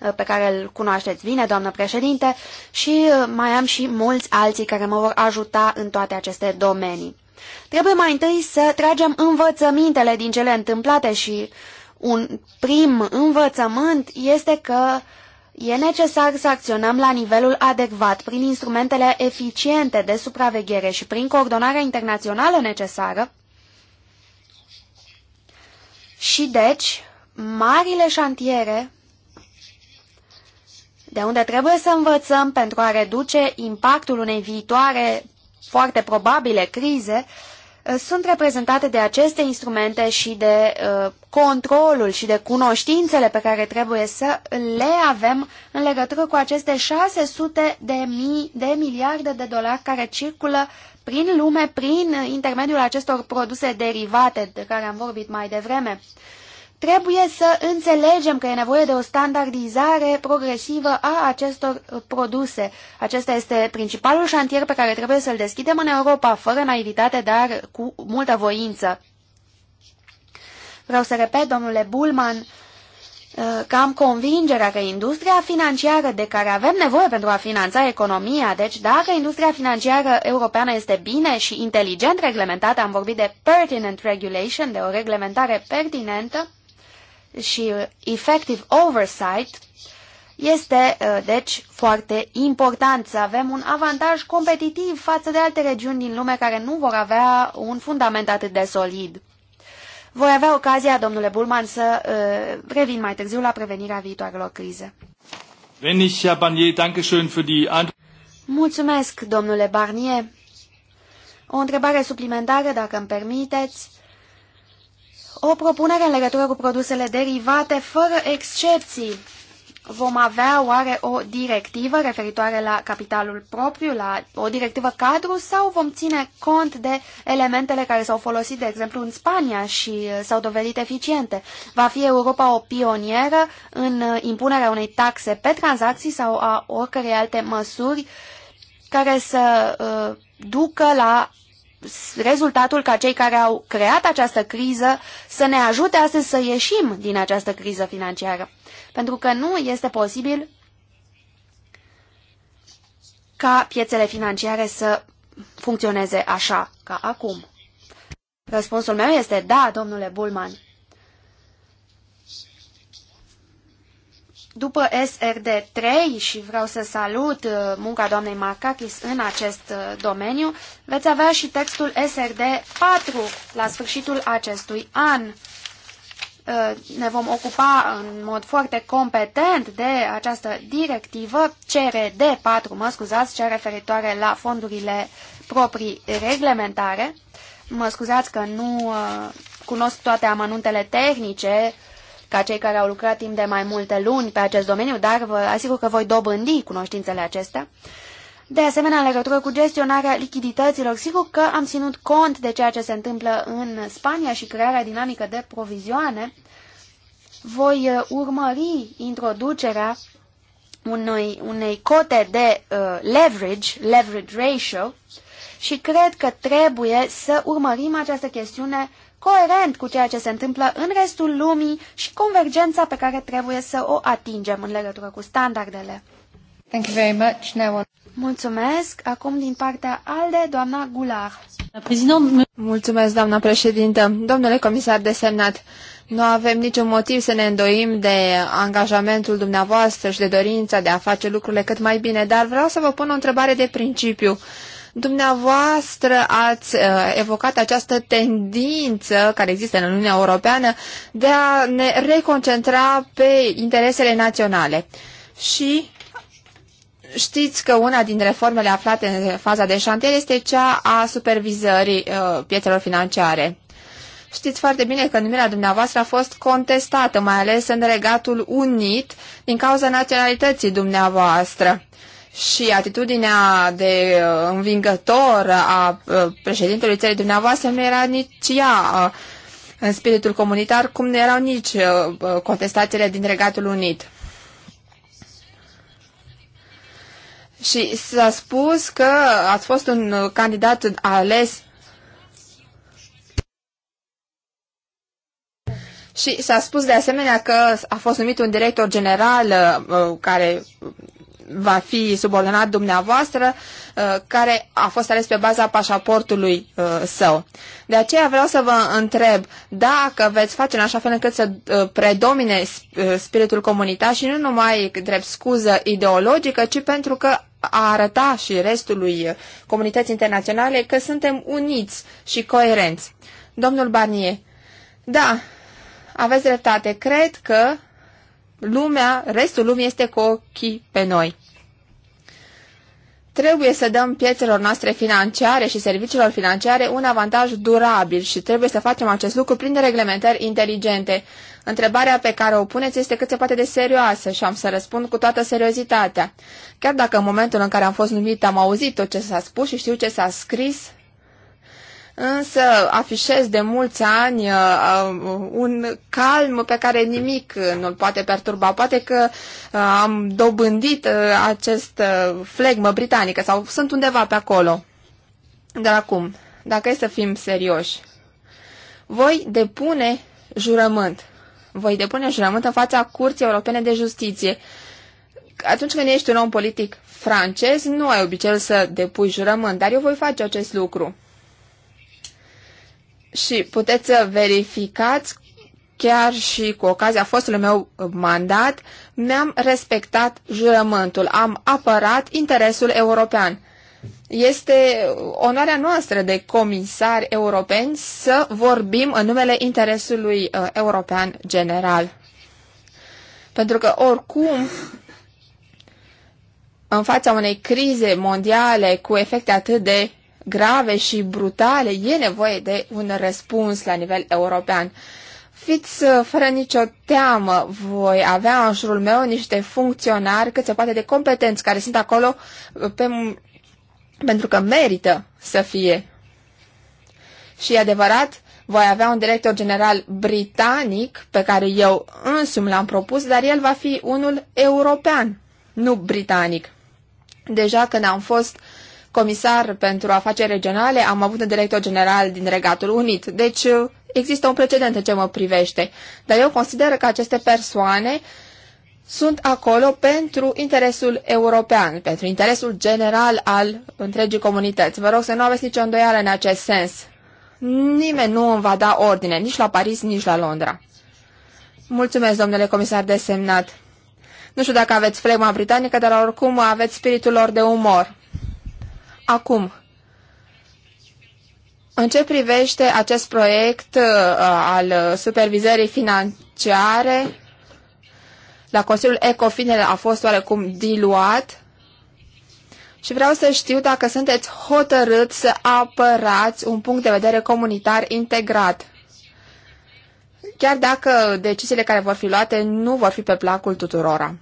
Uh, pe care îl cunoașteți bine, doamnă președinte, și uh, mai am și mulți alții care mă vor ajuta în toate aceste domenii. Trebuie mai întâi să tragem învățămintele din cele întâmplate și un prim învățământ este că e necesar să acționăm la nivelul adecvat, prin instrumentele eficiente de supraveghere și prin coordonarea internațională necesară. Și deci, marile șantiere de unde trebuie să învățăm pentru a reduce impactul unei viitoare, foarte probabile, crize, uh, sunt reprezentate de aceste instrumente și de uh, controlul și de cunoștințele pe care trebuie să le avem în legătură cu aceste 600 de mii de miliarde de dolari care circulă prin lume prin intermediul acestor produse derivate de care am vorbit mai devreme. Trebuie să înțelegem că e nevoie de o standardizare progresivă a acestor uh, produse. Acesta este principalul șantier pe care trebuie să-l deschidem în Europa, fără naivitate, dar cu multă voință. Vreau să repet, domnule Bulman, uh, că am convingerea că industria financiară de care avem nevoie pentru a finanța economia, deci dacă industria financiară europeană este bine și inteligent reglementată, am vorbit de pertinent regulation, de o reglementare pertinentă, și uh, effective oversight este, uh, deci, foarte important să avem un avantaj competitiv față de alte regiuni din lume care nu vor avea un fundament atât de solid. Voi avea ocazia, domnule Bulman, să uh, revin mai târziu la prevenirea viitoarelor crize. Mulțumesc, domnule Barnier. O întrebare suplimentară, dacă îmi permiteți o propunere în legătură cu produsele derivate fără excepții. Vom avea oare o directivă referitoare la capitalul propriu, la o directivă cadru sau vom ține cont de elementele care s-au folosit, de exemplu, în Spania și uh, s-au dovedit eficiente? Va fi Europa o pionieră în uh, impunerea unei taxe pe tranzacții sau a oricărei alte măsuri care să uh, ducă la rezultatul ca cei care au creat această criză să ne ajute astăzi să ieșim din această criză financiară. Pentru că nu este posibil ca piețele financiare să funcționeze așa ca acum. Răspunsul meu este da, domnule Bulman. După SRD3 și vreau să salut uh, munca doamnei Marcachis în acest uh, domeniu, veți avea și textul SRD4 la sfârșitul acestui an. Uh, ne vom ocupa în mod foarte competent de această directivă CRD4, mă scuzați, cea referitoare la fondurile proprii reglementare. Mă scuzați că nu cunosc toate amănuntele tehnice ca cei care au lucrat timp de mai multe luni pe acest domeniu, dar vă asigur că voi dobândi cunoștințele acestea. De asemenea, în legătură cu gestionarea lichidităților, sigur că am ținut cont de ceea ce se întâmplă în Spania și crearea dinamică de provizioane. Voi uh, urmări introducerea unei, unei cote de uh, leverage, leverage ratio, și cred că trebuie să urmărim această chestiune coerent cu ceea ce se întâmplă în restul lumii și convergența pe care trebuie să o atingem în legătură cu standardele. Thank you very much. Now Mulțumesc. Acum din partea ALDE, doamna Gular. Mulțumesc, doamna președintă. Domnule comisar desemnat, nu avem niciun motiv să ne îndoim de angajamentul dumneavoastră și de dorința de a face lucrurile cât mai bine, dar vreau să vă pun o întrebare de principiu. Dumneavoastră ați uh, evocat această tendință care există în Uniunea Europeană de a ne reconcentra pe interesele naționale. Și știți că una din reformele aflate în faza de șantier este cea a supervizării uh, piețelor financiare. Știți foarte bine că numirea dumneavoastră a fost contestată, mai ales în Regatul Unit, din cauza naționalității dumneavoastră. Uh, și atitudinea de uh, învingător a uh, președintelui țării dumneavoastră nu era nici ea uh, în spiritul comunitar, cum nu erau nici contestațiile din Regatul Unit. Și s-a spus că ați fost un candidat ales Și s-a spus de asemenea că a fost numit un director general uh, care va fi subordonat dumneavoastră, uh, care a fost ales pe baza pașaportului uh, său. De aceea vreau să vă întreb dacă veți face în așa fel încât să uh, predomine spiritul comunitar și nu numai drept scuză ideologică, ci pentru că a arăta și restului comunității internaționale că suntem uniți și coerenți. Domnul Barnier, da, aveți dreptate, cred că lumea, restul lumii este cu ochii pe noi. Trebuie să dăm piețelor noastre financiare și serviciilor financiare un avantaj durabil și trebuie să facem acest lucru prin reglementări inteligente. Întrebarea pe care o puneți este cât se poate de serioasă și am să răspund cu toată seriozitatea. Chiar dacă în momentul în care am fost numit am auzit tot ce s-a spus și știu ce s-a scris, însă afișez de mulți ani uh, uh, un calm pe care nimic nu-l poate perturba. Poate că uh, am dobândit uh, acest uh, flegmă britanică sau sunt undeva pe acolo. Dar acum, dacă e să fim serioși, voi depune jurământ. Voi depune jurământ în fața Curții Europene de Justiție. Atunci când ești un om politic francez, nu ai obiceiul să depui jurământ, dar eu voi face acest lucru și puteți să verificați chiar și cu ocazia fostului meu mandat, mi-am respectat jurământul, am apărat interesul european. Este onoarea noastră de comisari europeni să vorbim în numele interesului uh, european general. Pentru că oricum, în fața unei crize mondiale cu efecte atât de grave și brutale, e nevoie de un răspuns la nivel european. Fiți uh, fără nicio teamă, voi avea în jurul meu niște funcționari cât se poate de competenți care sunt acolo uh, pe, pentru că merită să fie. Și e adevărat, voi avea un director general britanic pe care eu însumi l-am propus, dar el va fi unul european, nu britanic. Deja când am fost comisar pentru afaceri regionale, am avut un director general din Regatul Unit, deci uh, există un precedent în ce mă privește. Dar eu consider că aceste persoane sunt acolo pentru interesul european, pentru interesul general al întregii comunități. Vă rog să nu aveți nicio îndoială în acest sens. Nimeni nu îmi va da ordine, nici la Paris, nici la Londra. Mulțumesc, domnule comisar desemnat. Nu știu dacă aveți flegma britanică, dar oricum aveți spiritul lor de umor. Acum, în ce privește acest proiect uh, al supervizării financiare, la Consiliul Ecofin a fost oarecum diluat și vreau să știu dacă sunteți hotărât să apărați un punct de vedere comunitar integrat. Chiar dacă deciziile care vor fi luate nu vor fi pe placul tuturora.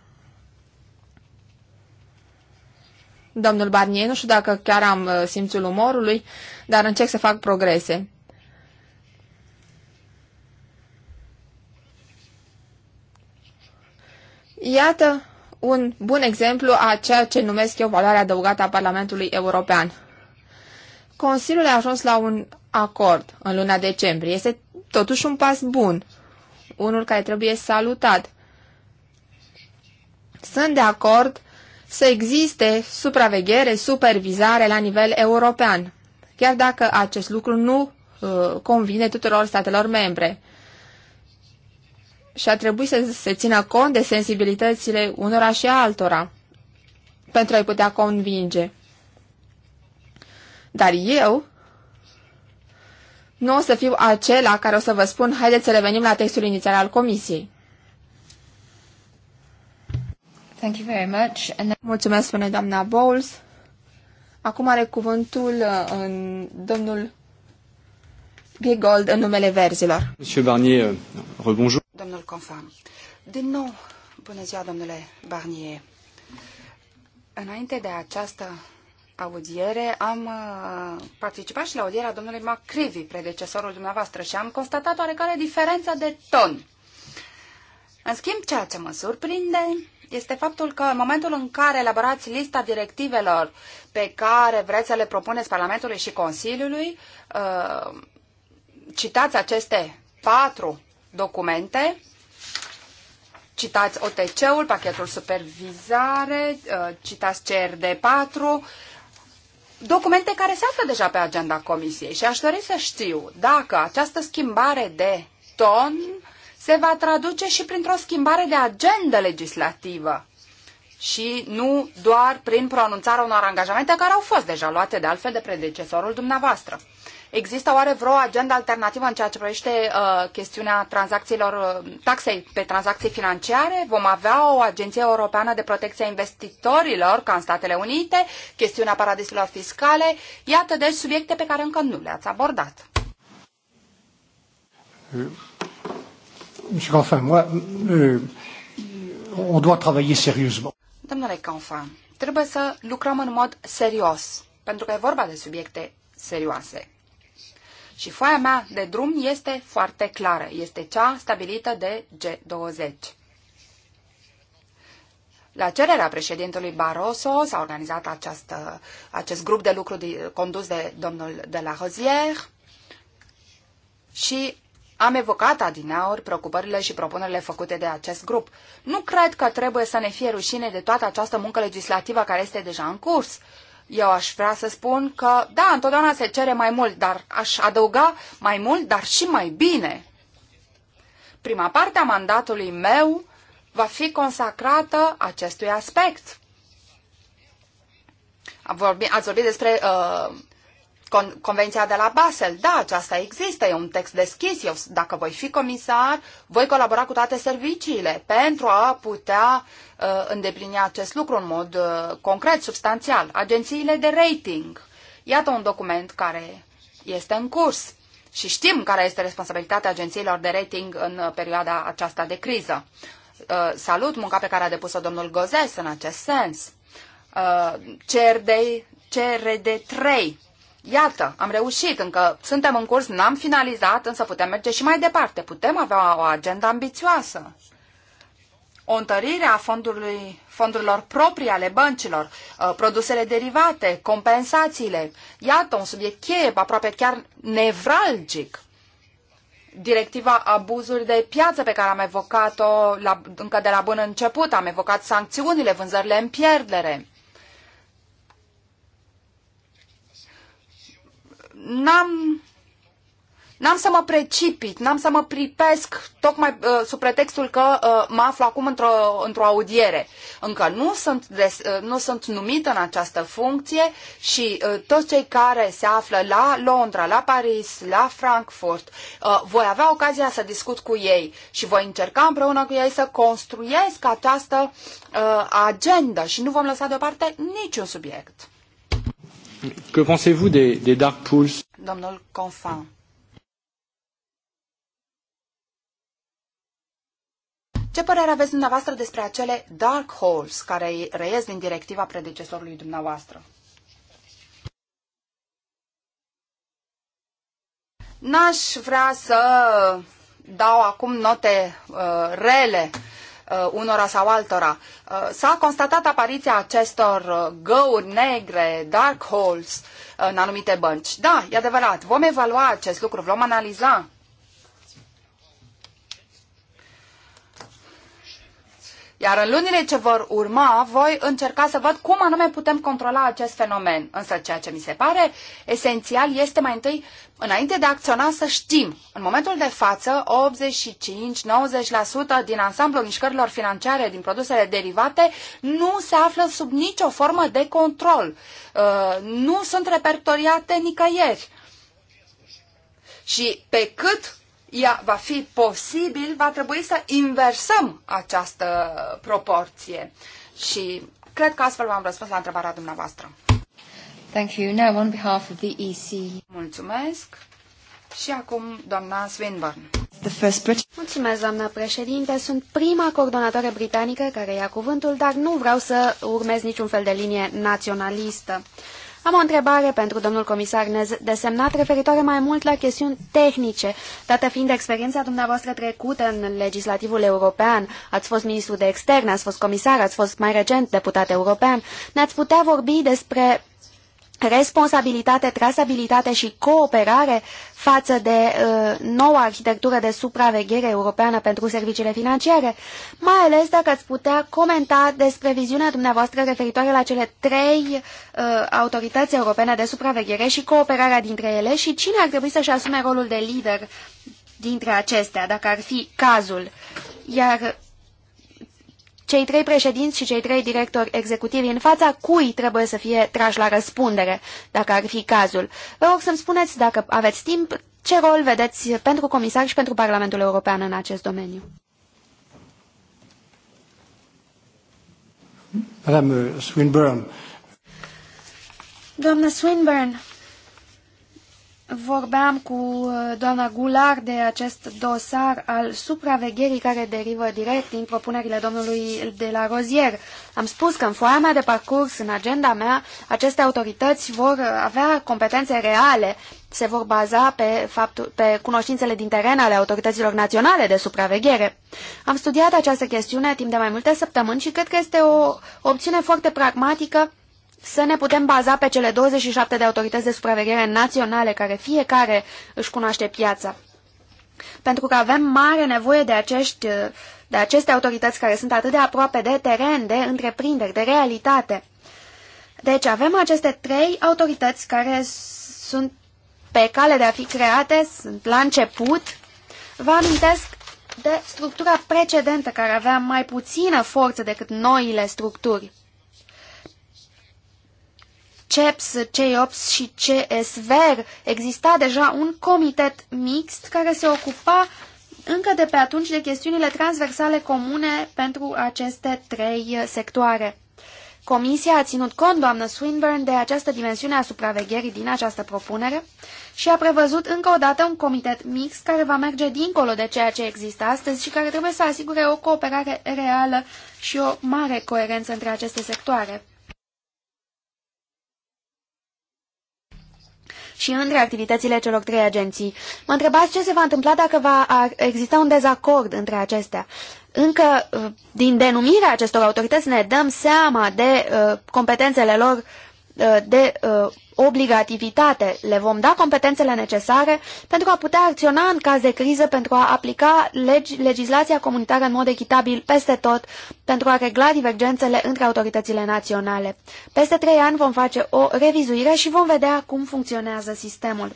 domnul Barnier, nu știu dacă chiar am uh, simțul umorului, dar încerc să fac progrese. Iată un bun exemplu a ceea ce numesc eu valoarea adăugată a Parlamentului European. Consiliul a ajuns la un acord în luna decembrie. Este totuși un pas bun, unul care trebuie salutat. Sunt de acord să existe supraveghere, supervizare la nivel european, chiar dacă acest lucru nu uh, convine tuturor statelor membre. Și a trebuit să se țină cont de sensibilitățile unora și altora pentru a-i putea convinge. Dar eu nu o să fiu acela care o să vă spun, haideți să revenim la textul inițial al comisiei. Thank you very much. And then... Mulțumesc, spune doamna Bowles. Acum are cuvântul uh, în domnul Giegold în numele verzilor. Monsieur Barnier, euh, rebonjour. Domnul Confam. Din nou, bună ziua, domnule Barnier. Înainte de această audiere, am uh, participat și la audierea domnului Macrivi, predecesorul dumneavoastră, și am constatat oarecare diferență de ton. În schimb, ceea ce mă surprinde este faptul că în momentul în care elaborați lista directivelor pe care vreți să le propuneți Parlamentului și Consiliului, uh, citați aceste patru documente, citați OTC-ul, pachetul supervizare, uh, citați CRD4, documente care se află deja pe agenda Comisiei și aș dori să știu dacă această schimbare de ton uh, se va traduce și printr-o schimbare de agendă legislativă și nu doar prin pronunțarea unor angajamente care au fost deja luate de altfel de predecesorul dumneavoastră. Există oare vreo agenda alternativă în ceea ce privește uh, chestiunea tranzacțiilor, uh, taxei pe tranzacții financiare? Vom avea o agenție europeană de protecție a investitorilor, ca în Statele Unite, chestiunea paradisurilor fiscale. Iată, deci, subiecte pe care încă nu le-ați abordat. Uh, Monsieur Canfin, moi, euh, on doit travailler sérieusement. Domnule Canfin, trebuie să lucrăm în mod serios, pentru că e vorba de subiecte serioase. Și foaia mea de drum este foarte clară, este cea stabilită de G20. La cererea președintelui Barroso s-a organizat această, acest grup de lucru condus de domnul de la Rosier și am evocat adineaori preocupările și propunerile făcute de acest grup. Nu cred că trebuie să ne fie rușine de toată această muncă legislativă care este deja în curs. Eu aș vrea să spun că, da, întotdeauna se cere mai mult, dar aș adăuga mai mult, dar și mai bine. Prima parte a mandatului meu va fi consacrată acestui aspect. Ați vorbit despre uh, Con Convenția de la Basel, da, aceasta există, e un text deschis. Eu, dacă voi fi comisar, voi colabora cu toate serviciile pentru a putea uh, îndeplini acest lucru în mod uh, concret, substanțial. Agențiile de rating. Iată un document care este în curs și știm care este responsabilitatea agențiilor de rating în uh, perioada aceasta de criză. Uh, salut munca pe care a depus-o domnul Gozes în acest sens. Uh, CRD, CRD 3 Iată, am reușit, încă suntem în curs, n-am finalizat, însă putem merge și mai departe. Putem avea o agenda ambițioasă. O întărire a fondului, fondurilor proprii ale băncilor, uh, produsele derivate, compensațiile. Iată, un subiect cheie, aproape chiar nevralgic directiva abuzuri de piață pe care am evocat-o încă de la bun început. Am evocat sancțiunile, vânzările în pierdere. n-am N-am să mă precipit, n-am să mă pripesc tocmai uh, sub pretextul că uh, mă aflu acum într-o, într, -o, audiere. Încă nu sunt, des, uh, nu sunt numită în această funcție și uh, toți cei care se află la Londra, la Paris, la Frankfurt, uh, voi avea ocazia să discut cu ei și voi încerca împreună cu ei să construiesc această uh, agendă și nu vom lăsa deoparte niciun subiect. Que pensez-vous des, des dark pools Domnul Ce părere aveți dumneavoastră despre acele dark holes care reiez din directiva predecesorului dumneavoastră? N-aș vrea să dau acum note uh, rele uh, Uh, unora sau altora. Uh, s-a constatat apariția acestor uh, găuri negre, dark holes, în anumite bănci. Da, e adevărat, vom evalua acest lucru, vom analiza Iar în lunile ce vor urma, voi încerca să văd cum anume putem controla acest fenomen. Însă ceea ce mi se pare esențial este mai întâi, înainte de a acționa, să știm. În momentul de față, 85-90% din ansamblul mișcărilor financiare din produsele derivate nu se află sub nicio formă de control. Uh, nu sunt repertoriate nicăieri. Și pe cât ea va fi posibil, va trebui să inversăm această proporție. Și cred că astfel v-am răspuns la întrebarea dumneavoastră. Thank you. Now on behalf of the EC. Mulțumesc. Și acum doamna Swinburne. The first British... Mulțumesc, doamna președinte. Sunt prima coordonatoare britanică care ia cuvântul, dar nu vreau să urmez niciun fel de linie naționalistă. Am o întrebare pentru domnul comisar Nez, desemnat referitoare mai mult la chestiuni tehnice, dată fiind experiența dumneavoastră trecută în legislativul european. Ați fost ministru de externe, ați fost comisar, ați fost mai recent deputat european. Ne-ați putea vorbi despre responsabilitate, trasabilitate și cooperare față de uh, noua arhitectură de supraveghere europeană pentru serviciile financiare, mai ales dacă ați putea comenta despre viziunea dumneavoastră referitoare la cele trei uh, autorități europene de supraveghere și cooperarea dintre ele și cine ar trebui să-și asume rolul de lider dintre acestea, dacă ar fi cazul. Iar cei trei președinți și cei trei directori executivi în fața cui trebuie să fie trași la răspundere, dacă ar fi cazul. Vă rog să-mi spuneți, dacă aveți timp, ce rol vedeți pentru comisar și pentru Parlamentul European în acest domeniu? Madame Swinburne. Doamnă Swinburne, Vorbeam cu uh, doamna Gular de acest dosar al supravegherii care derivă direct din propunerile domnului de la Rozier. Am spus că în foaia mea de parcurs, în agenda mea, aceste autorități vor uh, avea competențe reale, se vor baza pe, faptul, pe cunoștințele din teren ale autorităților naționale de supraveghere. Am studiat această chestiune timp de mai multe săptămâni și cred că este o opțiune foarte pragmatică să ne putem baza pe cele 27 de autorități de supraveghere naționale, care fiecare își cunoaște piața. Pentru că avem mare nevoie de, acești, de aceste autorități care sunt atât de aproape de teren, de întreprinderi, de realitate. Deci avem aceste trei autorități care sunt pe cale de a fi create, sunt la început. Vă amintesc de structura precedentă care avea mai puțină forță decât noile structuri. CEPS, CEOPS și CSVER exista deja un comitet mixt care se ocupa încă de pe atunci de chestiunile transversale comune pentru aceste trei sectoare. Comisia a ținut cont, doamnă Swinburne, de această dimensiune a supravegherii din această propunere și a prevăzut încă o dată un comitet mixt care va merge dincolo de ceea ce există astăzi și care trebuie să asigure o cooperare reală și o mare coerență între aceste sectoare. și între activitățile celor trei agenții. Mă întrebați ce se va întâmpla dacă va exista un dezacord între acestea. Încă uh, din denumirea acestor autorități ne dăm seama de uh, competențele lor uh, de uh, obligativitate. Le vom da competențele necesare pentru a putea acționa în caz de criză, pentru a aplica legi, legislația comunitară în mod echitabil peste tot, pentru a regla divergențele între autoritățile naționale. Peste trei ani vom face o revizuire și vom vedea cum funcționează sistemul.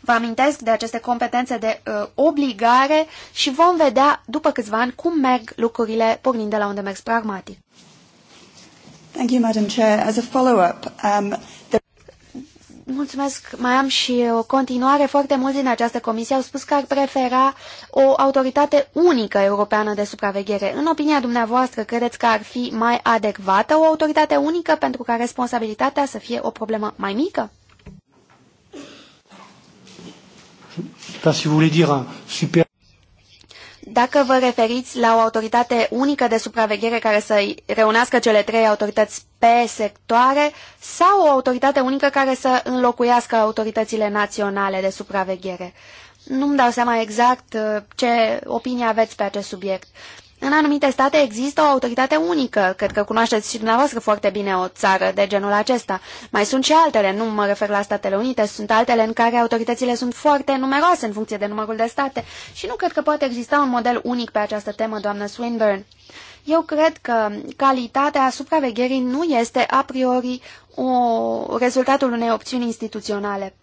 Vă amintesc de aceste competențe de uh, obligare și vom vedea după câțiva ani cum merg lucrurile pornind de la unde merg pragmatic. Thank you, Madam Chair. As a follow-up, um, the... Mulțumesc. Mai am și o continuare. Foarte mulți din această comisie au spus că ar prefera o autoritate unică europeană de supraveghere. În opinia dumneavoastră, credeți că ar fi mai adecvată o autoritate unică pentru ca responsabilitatea să fie o problemă mai mică? Da, si vous voulez dire un super dacă vă referiți la o autoritate unică de supraveghere care să reunească cele trei autorități pe sectoare sau o autoritate unică care să înlocuiască autoritățile naționale de supraveghere. Nu-mi dau seama exact uh, ce opinie aveți pe acest subiect. În anumite state există o autoritate unică, cred că cunoașteți și dumneavoastră foarte bine o țară de genul acesta. Mai sunt și altele, nu mă refer la Statele Unite, sunt altele în care autoritățile sunt foarte numeroase în funcție de numărul de state și nu cred că poate exista un model unic pe această temă, doamnă Swinburne. Eu cred că calitatea supravegherii nu este a priori o, rezultatul unei opțiuni instituționale.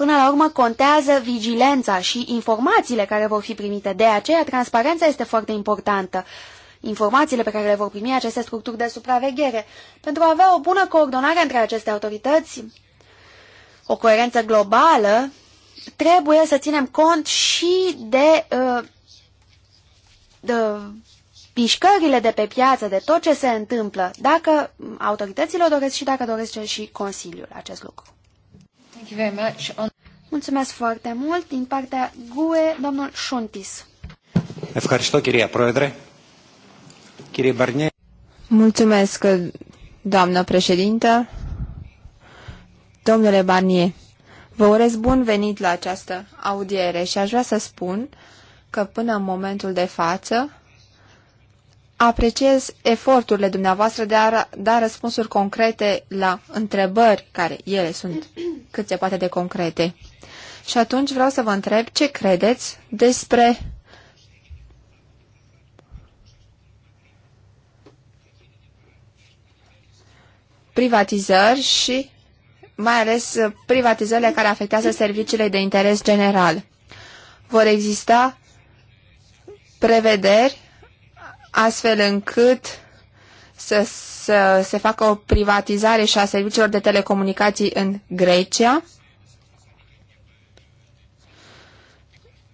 Până la urmă contează vigilența și informațiile care vor fi primite. De aceea, transparența este foarte importantă. Informațiile pe care le vor primi aceste structuri de supraveghere, pentru a avea o bună coordonare între aceste autorități, o coerență globală, trebuie să ținem cont și de, uh, de mișcările de pe piață, de tot ce se întâmplă, dacă autoritățile o doresc și dacă doresc și Consiliul acest lucru. Thank you very much. Mulțumesc foarte mult. Din partea GUE, domnul Șuntis. Mulțumesc, doamnă președintă. Domnule Barnier, vă urez bun venit la această audiere și aș vrea să spun că până în momentul de față Apreciez eforturile dumneavoastră de a da răspunsuri concrete la întrebări, care ele sunt cât se poate de concrete. Și atunci vreau să vă întreb ce credeți despre privatizări și mai ales privatizările care afectează serviciile de interes general. Vor exista prevederi astfel încât să, să se facă o privatizare și a serviciilor de telecomunicații în Grecia.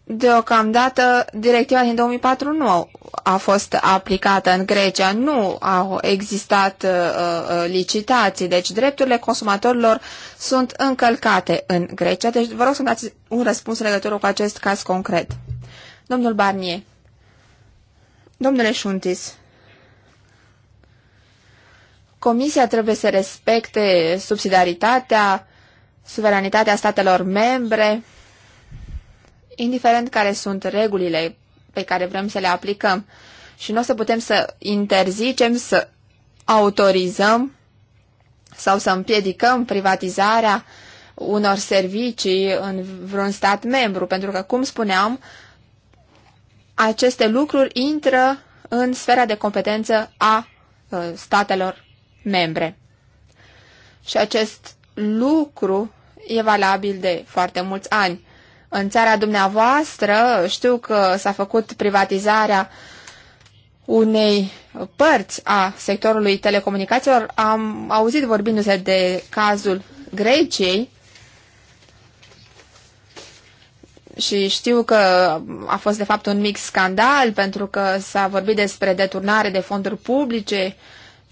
Deocamdată, directiva din 2004 nu a fost aplicată în Grecia, nu au existat uh, uh, licitații, deci drepturile consumatorilor sunt încălcate în Grecia. Deci vă rog să-mi dați un răspuns în legătură cu acest caz concret. Domnul Barnier. Domnule Șuntis, Comisia trebuie să respecte subsidiaritatea, suveranitatea statelor membre, indiferent care sunt regulile pe care vrem să le aplicăm. Și nu o să putem să interzicem, să autorizăm sau să împiedicăm privatizarea unor servicii în vreun stat membru, pentru că, cum spuneam, aceste lucruri intră în sfera de competență a uh, statelor membre. Și acest lucru e valabil de foarte mulți ani. În țara dumneavoastră știu că s-a făcut privatizarea unei părți a sectorului telecomunicațiilor. Am auzit vorbindu-se de cazul Greciei, și știu că a fost de fapt un mic scandal pentru că s-a vorbit despre deturnare de fonduri publice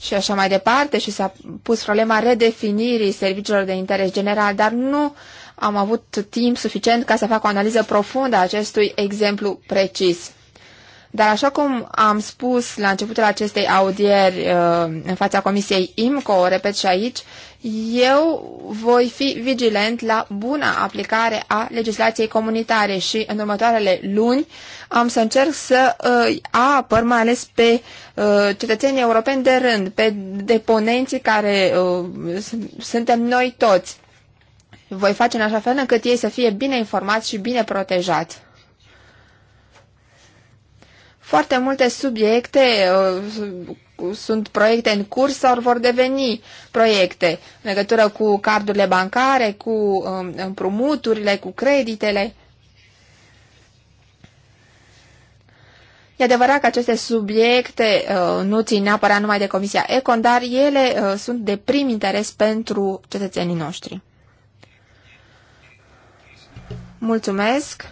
și așa mai departe și s-a pus problema redefinirii serviciilor de interes general, dar nu am avut timp suficient ca să fac o analiză profundă a acestui exemplu precis. Dar așa cum am spus la începutul acestei audieri uh, în fața Comisiei IMCO, o repet și aici, eu voi fi vigilent la buna aplicare a legislației comunitare și în următoarele luni am să încerc să uh, apăr mai ales pe uh, cetățenii europeni de rând, pe deponenții care uh, suntem noi toți. Voi face în așa fel încât ei să fie bine informați și bine protejați. Foarte multe subiecte uh, sunt proiecte în curs sau vor deveni proiecte în legătură cu cardurile bancare, cu um, împrumuturile, cu creditele. E adevărat că aceste subiecte uh, nu țin neapărat numai de Comisia Econ, dar ele uh, sunt de prim interes pentru cetățenii noștri. Mulțumesc!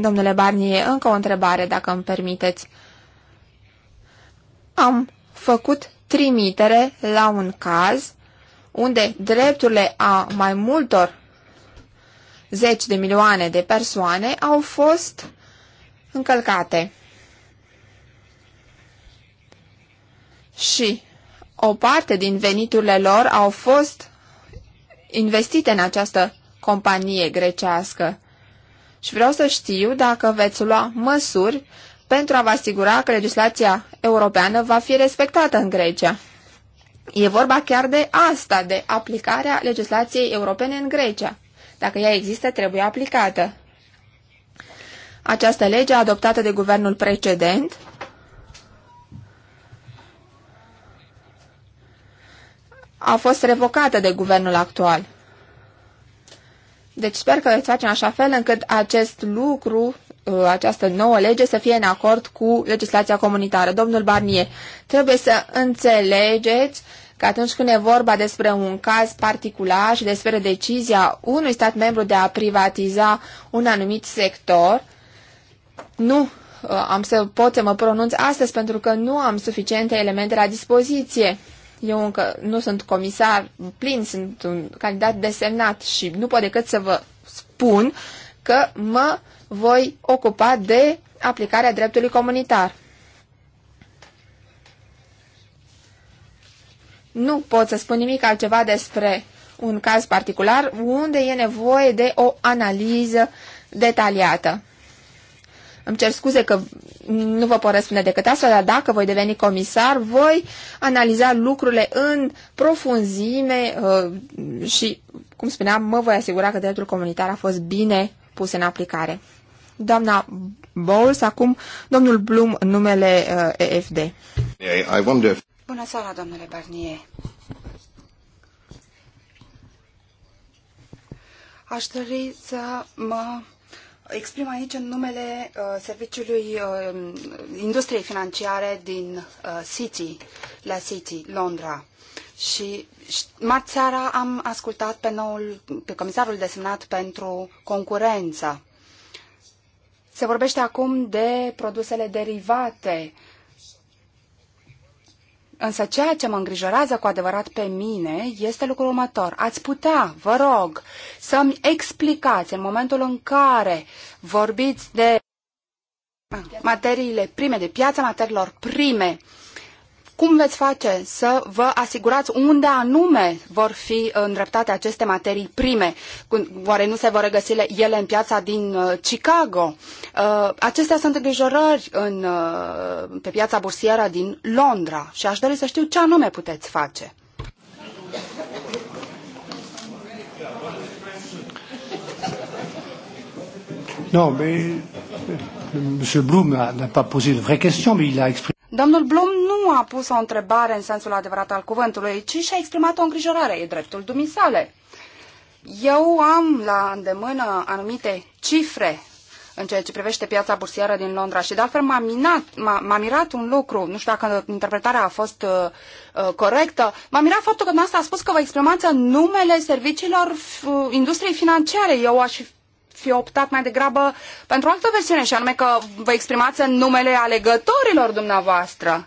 Domnule Barnier, încă o întrebare, dacă îmi permiteți. Am făcut trimitere la un caz unde drepturile a mai multor zeci de milioane de persoane au fost încălcate. Și o parte din veniturile lor au fost investite în această companie grecească și vreau să știu dacă veți lua măsuri pentru a vă asigura că legislația europeană va fi respectată în Grecia. E vorba chiar de asta, de aplicarea legislației europene în Grecia. Dacă ea există, trebuie aplicată. Această lege adoptată de guvernul precedent a fost revocată de guvernul actual. Deci sper că facem așa fel încât acest lucru, uh, această nouă lege să fie în acord cu legislația comunitară. Domnul Barnier, trebuie să înțelegeți că atunci când e vorba despre un caz particular și despre decizia unui stat membru de a privatiza un anumit sector, nu uh, am să pot să mă pronunț astăzi pentru că nu am suficiente elemente la dispoziție. Eu încă nu sunt comisar plin, sunt un candidat desemnat și nu pot decât să vă spun că mă voi ocupa de aplicarea dreptului comunitar. Nu pot să spun nimic altceva despre un caz particular unde e nevoie de o analiză detaliată. Îmi cer scuze că nu vă pot răspunde decât asta, dar dacă voi deveni comisar, voi analiza lucrurile în profunzime uh, și, cum spuneam, mă voi asigura că dreptul comunitar a fost bine pus în aplicare. Doamna Bowles, acum domnul Blum, numele uh, EFD. I wonder... Bună seara, domnule Barnier. Aș dori să mă exprim aici în numele uh, Serviciului uh, Industriei Financiare din uh, City, la City, Londra. Și marți seara am ascultat pe, noul, pe comisarul desemnat pentru concurență. Se vorbește acum de produsele derivate uh, Însă ceea ce mă îngrijorează cu adevărat pe mine este lucrul următor. Ați putea, vă rog, să-mi explicați în momentul în care vorbiți de materiile prime, de piața materiilor prime, uh, cum veți face să vă asigurați unde anume vor fi îndreptate aceste materii prime? Oare nu se vor regăsi ele în piața din uh, Chicago? Uh, acestea sunt îngrijorări în, uh, pe piața bursieră din Londra și aș dori să știu ce anume puteți face. Non, mais M. Blum n'a pas posé de vraie questions, mais il a exprimé. Domnul Blum nu a pus o întrebare în sensul adevărat al cuvântului, ci și-a exprimat o îngrijorare, e dreptul dumisale. Eu am la îndemână anumite cifre în ceea ce privește piața bursieră din Londra și de altfel m-a, mirat un lucru, nu știu dacă interpretarea a fost uh, uh, corectă, m-a mirat faptul că dumneavoastră a spus că vă exprimați în numele serviciilor uh, industriei financiare. Eu aș fi optat mai degrabă pentru o altă versiune, și anume că vă exprimați în numele alegătorilor dumneavoastră.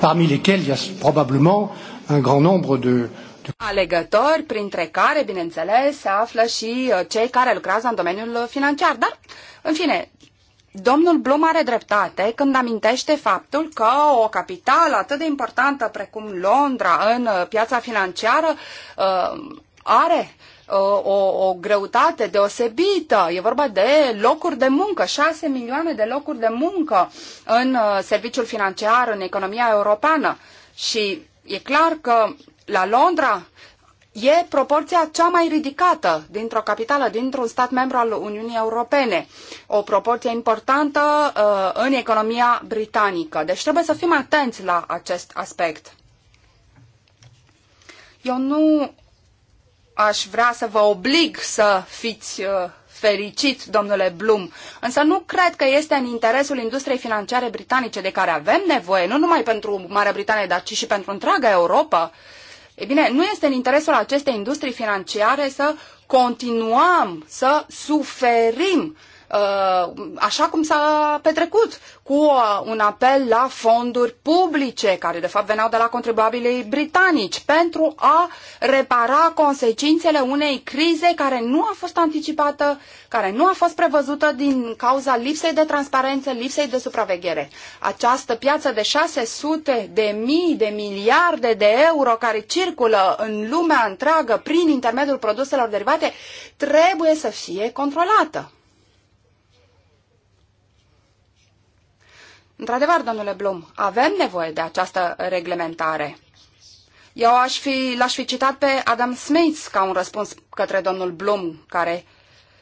Parmi lesquels, il y a probablement un grand nombre de, alegători, printre care, bineînțeles, se află și uh, cei care lucrează în domeniul financiar. Dar, în fine, domnul Blum are dreptate când amintește faptul că o capitală atât de importantă precum Londra în uh, piața financiară uh, are Uh, o, o greutate deosebită. E vorba de locuri de muncă, 6 milioane de locuri de muncă în uh, serviciul financiar, în economia europeană. Și e clar că la Londra e proporția cea mai ridicată dintr-o capitală, dintr-un stat membru al Uniunii Europene. O proporție importantă uh, în economia britanică. Deci trebuie să fim atenți la acest aspect. Eu nu aș vrea să vă oblig să fiți uh, fericit, domnule Blum, însă nu cred că este în interesul industriei financiare britanice de care avem nevoie, nu numai pentru Marea Britanie, dar ci și pentru întreaga Europa. Ei bine, nu este în interesul acestei industrii financiare să continuăm să suferim uh, Uh, așa cum s-a petrecut, cu un apel la fonduri publice, care de fapt veneau de la contribuabilii britanici, pentru a repara consecințele unei crize care nu a fost anticipată, care nu a fost prevăzută din cauza lipsei de transparență, lipsei de supraveghere. Această piață de 600 de mii de miliarde de euro care circulă în lumea întreagă prin intermediul produselor derivate trebuie să fie controlată. Într-adevăr, domnule Blum, avem nevoie de această reglementare. Eu aș fi, l-aș fi citat pe Adam Smith ca un răspuns către domnul Blum, care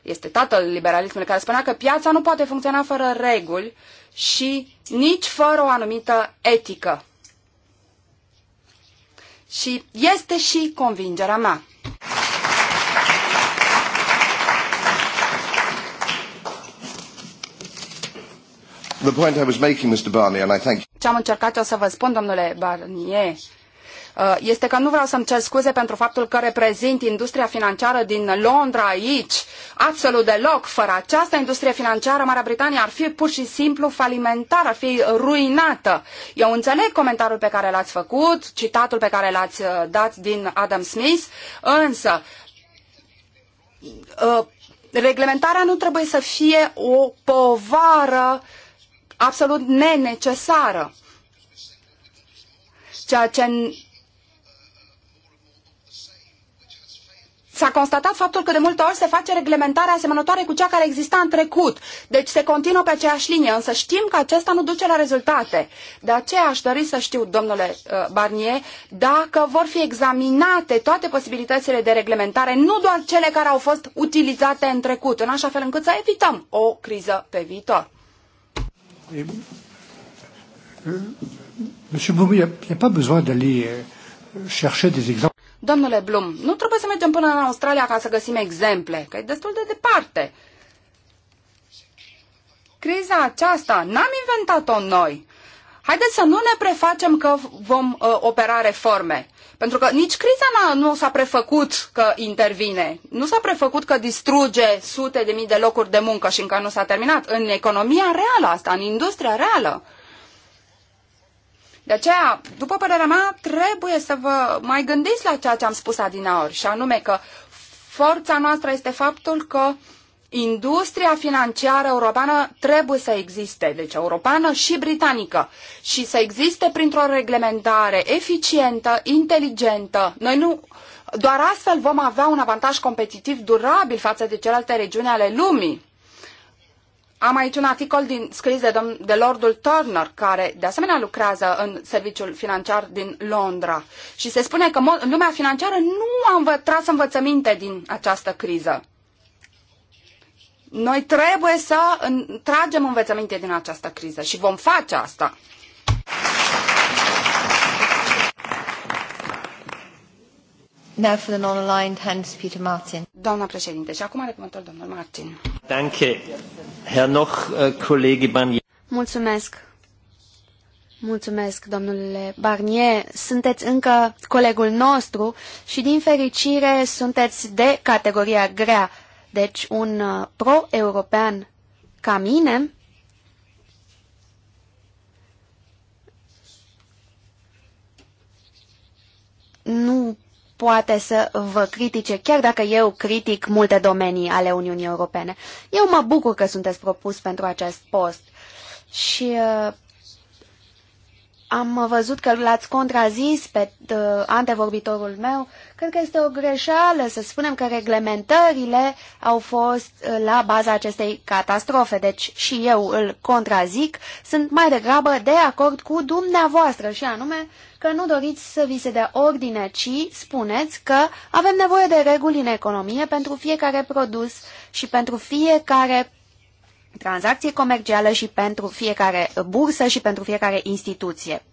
este tatăl liberalismului, care spunea că piața nu poate funcționa fără reguli și nici fără o anumită etică. Și este și convingerea mea. The point I was making, Mr. Barnier, and I thank you. Ce am încercat eu să vă spun, domnule Barnier, uh, este că nu vreau să-mi cer scuze pentru faptul că reprezint industria financiară din Londra aici, absolut deloc. Fără această industrie financiară, Marea Britanie ar fi pur și simplu falimentară, ar fi ruinată. Eu înțeleg comentariul pe care l-ați făcut, citatul pe care l-ați uh, dat din Adam Smith, însă uh, reglementarea nu trebuie să fie o povară uh, absolut nenecesară, ceea ce S-a constatat faptul că de multe ori se face reglementarea asemănătoare cu cea care exista în trecut. Deci se continuă pe aceeași linie, însă știm că acesta nu duce la rezultate. De aceea aș dori să știu, domnule uh, Barnier, dacă vor fi examinate toate posibilitățile de reglementare, nu doar cele care au fost utilizate în trecut, în așa fel încât să evităm o criză pe viitor. Et, euh, Monsieur Blum, il n'y a, a pas besoin d'aller euh, chercher des exemples. Domnule Blum, nu trebuie să mergem până în Australia ca să găsim exemple, că e destul de departe. Criza aceasta n-am inventat-o noi. Haideți să nu ne prefacem că vom uh, opera reforme. Pentru că nici criza nu s-a prefăcut că intervine, nu s-a prefăcut că distruge sute de mii de locuri de muncă și încă nu s-a terminat. În economia reală asta, în industria reală. De aceea, după părerea mea, trebuie să vă mai gândiți la ceea ce am spus adinaori, și anume că forța noastră este faptul că uh, Industria financiară europeană trebuie să existe, deci europeană și britanică, și să existe printr-o reglementare eficientă, inteligentă. Noi nu, doar astfel vom avea un avantaj competitiv durabil față de celelalte regiuni ale lumii. Am aici un articol din, scris de, dom- de Lordul Turner, care de asemenea lucrează în serviciul financiar din Londra. Și se spune că lumea financiară nu a învă- tras învățăminte din această criză. Noi trebuie să tragem învățăminte din această criză și vom face asta. Now for the non-aligned hands, Peter Martin. Doamna președinte, și acum are cuvântul domnul Martin. Danke, Herr noch, uh, Kollege Barnier. Mulțumesc. Mulțumesc, domnule Barnier. Sunteți încă colegul nostru și, din fericire, sunteți de categoria grea. Deci un uh, pro-european ca mine nu poate să vă critique, chiar dacă eu critic multe domenii ale Uniunii Europene. Eu mă bucur că sunteți propus pentru acest post și uh, am văzut că l-ați contrazis pe uh, antevorbitorul meu. Cred că este o greșeală să spunem că reglementările au fost uh, la baza acestei catastrofe, deci și eu îl contrazic. Sunt mai degrabă de acord cu dumneavoastră și anume că nu doriți să vi se dea ordine, ci spuneți că avem nevoie de reguli în economie pentru fiecare produs și pentru fiecare tranzacție comercială și pentru fiecare bursă și pentru fiecare instituție.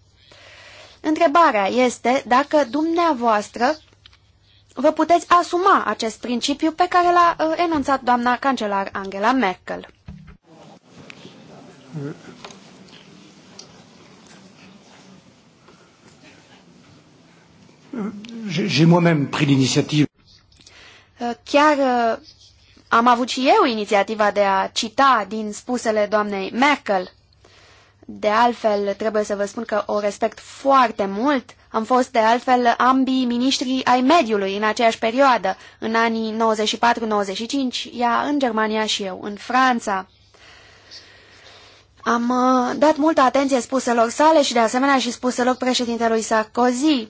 Întrebarea este dacă dumneavoastră vă puteți asuma acest principiu pe care l-a uh, enunțat doamna cancelar Angela Merkel. J'ai moi-même pris l'initiative. Uh, chiar uh, am avut și eu inițiativa de a cita din spusele doamnei Merkel. De altfel, trebuie să vă spun că o respect foarte mult. Am fost, de altfel, ambii miniștri ai mediului în aceeași perioadă, în anii 94-95, ea în Germania și eu în Franța. Am uh, dat multă atenție spuselor sale și, de asemenea, și spuselor președintelui Sarkozy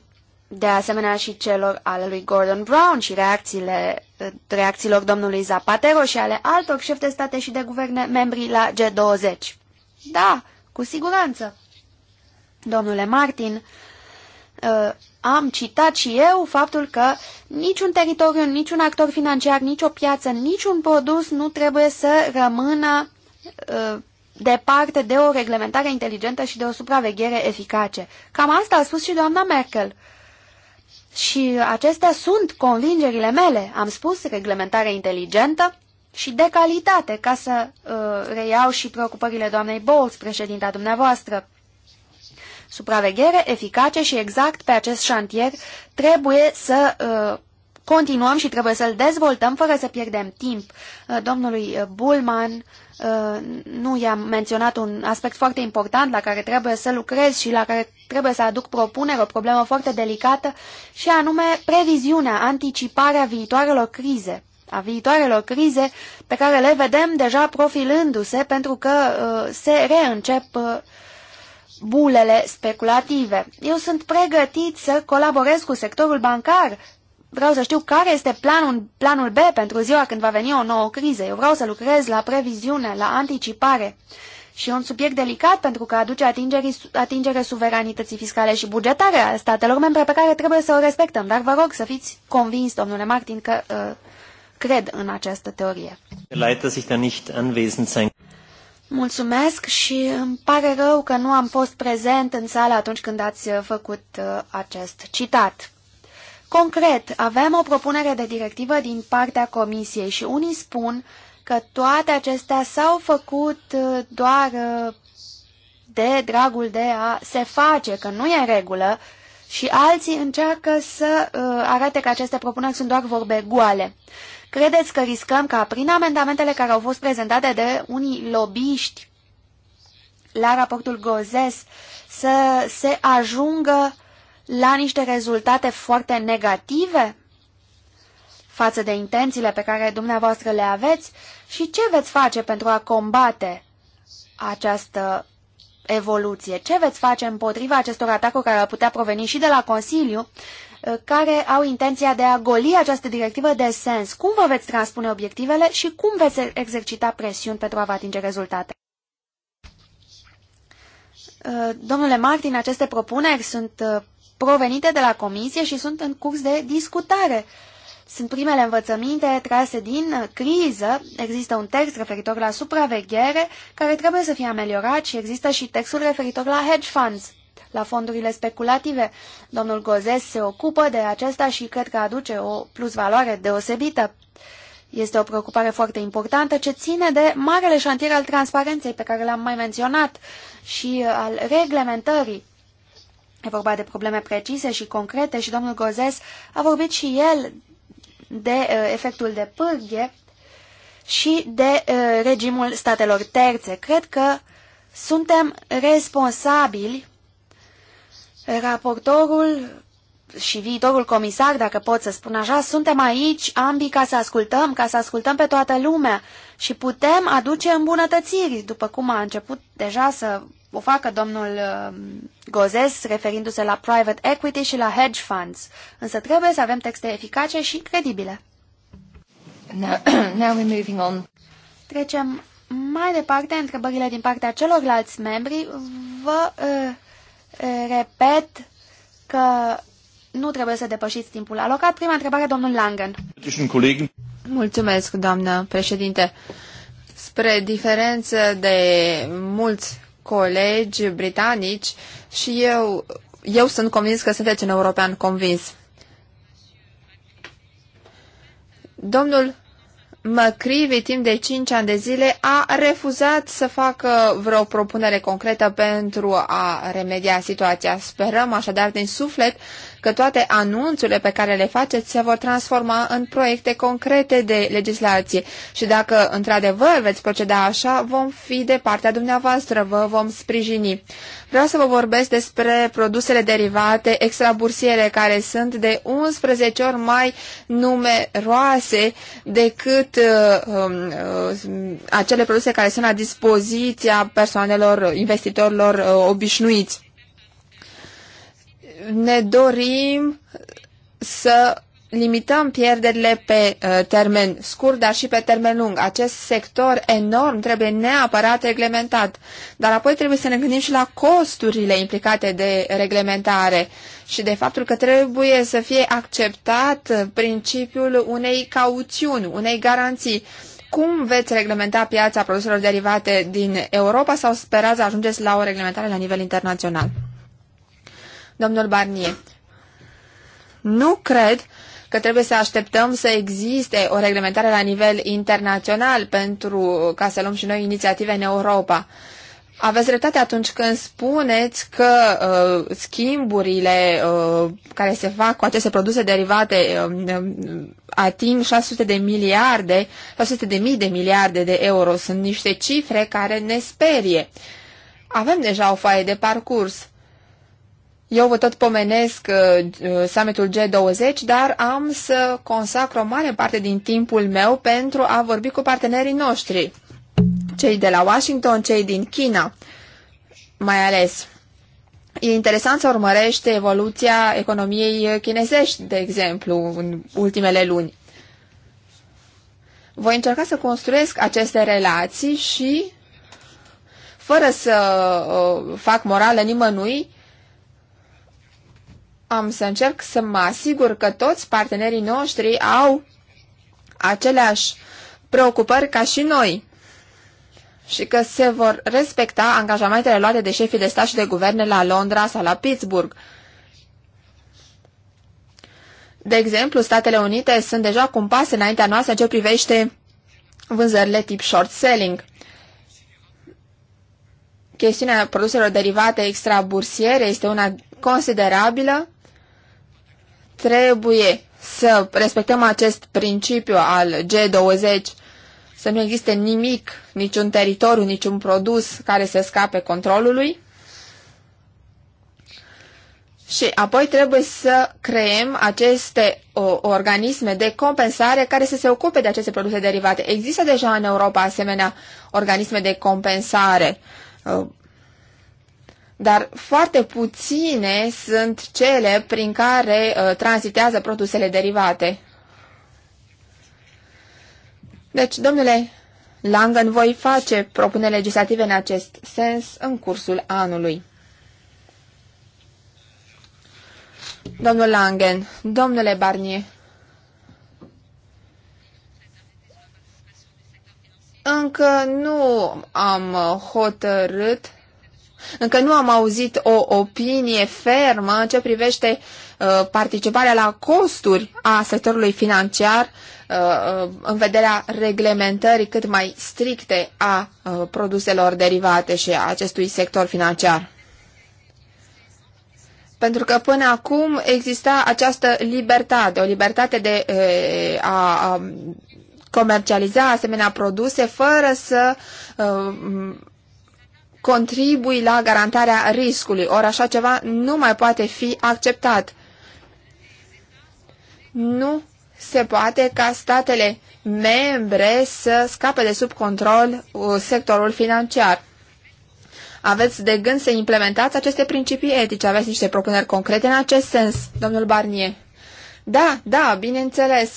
de asemenea și celor ale lui Gordon Brown și reacțiile, reacțiilor domnului Zapatero și ale altor șefi de state și de guverne membri la G20. Da, cu siguranță. Domnule Martin, uh, am citat și eu faptul că niciun teritoriu, niciun actor financiar, nicio piață, niciun produs nu trebuie să rămână uh, departe de o reglementare inteligentă și de o supraveghere eficace. Cam asta a spus și doamna Merkel. Și acestea sunt convingerile mele. Am spus reglementare inteligentă și de calitate, ca să uh, reiau și preocupările doamnei Bowles, președinta dumneavoastră. Supraveghere eficace și exact pe acest șantier trebuie să uh, continuăm și trebuie să-l dezvoltăm fără să pierdem timp. Uh, domnului uh, Bulman uh, nu i-am menționat un aspect foarte important la care trebuie să lucrez și la care trebuie să aduc propunere, o problemă foarte delicată, și anume previziunea, anticiparea viitoarelor crize a viitoarelor crize pe care le vedem deja profilându-se pentru că uh, se reîncep uh, bulele speculative. Eu sunt pregătit să colaborez cu sectorul bancar vreau să știu care este planul, planul B pentru ziua când va veni o nouă criză. Eu vreau să lucrez la previziune, la anticipare. Și e un subiect delicat pentru că aduce atingere, atingere suveranității fiscale și bugetare a statelor membre pe care trebuie să o respectăm. Dar vă rog să fiți convins, domnule Martin, că uh, cred în această teorie. Da Mulțumesc și îmi pare rău că nu am fost prezent în sală atunci când ați uh, făcut uh, acest citat. Concret, avem o propunere de directivă din partea Comisiei și unii spun că toate acestea s-au făcut uh, doar uh, de dragul de a se face, că nu e în regulă, și alții încearcă să uh, arate că aceste propuneri sunt doar vorbe goale. Credeți că riscăm ca prin amendamentele care au fost prezentate de unii lobiști la raportul Gozes să se ajungă la niște rezultate foarte negative față de intențiile pe care dumneavoastră le aveți și ce veți face pentru a combate această evoluție? Ce veți face împotriva acestor atacuri care ar putea proveni și de la Consiliu, uh, care au intenția de a goli această directivă de sens? Cum vă veți transpune obiectivele și cum veți exercita presiuni pentru a vă atinge rezultate? Uh, domnule Martin, aceste propuneri sunt uh, provenite de la comisie și sunt în curs de discutare. Sunt primele învățăminte trase din criză, există un text referitor la supraveghere care trebuie să fie ameliorat și există și textul referitor la hedge funds, la fondurile speculative. Domnul Gozes se ocupă de acesta și cred că aduce o plusvaloare deosebită. Este o preocupare foarte importantă ce ține de marele șantier al transparenței pe care l-am mai menționat și al reglementării. E vorba de probleme precise și concrete și domnul Gozes a vorbit și el de uh, efectul de pârghie și de uh, regimul statelor terțe. Cred că suntem responsabili, raportorul și viitorul comisar, dacă pot să spun așa, suntem aici ambii ca să ascultăm, ca să ascultăm pe toată lumea și putem aduce îmbunătățiri, după cum a început deja să o facă domnul um, Gozes referindu-se la private equity și la hedge funds, însă trebuie să avem texte eficace și credibile. Now, now we're moving on. Trecem mai departe întrebările din partea celorlalți membri. Vă uh, repet că nu trebuie să depășiți timpul alocat. Prima întrebare, domnul Langen. Mulțumesc, doamnă președinte. Spre diferență de mulți colegi britanici și eu, eu sunt convins că sunteți un european convins. Domnul Măcrivi, timp de 5 ani de zile a refuzat să facă vreo propunere concretă pentru a remedia situația. Sperăm așadar din suflet că toate anunțurile pe care le faceți se vor transforma în proiecte concrete de legislație și dacă într-adevăr veți proceda așa, vom fi de partea dumneavoastră, vă vom sprijini. Vreau să vă vorbesc despre produsele derivate extrabursiere care sunt de 11 ori mai numeroase decât uh, um, uh, acele produse care sunt la dispoziția persoanelor investitorilor uh, obișnuiți ne dorim să limităm pierderile pe uh, termen scurt, dar și pe termen lung. Acest sector enorm trebuie neapărat reglementat, dar apoi trebuie să ne gândim și la costurile implicate de reglementare și de faptul că trebuie să fie acceptat principiul unei cauțiuni, unei garanții. Cum veți reglementa piața produselor derivate din Europa sau sperați să ajungeți la o reglementare la nivel internațional? domnul Barnier. Nu cred că trebuie să așteptăm să existe o reglementare la nivel internațional pentru ca să luăm și noi inițiative în Europa. Aveți dreptate atunci când spuneți că uh, schimburile uh, care se fac cu aceste produse derivate uh, ating 600 de miliarde, 600 de mii de miliarde de euro. Sunt niște cifre care ne sperie. Avem deja o foaie de parcurs. Eu vă tot pomenesc uh, uh summitul G20, dar am să consacr o mare parte din timpul meu pentru a vorbi cu partenerii noștri, cei de la Washington, cei din China, mai ales. E interesant să urmărește evoluția economiei chinezești, de exemplu, în ultimele luni. Voi încerca să construiesc aceste relații și, fără să uh, fac morală nimănui, am să încerc să mă asigur că toți partenerii noștri au aceleași preocupări ca și noi și că se vor respecta angajamentele luate de șefii de stat și de guverne la Londra sau la Pittsburgh. De exemplu, Statele Unite sunt deja cu un pas înaintea noastră în ce privește vânzările tip short selling. Chestiunea produselor derivate extrabursiere este una considerabilă Trebuie să respectăm acest principiu al G20, să nu existe nimic, niciun teritoriu, niciun produs care să scape controlului. Și apoi trebuie să creăm aceste o, organisme de compensare care să se ocupe de aceste produse derivate. Există deja în Europa asemenea organisme de compensare uh, dar foarte puține sunt cele prin care uh, transitează produsele derivate. Deci, domnule Langen, voi face propuneri legislative în acest sens în cursul anului. Domnul Langen, domnule Barnier, încă nu am hotărât încă nu am auzit o opinie fermă ce privește uh, participarea la costuri a sectorului financiar uh, uh, în vederea reglementării cât mai stricte a produselor derivate și a acestui sector financiar. Pentru că până acum exista această libertate, o libertate de a, comercializa asemenea produse fără să contribui la garantarea riscului, ori așa ceva nu mai poate fi acceptat. Nu se poate ca statele membre să scape de sub control uh, sectorul financiar. Aveți de gând să implementați aceste principii etice? Aveți niște propuneri concrete în acest sens, domnul Barnier? Da, da, bineînțeles.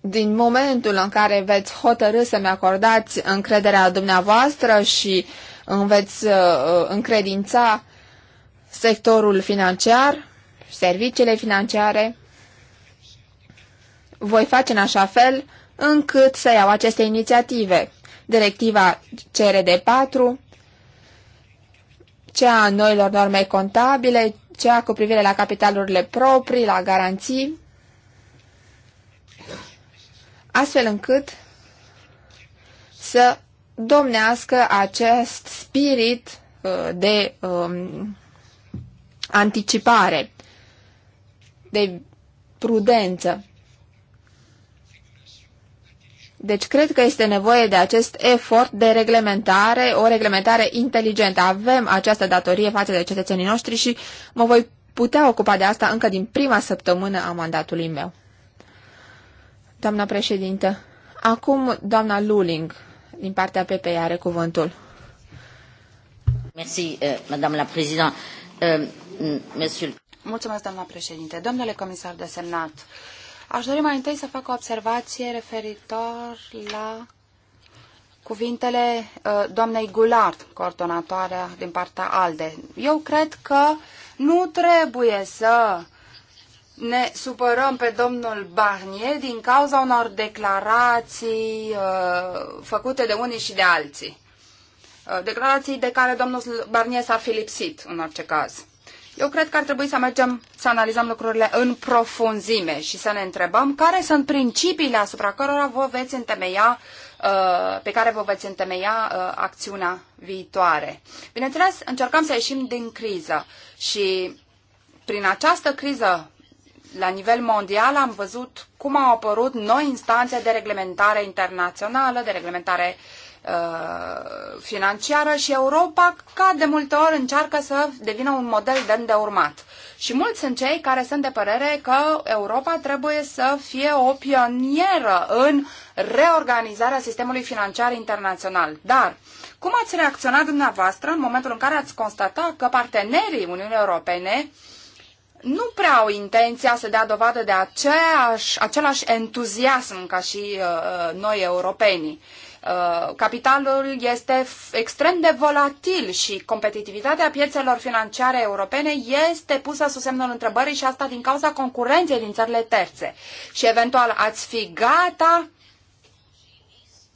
din momentul în care veți hotărâ să-mi acordați încrederea dumneavoastră și îmi veți uh, uh, încredința sectorul financiar, serviciile financiare, voi face în așa fel încât să iau aceste inițiative. Directiva CRD4, cea a noilor norme contabile, cea cu privire la capitalurile proprii, la garanții, astfel încât să domnească acest spirit uh, de um, anticipare, de prudență. Deci cred că este nevoie de acest efort de reglementare, o reglementare inteligentă. Avem această datorie față de cetățenii noștri și mă voi putea ocupa de asta încă din prima săptămână a mandatului meu. Doamna președintă, acum doamna Luling, din partea PPE, are cuvântul. Merci, euh, madame la présidente. Euh, monsieur... Mulțumesc, doamna președinte. Domnule comisar desemnat, aș dori mai întâi să fac o observație referitor la cuvintele uh, doamnei Gulard, coordonatoarea din partea ALDE. Eu cred că nu trebuie să uh, ne supărăm pe domnul Barnier din cauza unor declarații uh, făcute de unii și de alții. Uh, declarații de care domnul Barnier s-ar fi lipsit în orice caz. Eu cred că ar trebui să mergem să analizăm lucrurile în profunzime și să ne întrebăm care sunt principiile asupra cărora vă veți întemeia uh, pe care vă veți întemeia uh, acțiunea viitoare. Bineînțeles, încercăm să ieșim din criză și prin această criză la nivel mondial am văzut cum au apărut noi instanțe de reglementare internațională, de reglementare uh, financiară și Europa ca de multe ori încearcă să devină un model de urmat. Și mulți sunt cei care sunt de părere că Europa trebuie să fie o pionieră în reorganizarea sistemului financiar internațional. Dar cum ați reacționat dumneavoastră în momentul în care ați constatat că partenerii Uniunii Europene uh, nu prea au intenția să dea dovadă de aceeași, același entuziasm ca și uh, noi europenii. Uh, capitalul este extrem de volatil și competitivitatea piețelor financiare europene este pusă sub semnul întrebării și asta din cauza concurenței din țările terțe. Și eventual ați fi gata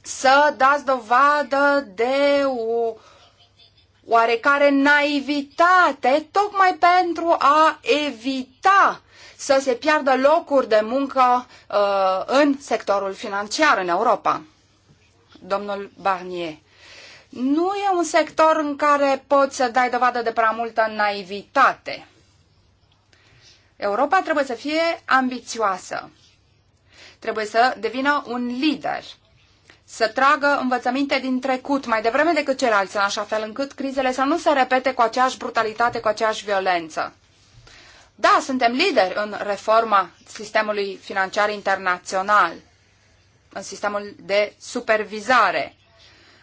să dați dovadă de o oarecare naivitate, tocmai pentru a evita să se piardă locuri de muncă uh, în sectorul financiar în Europa. Domnul Barnier, nu e un sector în care poți să dai dovadă de prea multă naivitate. Europa trebuie să fie ambițioasă. Trebuie să devină un lider să tragă învățăminte din trecut mai devreme decât ceilalți, în așa fel încât crizele să nu se repete cu aceeași brutalitate, cu aceeași violență. Da, suntem lideri în reforma sistemului financiar internațional, în sistemul de supervizare.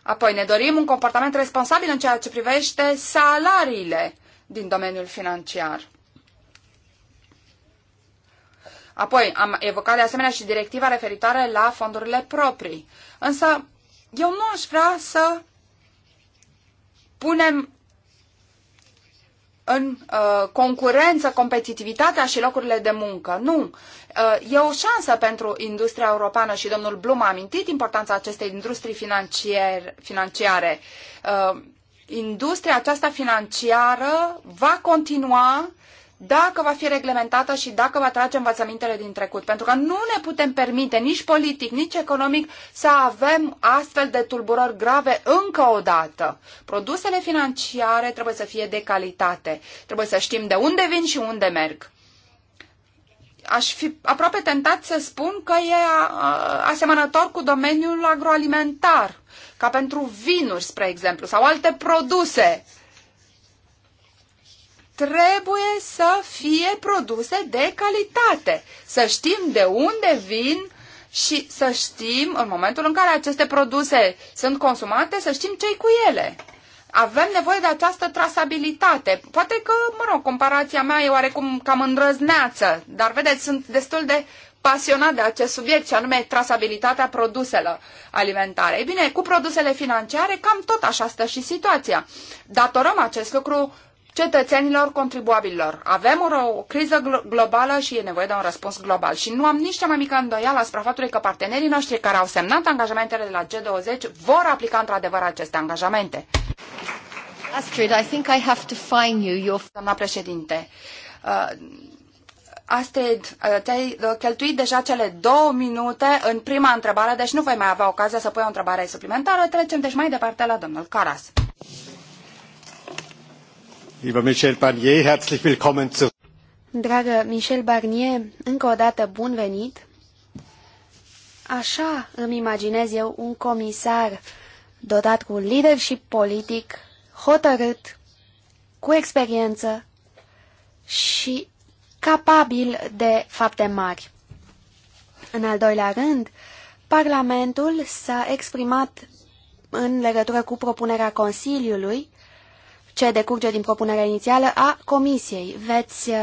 Apoi ne dorim un comportament responsabil în ceea ce privește salariile din domeniul financiar. Apoi, am evocat de asemenea și directiva referitoare la fondurile proprii. Însă, eu nu aș vrea să punem în uh, concurență competitivitatea și locurile de muncă. Nu. Uh, e o șansă pentru industria europeană și domnul Blum a amintit importanța acestei industrii financiar, financiare. Uh, industria aceasta financiară va continua dacă va fi reglementată și dacă va trage învățămintele din trecut. Pentru că nu ne putem permite nici politic, nici economic să avem astfel de tulburări grave încă o dată. Produsele financiare trebuie să fie de calitate. Trebuie să știm de unde vin și unde merg aș fi aproape tentat să spun că e asemănător cu domeniul agroalimentar, ca pentru vinuri, spre exemplu, sau alte produse trebuie să fie produse de calitate, să știm de unde vin și să știm, în momentul în care aceste produse sunt consumate, să știm ce cu ele. Avem nevoie de această trasabilitate. Poate că, mă rog, comparația mea e oarecum cam îndrăzneață, dar vedeți, sunt destul de pasionat de acest subiect, și anume trasabilitatea produselor alimentare. Ei bine, cu produsele financiare cam tot așa stă și situația. Datorăm acest lucru cetățenilor contribuabililor. Avem o, o criză globală și e nevoie de un răspuns global. Și nu am nici cea mai mică îndoială asupra faptului că partenerii noștri care au semnat angajamentele de la G20 vor aplica într-adevăr aceste angajamente. Astrid, I think I have to find you. Doamna președinte, uh, Astrid, uh, te-ai uh, cheltuit deja cele două minute în prima întrebare, deci nu voi mai avea ocazia să pui o întrebare suplimentară. Trecem deci mai departe la domnul Caras. Michel Barnier, herzlich willkommen zu... Dragă Michel Barnier, încă o dată bun venit. Așa îmi imaginez eu un comisar dotat cu leadership politic, hotărât, cu experiență și capabil de fapte mari. În al doilea rând, Parlamentul s-a exprimat în legătură cu propunerea Consiliului ce decurge din propunerea inițială a Comisiei. Veți uh,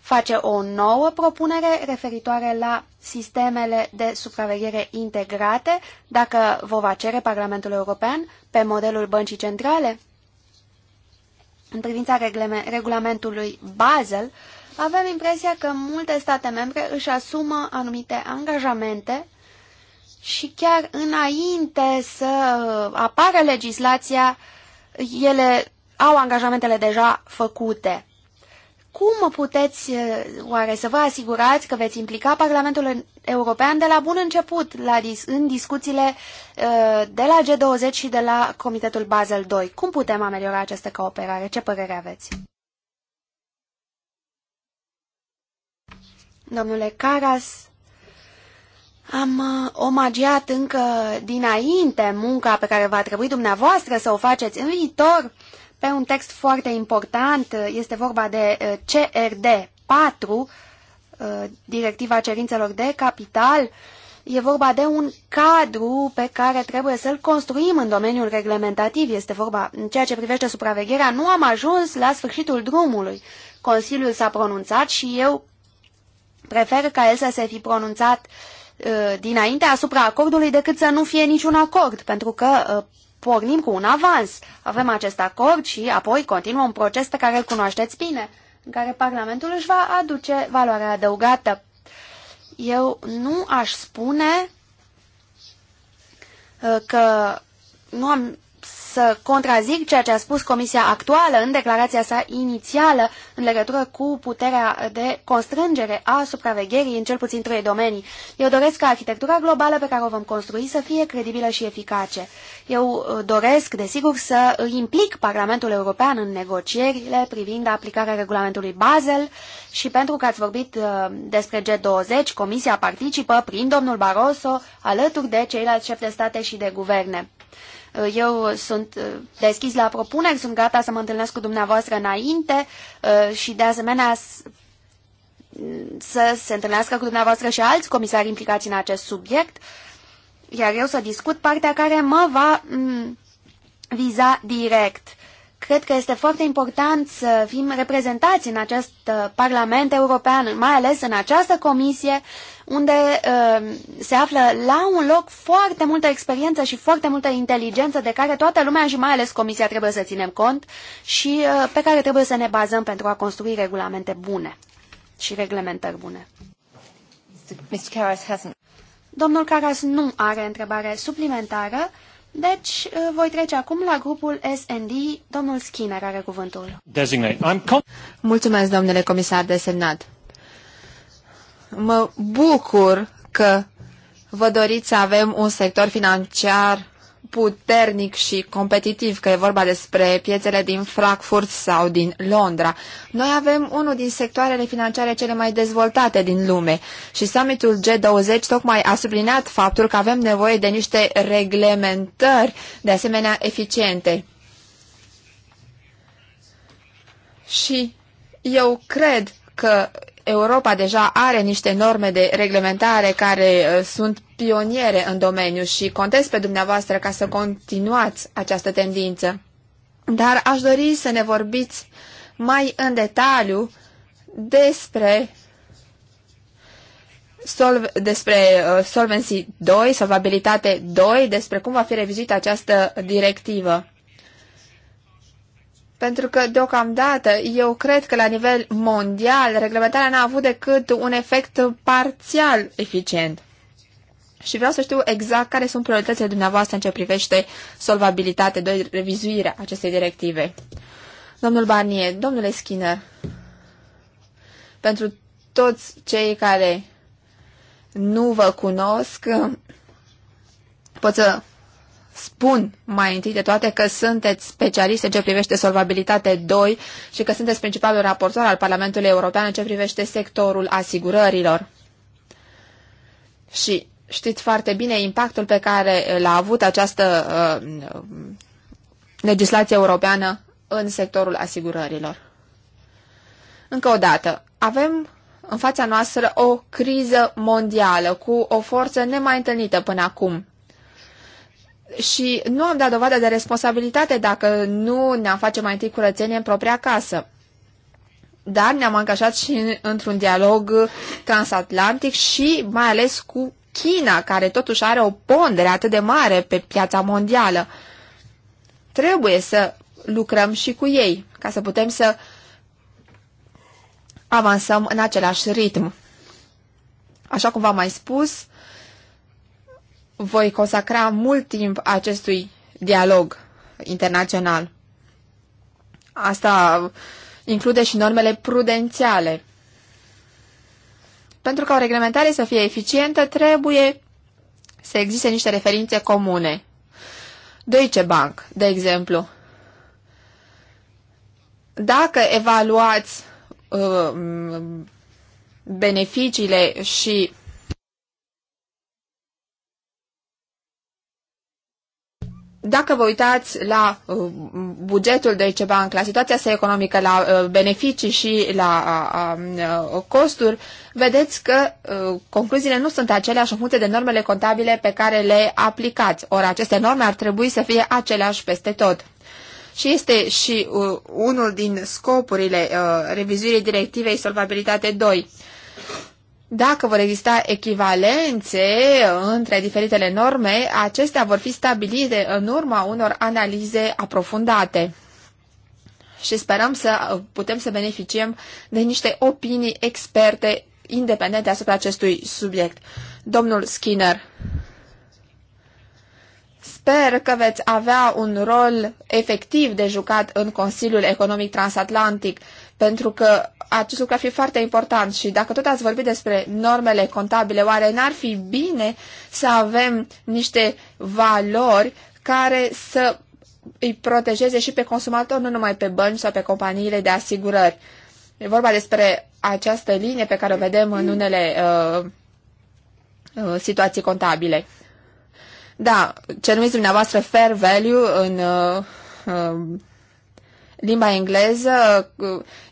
face o nouă propunere referitoare la sistemele de supraveghere integrate, dacă vă va cere Parlamentul European, pe modelul băncii centrale? În privința regulamentului Basel, avem impresia că multe state membre își asumă anumite angajamente și chiar înainte să apară legislația, ele au angajamentele deja făcute. Cum puteți eh, oare să vă asigurați că veți implica Parlamentul European de la bun început la dis în discuțiile eh, de la G20 și de la Comitetul Basel II? Cum putem ameliora această cooperare? Ce părere aveți? Domnule Caras, am eh, omagiat încă dinainte munca pe care va trebui dumneavoastră să o faceți în viitor pe un text foarte important. Este vorba de uh, CRD 4, uh, Directiva Cerințelor de Capital. E vorba de un cadru pe care trebuie să-l construim în domeniul reglementativ. Este vorba, în ceea ce privește supravegherea, nu am ajuns la sfârșitul drumului. Consiliul s-a pronunțat și eu prefer ca el să se fi pronunțat uh, dinainte asupra acordului decât să nu fie niciun acord, pentru că uh, pornim cu un avans. Avem acest acord și apoi continuă un proces pe care îl cunoașteți bine, în care Parlamentul își va aduce valoarea adăugată. Eu nu aș spune uh, că nu am să contrazic ceea ce a spus Comisia actuală în declarația sa inițială în legătură cu puterea de constrângere a supravegherii în cel puțin trei domenii. Eu doresc ca arhitectura globală pe care o vom construi să fie credibilă și eficace. Eu uh, doresc, desigur, să implic Parlamentul European în negocierile privind aplicarea regulamentului Basel și pentru că ați vorbit uh, despre G20, Comisia participă prin domnul Barroso alături de ceilalți șefi de state și de guverne. Eh, eu sunt eh, deschis la propuneri, sunt gata să mă întâlnesc cu dumneavoastră înainte eh, și de asemenea să se întâlnească cu dumneavoastră și alți comisari implicați în acest subiect, iar eu să discut partea care mă va mm, viza direct Cred că este foarte important să fim reprezentați în acest uh, Parlament European, mai ales în această comisie, unde uh, se află la un loc foarte multă experiență și foarte multă inteligență de care toată lumea și mai ales Comisia trebuie să ținem cont și uh, pe care trebuie să ne bazăm pentru a construi regulamente bune și reglementări bune. Domnul Caras nu are întrebare suplimentară, deci, uh, voi trece acum la grupul SND. Domnul Skinner are cuvântul. I'm Mulțumesc, domnule comisar desemnat. Mă bucur că vă doriți să avem un sector financiar puternic și competitiv, că e vorba despre piețele din Frankfurt sau din Londra. Noi avem unul din sectoarele financiare cele mai dezvoltate din lume și summitul G20 tocmai a subliniat faptul că avem nevoie de niște reglementări de asemenea eficiente. Și eu cred că Europa deja are niște norme de reglementare care uh, sunt pioniere în domeniu și contez pe dumneavoastră ca să continuați această tendință. Dar aș dori să ne vorbiți mai în detaliu despre Solv, despre uh, Solvency 2, solvabilitate 2, despre cum va fi revizuită această directivă. Pentru că, deocamdată, eu cred că la nivel mondial, reglementarea n-a avut decât un efect parțial eficient. Și vreau să știu exact care sunt prioritățile dumneavoastră în ce privește solvabilitate, de revizuirea acestei directive. Domnul Barnier, domnule Skinner, pentru toți cei care nu vă cunosc, pot să spun mai întâi de toate că sunteți specialiste în ce privește solvabilitate 2 și că sunteți principalul raportor al Parlamentului European în ce privește sectorul asigurărilor. Și știți foarte bine impactul pe care l-a avut această uh, legislație europeană în sectorul asigurărilor. Încă o dată, avem în fața noastră o criză mondială cu o forță nemai întâlnită până acum și nu am dat dovadă de responsabilitate dacă nu ne-am face mai întâi curățenie în propria casă. Dar ne-am angajat și într-un dialog transatlantic și mai ales cu China, care totuși are o pondere atât de mare pe piața mondială. Trebuie să lucrăm și cu ei, ca să putem să avansăm în același ritm. Așa cum v-am mai spus, voi consacra mult timp acestui dialog internațional. Asta include și normele prudențiale. Pentru ca o reglementare să fie eficientă, trebuie să existe niște referințe comune. Deutsche Bank, de exemplu. Dacă evaluați uh, beneficiile și Dacă vă uitați la uh, bugetul de ceva în situația sa economică, la uh, beneficii și la uh, costuri, vedeți că concluziile nu sunt aceleași în funcție de normele contabile pe care le aplicați. Ori aceste norme ar trebui să fie aceleași peste tot. Și este și unul din scopurile revizuirii directivei Solvabilitate 2 dacă vor exista echivalențe între diferitele norme, acestea vor fi stabilite în urma unor analize aprofundate. Și sperăm să putem să beneficiem de niște opinii experte independente asupra acestui subiect. Domnul Skinner, sper că veți avea un rol efectiv de jucat în Consiliul Economic Transatlantic pentru că acest lucru ar fi foarte important și dacă tot ați vorbit despre normele contabile, oare n-ar fi bine să avem niște valori care să îi protejeze și pe consumator, nu numai pe bănci sau pe companiile de asigurări. E vorba despre această linie pe care o vedem în unele uh, uh, situații contabile. Da, ce numiți dumneavoastră fair value în uh, uh, limba engleză,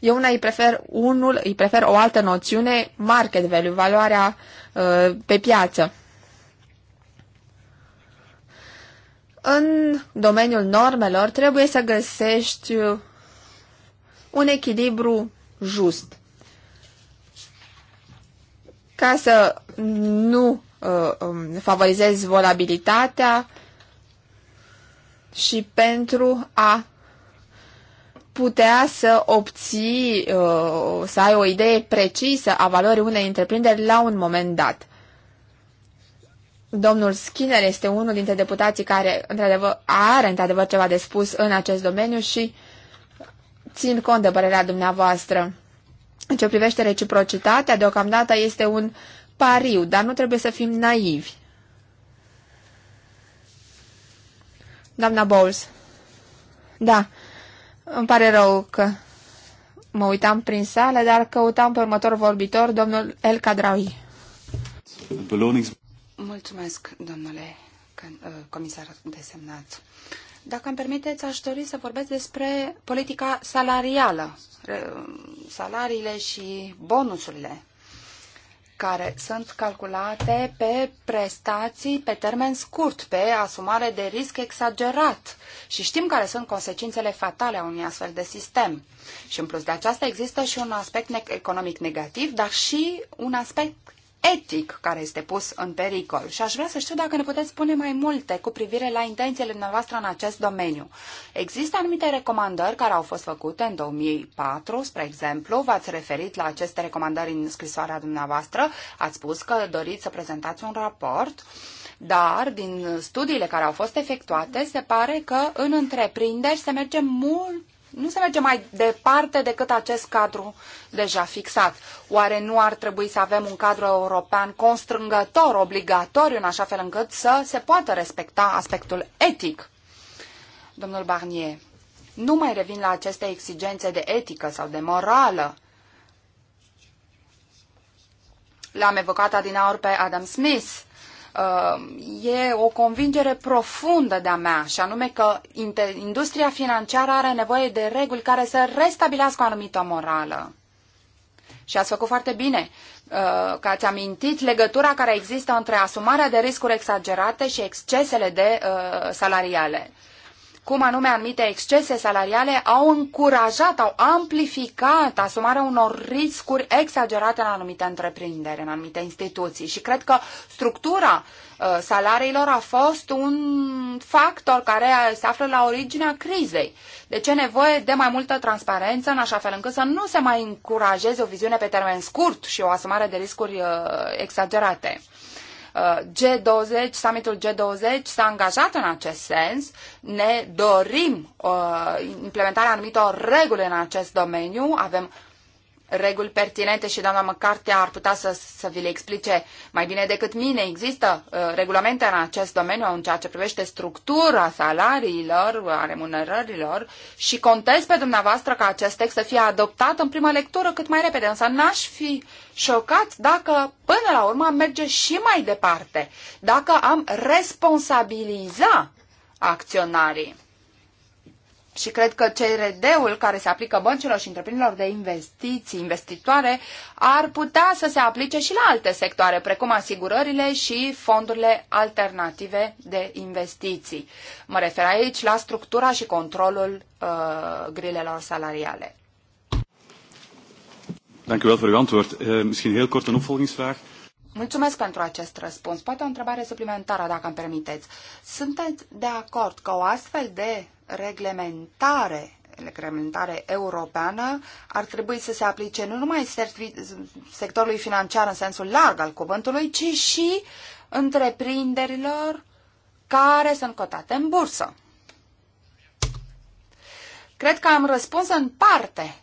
eu una îi prefer unul, îi prefer o altă noțiune, market value, valoarea uh, pe piață. În domeniul normelor trebuie să găsești uh, un echilibru just ca să nu uh, um, favorizezi volabilitatea și pentru a putea să obții, uh, să ai o idee precisă a valorii unei întreprinderi la un moment dat. Domnul Skinner este unul dintre deputații care într-adevăr, are într-adevăr ceva de spus în acest domeniu și țin cont de părerea dumneavoastră. În ce privește reciprocitatea, deocamdată este un pariu, dar nu trebuie să fim naivi. Doamna Bowles. Da, îmi pare rău că mă uitam prin sală, dar căutam pe următor vorbitor, domnul El Cadraui. Mulțumesc, domnule uh, comisar desemnat. Dacă îmi permiteți, aș dori să vorbesc despre politica salarială, salariile și bonusurile care sunt calculate pe prestații pe termen scurt, pe asumare de risc exagerat. Și știm care sunt consecințele fatale a unui astfel de sistem. Și în plus de aceasta există și un aspect economic negativ, dar și un aspect etic care este pus în pericol și aș vrea să știu dacă ne puteți spune mai multe cu privire la intențiile noastre în acest domeniu. Există anumite recomandări care au fost făcute în 2004, spre exemplu, v-ați referit la aceste recomandări în scrisoarea dumneavoastră, ați spus că doriți să prezentați un raport, dar din studiile care au fost efectuate se pare că în întreprinderi se merge mult nu se merge mai departe decât acest cadru deja fixat. Oare nu ar trebui să avem un cadru european constrângător, obligatoriu, în așa fel încât să se poată respecta aspectul etic? Domnul Barnier, nu mai revin la aceste exigențe de etică sau de morală. L-am evocat adinaori pe Adam Smith, Uh, e o convingere profundă de-a mea, și anume că industria financiară are nevoie de reguli care să restabilească o anumită morală. Și ați făcut foarte bine uh, că ați amintit legătura care există între asumarea de riscuri exagerate și excesele de uh, salariale cum anume anumite excese salariale au încurajat, au amplificat asumarea unor riscuri exagerate în anumite întreprinderi, în anumite instituții. Și cred că structura uh, salariilor a fost un factor care se află la originea crizei. De deci ce nevoie de mai multă transparență în așa fel încât să nu se mai încurajeze o viziune pe termen scurt și o asumare de riscuri uh, exagerate. G20, summitul G20 s-a angajat în acest sens. Ne dorim uh, implementarea anumitor reguli în acest domeniu. Avem reguli pertinente și doamna McCarthy ar putea să, să vi le explice mai bine decât mine. Există uh, regulamente în acest domeniu în ceea ce privește structura salariilor, a remunerărilor și contez pe dumneavoastră ca acest text să fie adoptat în prima lectură cât mai repede, însă n-aș fi șocat dacă până la urmă merge și mai departe, dacă am responsabiliza acționarii. Și cred că CRD-ul care se aplică băncilor și întreprinderilor de investiții, investitoare, ar putea să se aplice și la alte sectoare, precum asigurările și fondurile alternative de investiții. Mă refer aici la structura și controlul uh, grilelor salariale. Dank u wel voor uw antwoord. Uh, misschien heel kort een opvolgingsvraag. Mulțumesc pentru acest răspuns. Poate o întrebare suplimentară, dacă îmi permiteți. Sunteți de acord că o astfel de reglementare reglementare europeană ar trebui să se aplice nu numai sectorului financiar în sensul larg al cuvântului, ci și întreprinderilor care sunt cotate în bursă. Cred că am răspuns în parte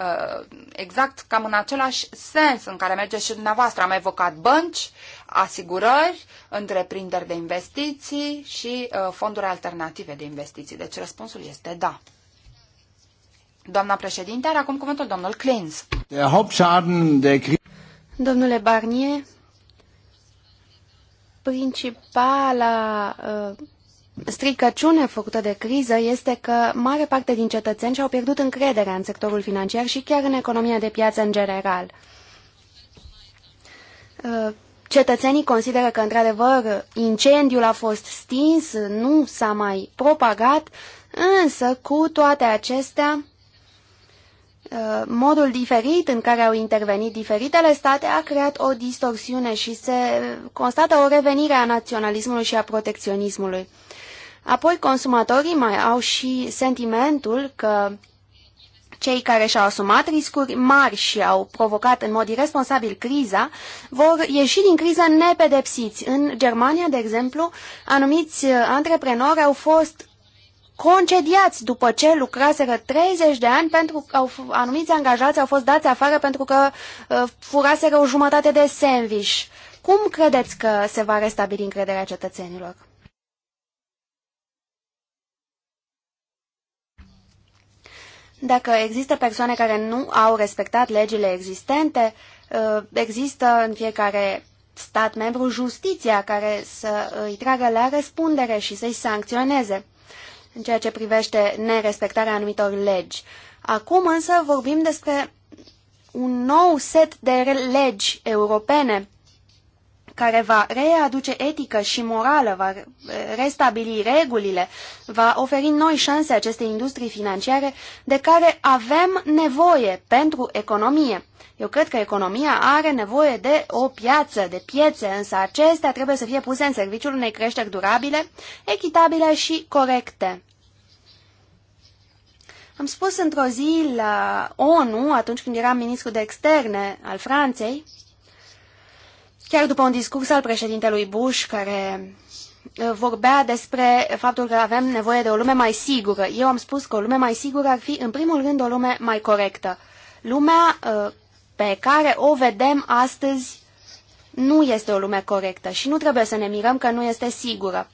Uh, exact cam în același sens în care merge și dumneavoastră. Am evocat bănci, asigurări, întreprinderi de investiții și uh, fonduri alternative de investiții. Deci răspunsul este da. Doamna președinte, are acum cuvântul domnul Klins. Domnule Barnier, principala uh, stricăciune făcută de criză este că mare parte din cetățeni și-au pierdut încrederea în sectorul financiar și chiar în economia de piață în general. Uh, cetățenii consideră că, într-adevăr, incendiul a fost stins, nu s-a mai propagat, însă, cu toate acestea, uh, modul diferit în care au intervenit diferitele state a creat o distorsiune și se constată o revenire a naționalismului și a protecționismului. Apoi, consumatorii mai au și sentimentul că cei care și-au asumat riscuri mari și au provocat în mod irresponsabil criza vor ieși din criza nepedepsiți. În Germania, de exemplu, anumiți antreprenori au fost concediați după ce lucraseră 30 de ani pentru că au, anumiți angajați au fost dați afară pentru că uh, furaseră o jumătate de sandwich. Cum credeți că se va restabili încrederea cetățenilor? Dacă există persoane care nu au respectat legile existente, uh, există în fiecare stat membru justiția care să îi tragă la răspundere și să-i sancționeze în ceea ce privește nerespectarea anumitor legi. Acum însă vorbim despre un nou set de legi europene care va readuce etică și morală, va restabili regulile, va oferi noi șanse acestei industrii financiare de care avem nevoie pentru economie. Eu cred că economia are nevoie de o piață, de piețe, însă acestea trebuie să fie puse în serviciul unei creșteri durabile, echitabile și corecte. Am spus într-o zi la ONU, atunci când eram ministru de externe al Franței, Chiar după un discurs al președintelui Bush, care uh, vorbea despre faptul că avem nevoie de o lume mai sigură. Eu am spus că o lume mai sigură ar fi, în primul rând, o lume mai corectă. Lumea uh, pe care o vedem astăzi nu este o lume corectă și nu trebuie să ne mirăm că nu este sigură.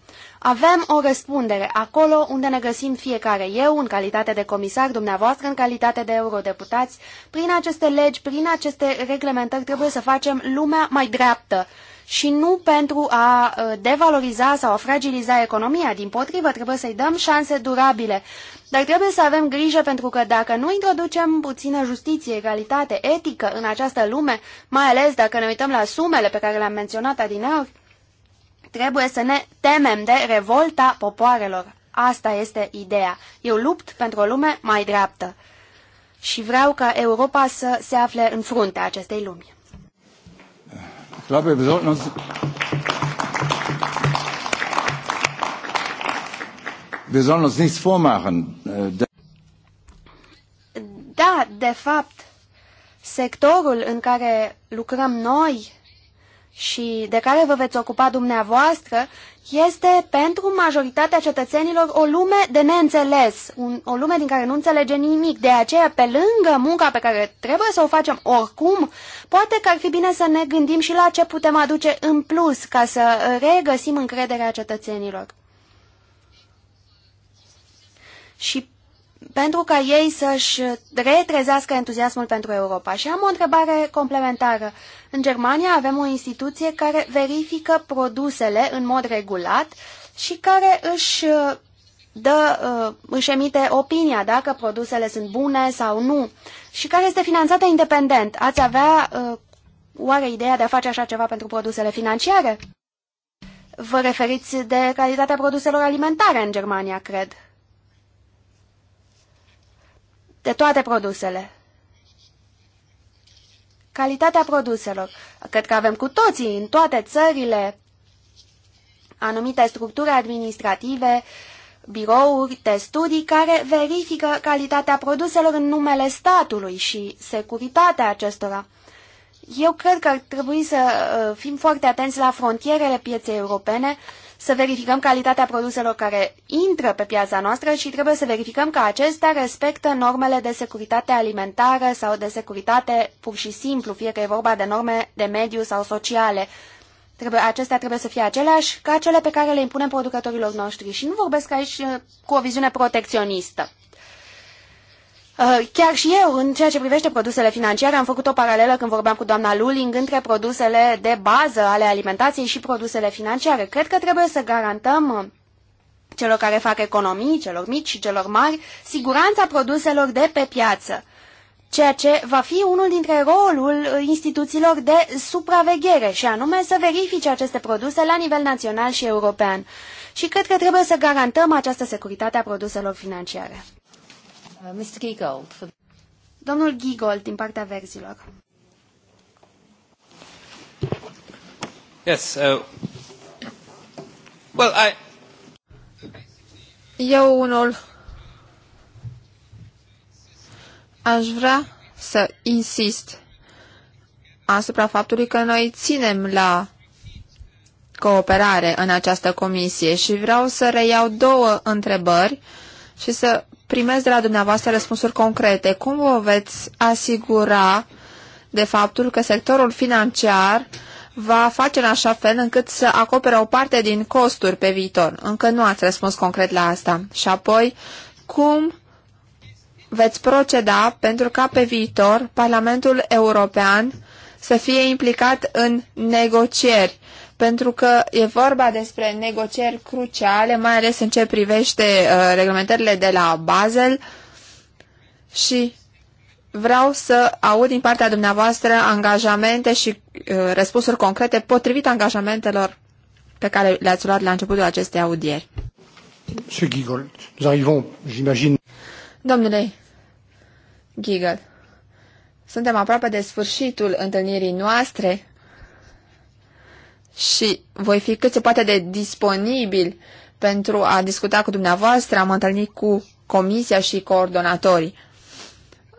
Avem o răspundere acolo unde ne găsim fiecare eu, în calitate de comisar, dumneavoastră, în calitate de eurodeputați. Prin aceste legi, prin aceste reglementări trebuie să facem lumea mai dreaptă și nu pentru a uh, devaloriza sau a fragiliza economia. Din potrivă, trebuie să-i dăm șanse durabile. Dar trebuie să avem grijă pentru că dacă nu introducem puțină justiție, egalitate, etică în această lume, mai ales dacă ne uităm la sumele pe care le-am menționat adineori, Trebuie să ne temem de revolta popoarelor. Asta este ideea. Eu lupt pentru o lume mai dreaptă. Și vreau ca Europa să se afle în fruntea acestei lumi. Da, de fapt, sectorul în care lucrăm noi și de care vă veți ocupa dumneavoastră este pentru majoritatea cetățenilor o lume de neînțeles, un, o lume din care nu înțelege nimic. De aceea, pe lângă munca pe care trebuie să o facem oricum, poate că ar fi bine să ne gândim și la ce putem aduce în plus ca să regăsim încrederea cetățenilor. Și pentru ca ei să-și retrezească entuziasmul pentru Europa. Și am o întrebare complementară. În Germania avem o instituție care verifică produsele în mod regulat și care își, uh, dă, uh, își emite opinia dacă produsele sunt bune sau nu și care este finanțată independent. Ați avea uh, oare ideea de a face așa ceva pentru produsele financiare? Vă referiți de calitatea produselor alimentare în Germania, cred de toate produsele. Calitatea produselor. Cred că avem cu toții, în toate țările, anumite structuri administrative, birouri de studii care verifică calitatea produselor în numele statului și securitatea acestora. Eu cred că ar trebui să uh, fim foarte atenți la frontierele pieței europene să verificăm calitatea produselor care intră pe piața noastră și trebuie să verificăm că acestea respectă normele de securitate alimentară sau de securitate pur și simplu, fie că e vorba de norme de mediu sau sociale. Trebuie, acestea trebuie să fie aceleași ca cele pe care le impunem producătorilor noștri și nu vorbesc aici uh, cu o viziune protecționistă. Uh, chiar și eu, în ceea ce privește produsele financiare, am făcut o paralelă când vorbeam cu doamna Luling între produsele de bază ale alimentației și produsele financiare. Cred că trebuie să garantăm uh, celor care fac economii, celor mici și celor mari, siguranța produselor de pe piață, ceea ce va fi unul dintre rolul uh, instituțiilor de supraveghere, și anume să verifice aceste produse la nivel național și european. Și cred că trebuie să garantăm această securitate a produselor financiare. Uh, Mr. Giegold. For... Domnul Giegold, din partea verzilor. Yes, uh, well, I... Eu unul aș vrea să insist asupra faptului că noi ținem la cooperare în această comisie și vreau să reiau două întrebări și să primesc de la dumneavoastră răspunsuri concrete. Cum vă veți asigura de faptul că sectorul financiar va face în așa fel încât să acopere o parte din costuri pe viitor? Încă nu ați răspuns concret la asta. Și apoi, cum veți proceda pentru ca pe viitor Parlamentul European să fie implicat în negocieri pentru că e vorba despre negocieri cruciale, mai ales în ce privește uh, reglementările de la Basel și vreau să aud din partea dumneavoastră angajamente și uh, răspunsuri concrete potrivit angajamentelor pe care le-ați luat la începutul acestei audieri. Giggle, nous arrivons, j'imagine. Domnule Giggle, suntem aproape de sfârșitul întâlnirii noastre și voi fi cât se poate de disponibil pentru a discuta cu dumneavoastră, am întâlnit cu comisia și coordonatorii.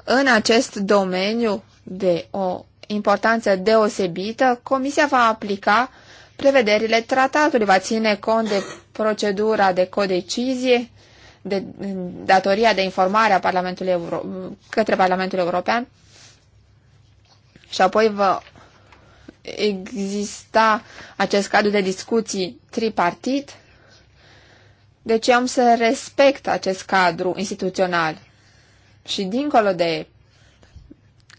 În acest domeniu de o importanță deosebită, comisia va aplica prevederile tratatului, va ține cont de procedura de codecizie, de datoria de informare a Parlamentului Euro- către Parlamentul European și apoi vă exista acest cadru de discuții tripartit, deci am să respect acest cadru instituțional. Și dincolo de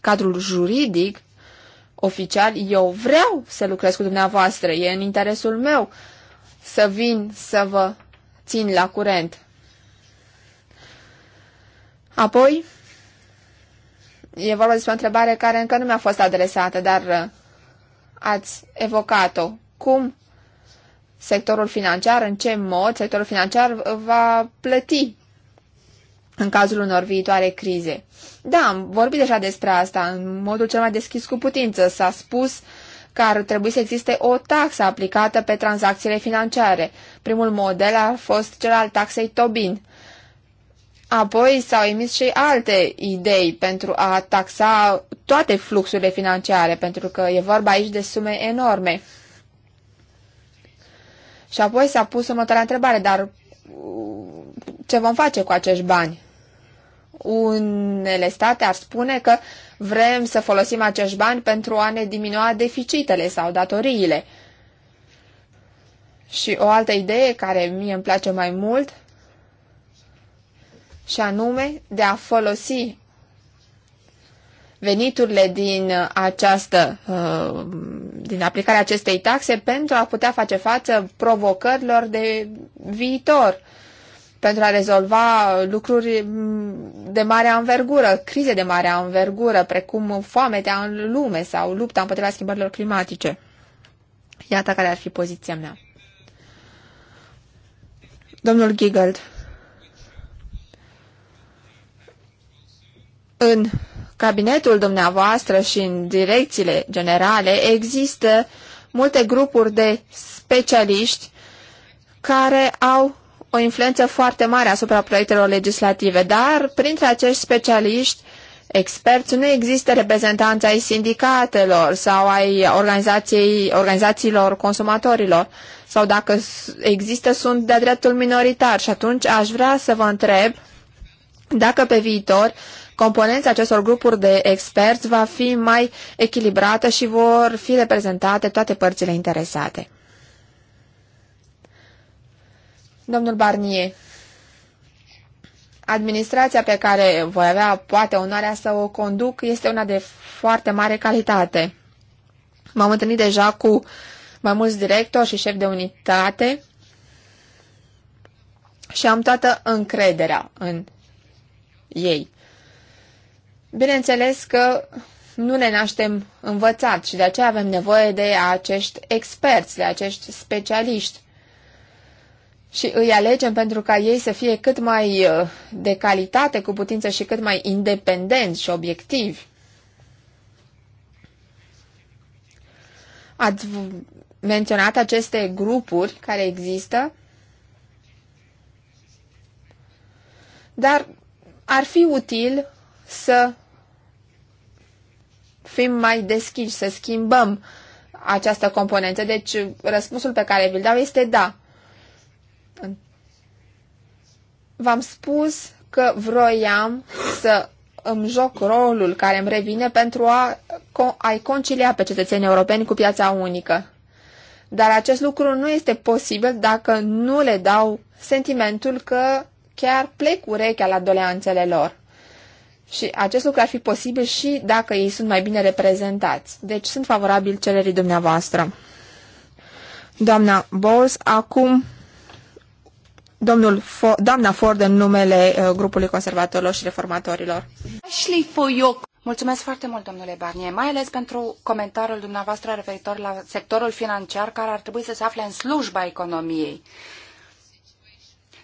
cadrul juridic oficial, eu vreau să lucrez cu dumneavoastră. E în interesul meu să vin să vă țin la curent. Apoi, e vorba despre o întrebare care încă nu mi-a fost adresată, dar ați evocat-o. Cum sectorul financiar, în ce mod sectorul financiar va plăti în cazul unor viitoare crize. Da, am vorbit deja despre asta în modul cel mai deschis cu putință. S-a spus că ar trebui să existe o taxă aplicată pe tranzacțiile financiare. Primul model a fost cel al taxei Tobin. Apoi s-au emis și alte idei pentru a taxa toate fluxurile financiare, pentru că e vorba aici de sume enorme. Și apoi s-a pus următoarea întrebare, dar ce vom face cu acești bani? Unele state ar spune că vrem să folosim acești bani pentru a ne diminua deficitele sau datoriile. Și o altă idee care mie îmi place mai mult și anume de a folosi veniturile din această, uh, din aplicarea acestei taxe pentru a putea face față provocărilor de viitor, pentru a rezolva lucruri de mare anvergură, crize de mare anvergură, precum foametea în lume sau lupta împotriva schimbărilor climatice. Iată care ar fi poziția mea. Domnul Giggled. în cabinetul dumneavoastră și în direcțiile generale există multe grupuri de specialiști care au o influență foarte mare asupra proiectelor legislative, dar printre acești specialiști experți nu există reprezentanți ai sindicatelor sau ai organizației, organizațiilor consumatorilor sau dacă există sunt de dreptul minoritar și atunci aș vrea să vă întreb dacă pe viitor componența acestor grupuri de experți va fi mai echilibrată și vor fi reprezentate toate părțile interesate. Domnul Barnier, administrația pe care voi avea poate onoarea să o conduc este una de foarte mare calitate. M-am întâlnit deja cu mai mulți directori și șefi de unitate și am toată încrederea în ei. Bineînțeles că nu ne naștem învățat și de aceea avem nevoie de acești experți, de acești specialiști. Și îi alegem pentru ca ei să fie cât mai uh, de calitate cu putință și cât mai independenți și obiectivi. Ați menționat aceste grupuri care există, dar ar fi util să fim mai deschiși, să schimbăm această componență. Deci răspunsul pe care vi-l dau este da. V-am spus că vroiam să îmi joc rolul care îmi revine pentru a, a-i concilia pe cetățenii europeni cu piața unică. Dar acest lucru nu este posibil dacă nu le dau sentimentul că chiar plec urechea la doleanțele lor. Și acest lucru ar fi posibil și dacă ei sunt mai bine reprezentați. Deci sunt favorabil cererii dumneavoastră. Doamna Bowles, acum domnul Fo- doamna Ford în numele uh, grupului conservatorilor și reformatorilor. Ashley Foyoc. Mulțumesc foarte mult, domnule Barnier, mai ales pentru comentariul dumneavoastră referitor la sectorul financiar care ar trebui să se afle în slujba economiei.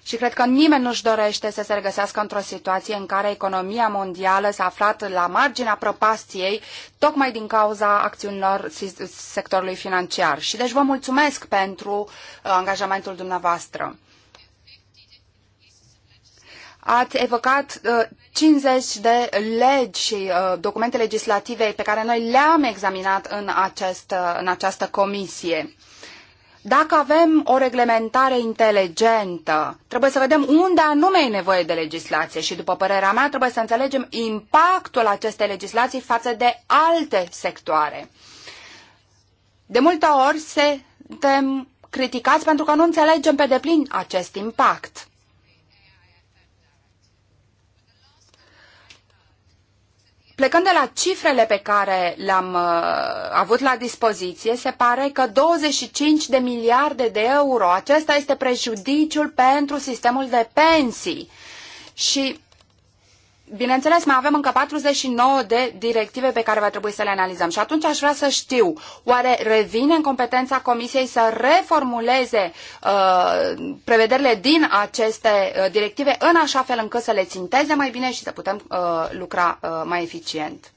Și cred că nimeni nu-și dorește să se regăsească într-o situație în care economia mondială s-a aflat la marginea propastiei, tocmai din cauza acțiunilor sectorului financiar. Și deci vă mulțumesc pentru uh, angajamentul dumneavoastră. Ați evocat uh, 50 de legi și uh, documente legislative pe care noi le-am examinat în, acest, uh, în această comisie. Dacă avem o reglementare inteligentă, trebuie să vedem unde anume e nevoie de legislație și, după părerea mea, trebuie să înțelegem impactul acestei legislații față de alte sectoare. De multe ori se criticați pentru că nu înțelegem pe deplin acest impact. Plecând de la cifrele pe care le-am uh, avut la dispoziție, se pare că 25 de miliarde de euro, acesta este prejudiciul pentru sistemul de pensii. Și Bineînțeles, mai avem încă 49 de directive pe care va trebui să le analizăm și atunci aș vrea să știu, oare revine în competența Comisiei să reformuleze uh, prevederile din aceste uh, directive în așa fel încât să le ținteze mai bine și să putem uh, lucra uh, mai eficient?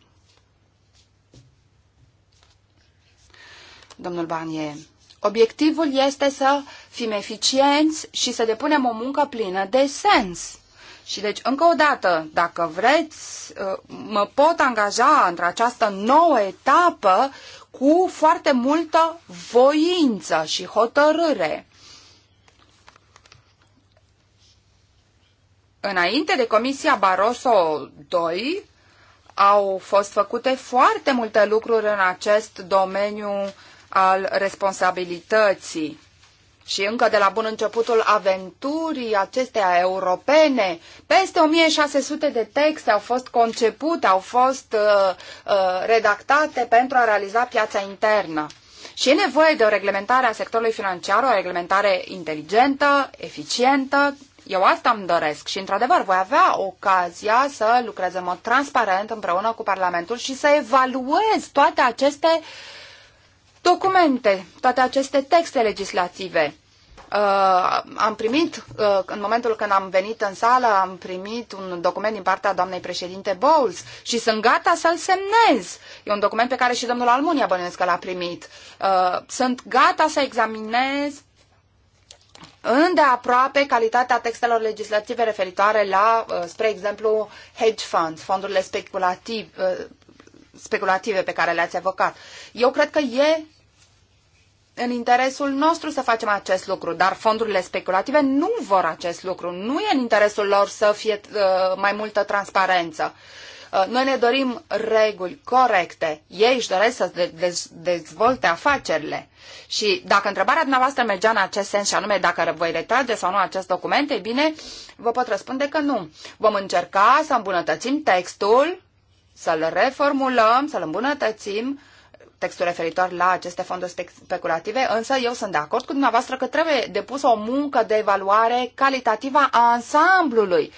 Domnul Barnier, obiectivul este să fim eficienți și să depunem o muncă plină de sens și deci, încă o dată, dacă vreți, uh, mă pot angaja într-această nouă etapă cu foarte multă voință și hotărâre. Înainte de Comisia Barroso II, au fost făcute foarte multe lucruri în acest domeniu al responsabilității și încă de la bun începutul aventurii acestea europene, peste 1600 de texte au fost concepute, au fost uh, uh, redactate pentru a realiza piața internă. Și e nevoie de o reglementare a sectorului financiar, o reglementare inteligentă, eficientă. Eu asta îmi doresc și, într-adevăr, voi avea ocazia să lucrez în mod transparent împreună cu Parlamentul și să evaluez toate aceste uh, documente, toate aceste texte legislative. Uh, am primit, uh, în momentul când am venit în sală, am primit un document din partea doamnei președinte Bowles și sunt gata să-l semnez. E un document pe care și domnul Almunia bănuiesc că l-a primit. Uh, sunt gata să examinez îndeaproape calitatea textelor legislative referitoare la, uh, spre exemplu, hedge funds, fondurile speculative, uh, speculative pe care le-ați evocat. Eu cred că e în interesul nostru să facem acest lucru, dar fondurile speculative nu vor acest lucru. Nu e în interesul lor să fie uh, mai multă transparență. Uh, noi ne dorim reguli corecte. Ei își doresc să de- dezvolte afacerile. Și dacă întrebarea dumneavoastră mergea în acest sens și anume dacă voi retrage sau nu acest document, e bine, vă pot răspunde că nu. Vom încerca să îmbunătățim textul, să-l reformulăm, să-l îmbunătățim, uh, textul referitor la aceste fonduri speculative, însă eu sunt de acord cu dumneavoastră că trebuie depusă o muncă de evaluare calitativă a ansamblului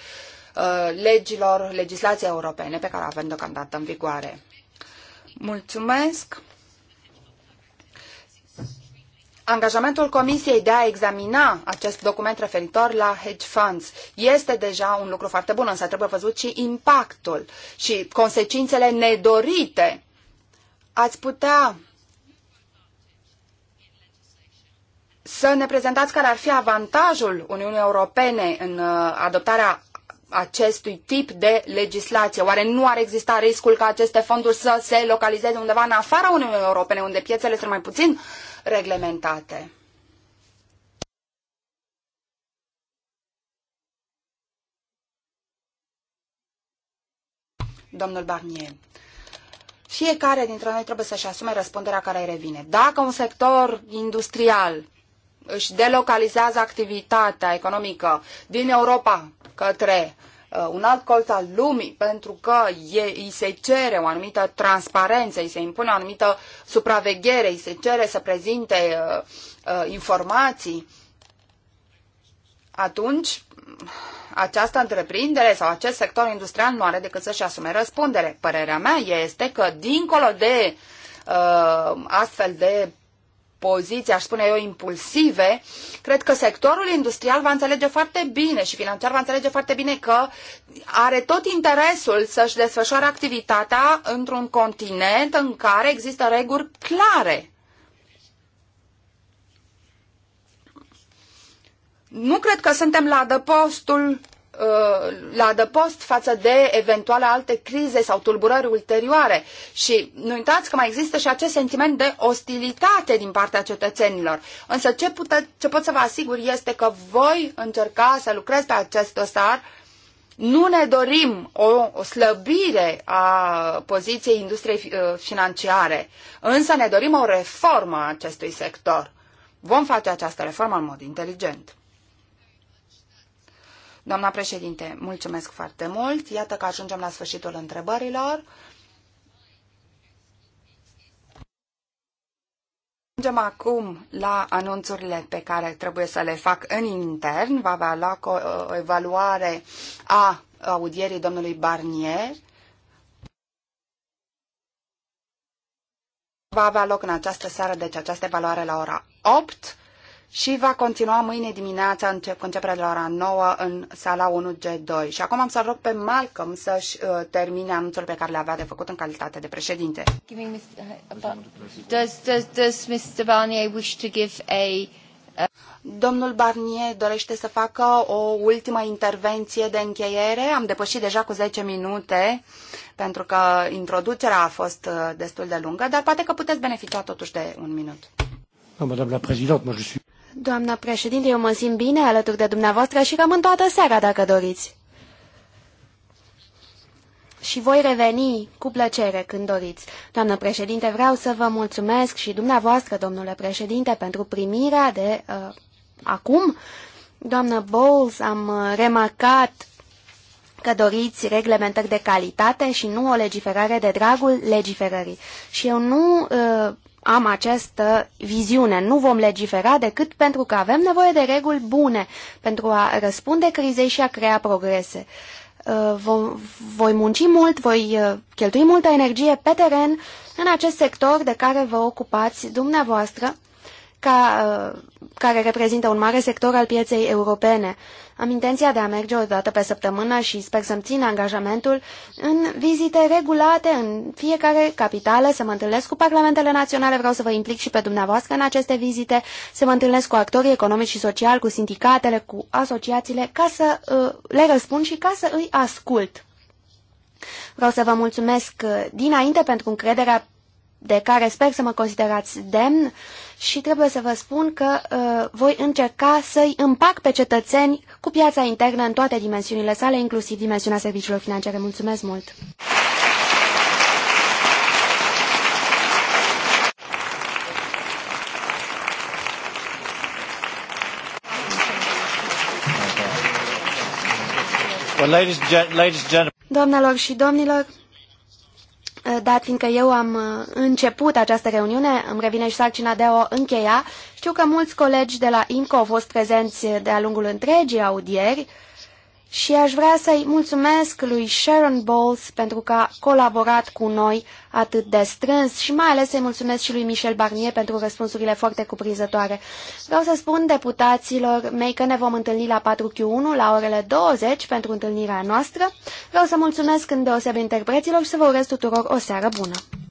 uh, legilor, legislației europene pe care o avem deocamdată în vigoare. Mulțumesc! Angajamentul Comisiei de a examina acest document referitor la hedge funds este deja un lucru foarte bun, însă trebuie văzut și impactul și consecințele nedorite ați putea să ne prezentați care ar fi avantajul Uniunii Europene în uh, adoptarea acestui tip de legislație? Oare nu ar exista riscul ca aceste fonduri să se localizeze undeva în afara Uniunii Europene, unde piețele sunt mai puțin reglementate? Domnul Barnier. Fiecare dintre noi trebuie să-și asume răspunderea care îi revine. Dacă un sector industrial își delocalizează activitatea economică din Europa către uh, un alt colț al lumii pentru că e, îi se cere o anumită transparență, îi se impune o anumită supraveghere, îi se cere să prezinte uh, uh, informații, atunci această întreprindere sau acest sector industrial nu are decât să-și asume răspundere. Părerea mea este că, dincolo de uh, astfel de poziții, aș spune eu, impulsive, cred că sectorul industrial va înțelege foarte bine și financiar va înțelege foarte bine că are tot interesul să-și desfășoare activitatea într-un continent în care există reguli clare nu cred că suntem la adăpostul uh, la adăpost față de eventuale alte crize sau tulburări ulterioare. Și nu uitați că mai există și acest sentiment de ostilitate din partea cetățenilor. Însă ce, pute, ce pot să vă asigur este că voi încerca să lucrez pe acest dosar nu ne dorim o, o slăbire a poziției industriei uh, financiare, însă ne dorim o reformă a acestui sector. Vom face această reformă în mod inteligent. Doamna președinte, mulțumesc foarte mult. Iată că ajungem la sfârșitul întrebărilor. Ajungem acum la anunțurile pe care trebuie să le fac în intern. Va avea loc o, evaluare a audierii domnului Barnier. Va avea loc în această seară, deci această evaluare la ora 8 și va continua mâine dimineața cu începerea de la ora 9 în sala 1G2. Și acum am să rog pe Malcolm să-și uh, termine anunțul pe care le-avea de făcut în calitate de președinte. Uh, does, does, does Mr. Barnier wish to give a uh- Domnul Barnier dorește să facă o ultimă intervenție de încheiere. Am depășit deja cu 10 minute pentru că introducerea a fost uh, destul de lungă, dar poate că puteți beneficia totuși de un minut. Madame la Présidente, moi je suis... Doamna președinte, eu mă simt bine alături de dumneavoastră și rămân toată seara, dacă doriți. Și voi reveni cu plăcere când doriți. Doamnă președinte, vreau să vă mulțumesc și dumneavoastră, domnule președinte, pentru primirea de uh, acum. Doamnă Bowles, am uh, remarcat că doriți reglementări de calitate și nu o legiferare de dragul legiferării. Și eu nu uh, am această viziune. Nu vom legifera decât pentru că avem nevoie de reguli bune pentru a răspunde crizei și a crea progrese. Uh, voi munci mult, voi uh, cheltui multă energie pe teren în acest sector de care vă ocupați dumneavoastră, ca, uh, care reprezintă un mare sector al pieței europene. Uh, am intenția de a merge o dată pe săptămână și sper să-mi țin angajamentul în vizite regulate în fiecare capitală, să mă întâlnesc cu parlamentele naționale, vreau să vă implic și pe dumneavoastră în aceste vizite, să mă întâlnesc cu actorii economici și sociali, cu sindicatele, cu asociațiile, ca să uh, le răspund și ca să îi ascult. Vreau să vă mulțumesc uh, dinainte pentru încrederea de care sper să mă considerați demn și trebuie să vă spun că uh, voi încerca să-i împac pe cetățeni cu piața internă în toate dimensiunile sale, inclusiv dimensiunea serviciilor financiare. Mulțumesc mult! Doamnelor și domnilor, dat fiindcă eu am uh, început această reuniune, îmi revine și sarcina de a o încheia. Știu că mulți colegi de la IMCO au fost prezenți de-a lungul întregii audieri și aș vrea să-i mulțumesc lui Sharon Bowles pentru că a colaborat cu noi atât de strâns și mai ales să-i mulțumesc și lui Michel Barnier pentru răspunsurile foarte cuprinzătoare. Vreau să spun deputaților mei că ne vom întâlni la 4Q1 la orele 20 pentru întâlnirea noastră. Vreau să mulțumesc îndeosebe interpreților și să vă urez tuturor o seară bună!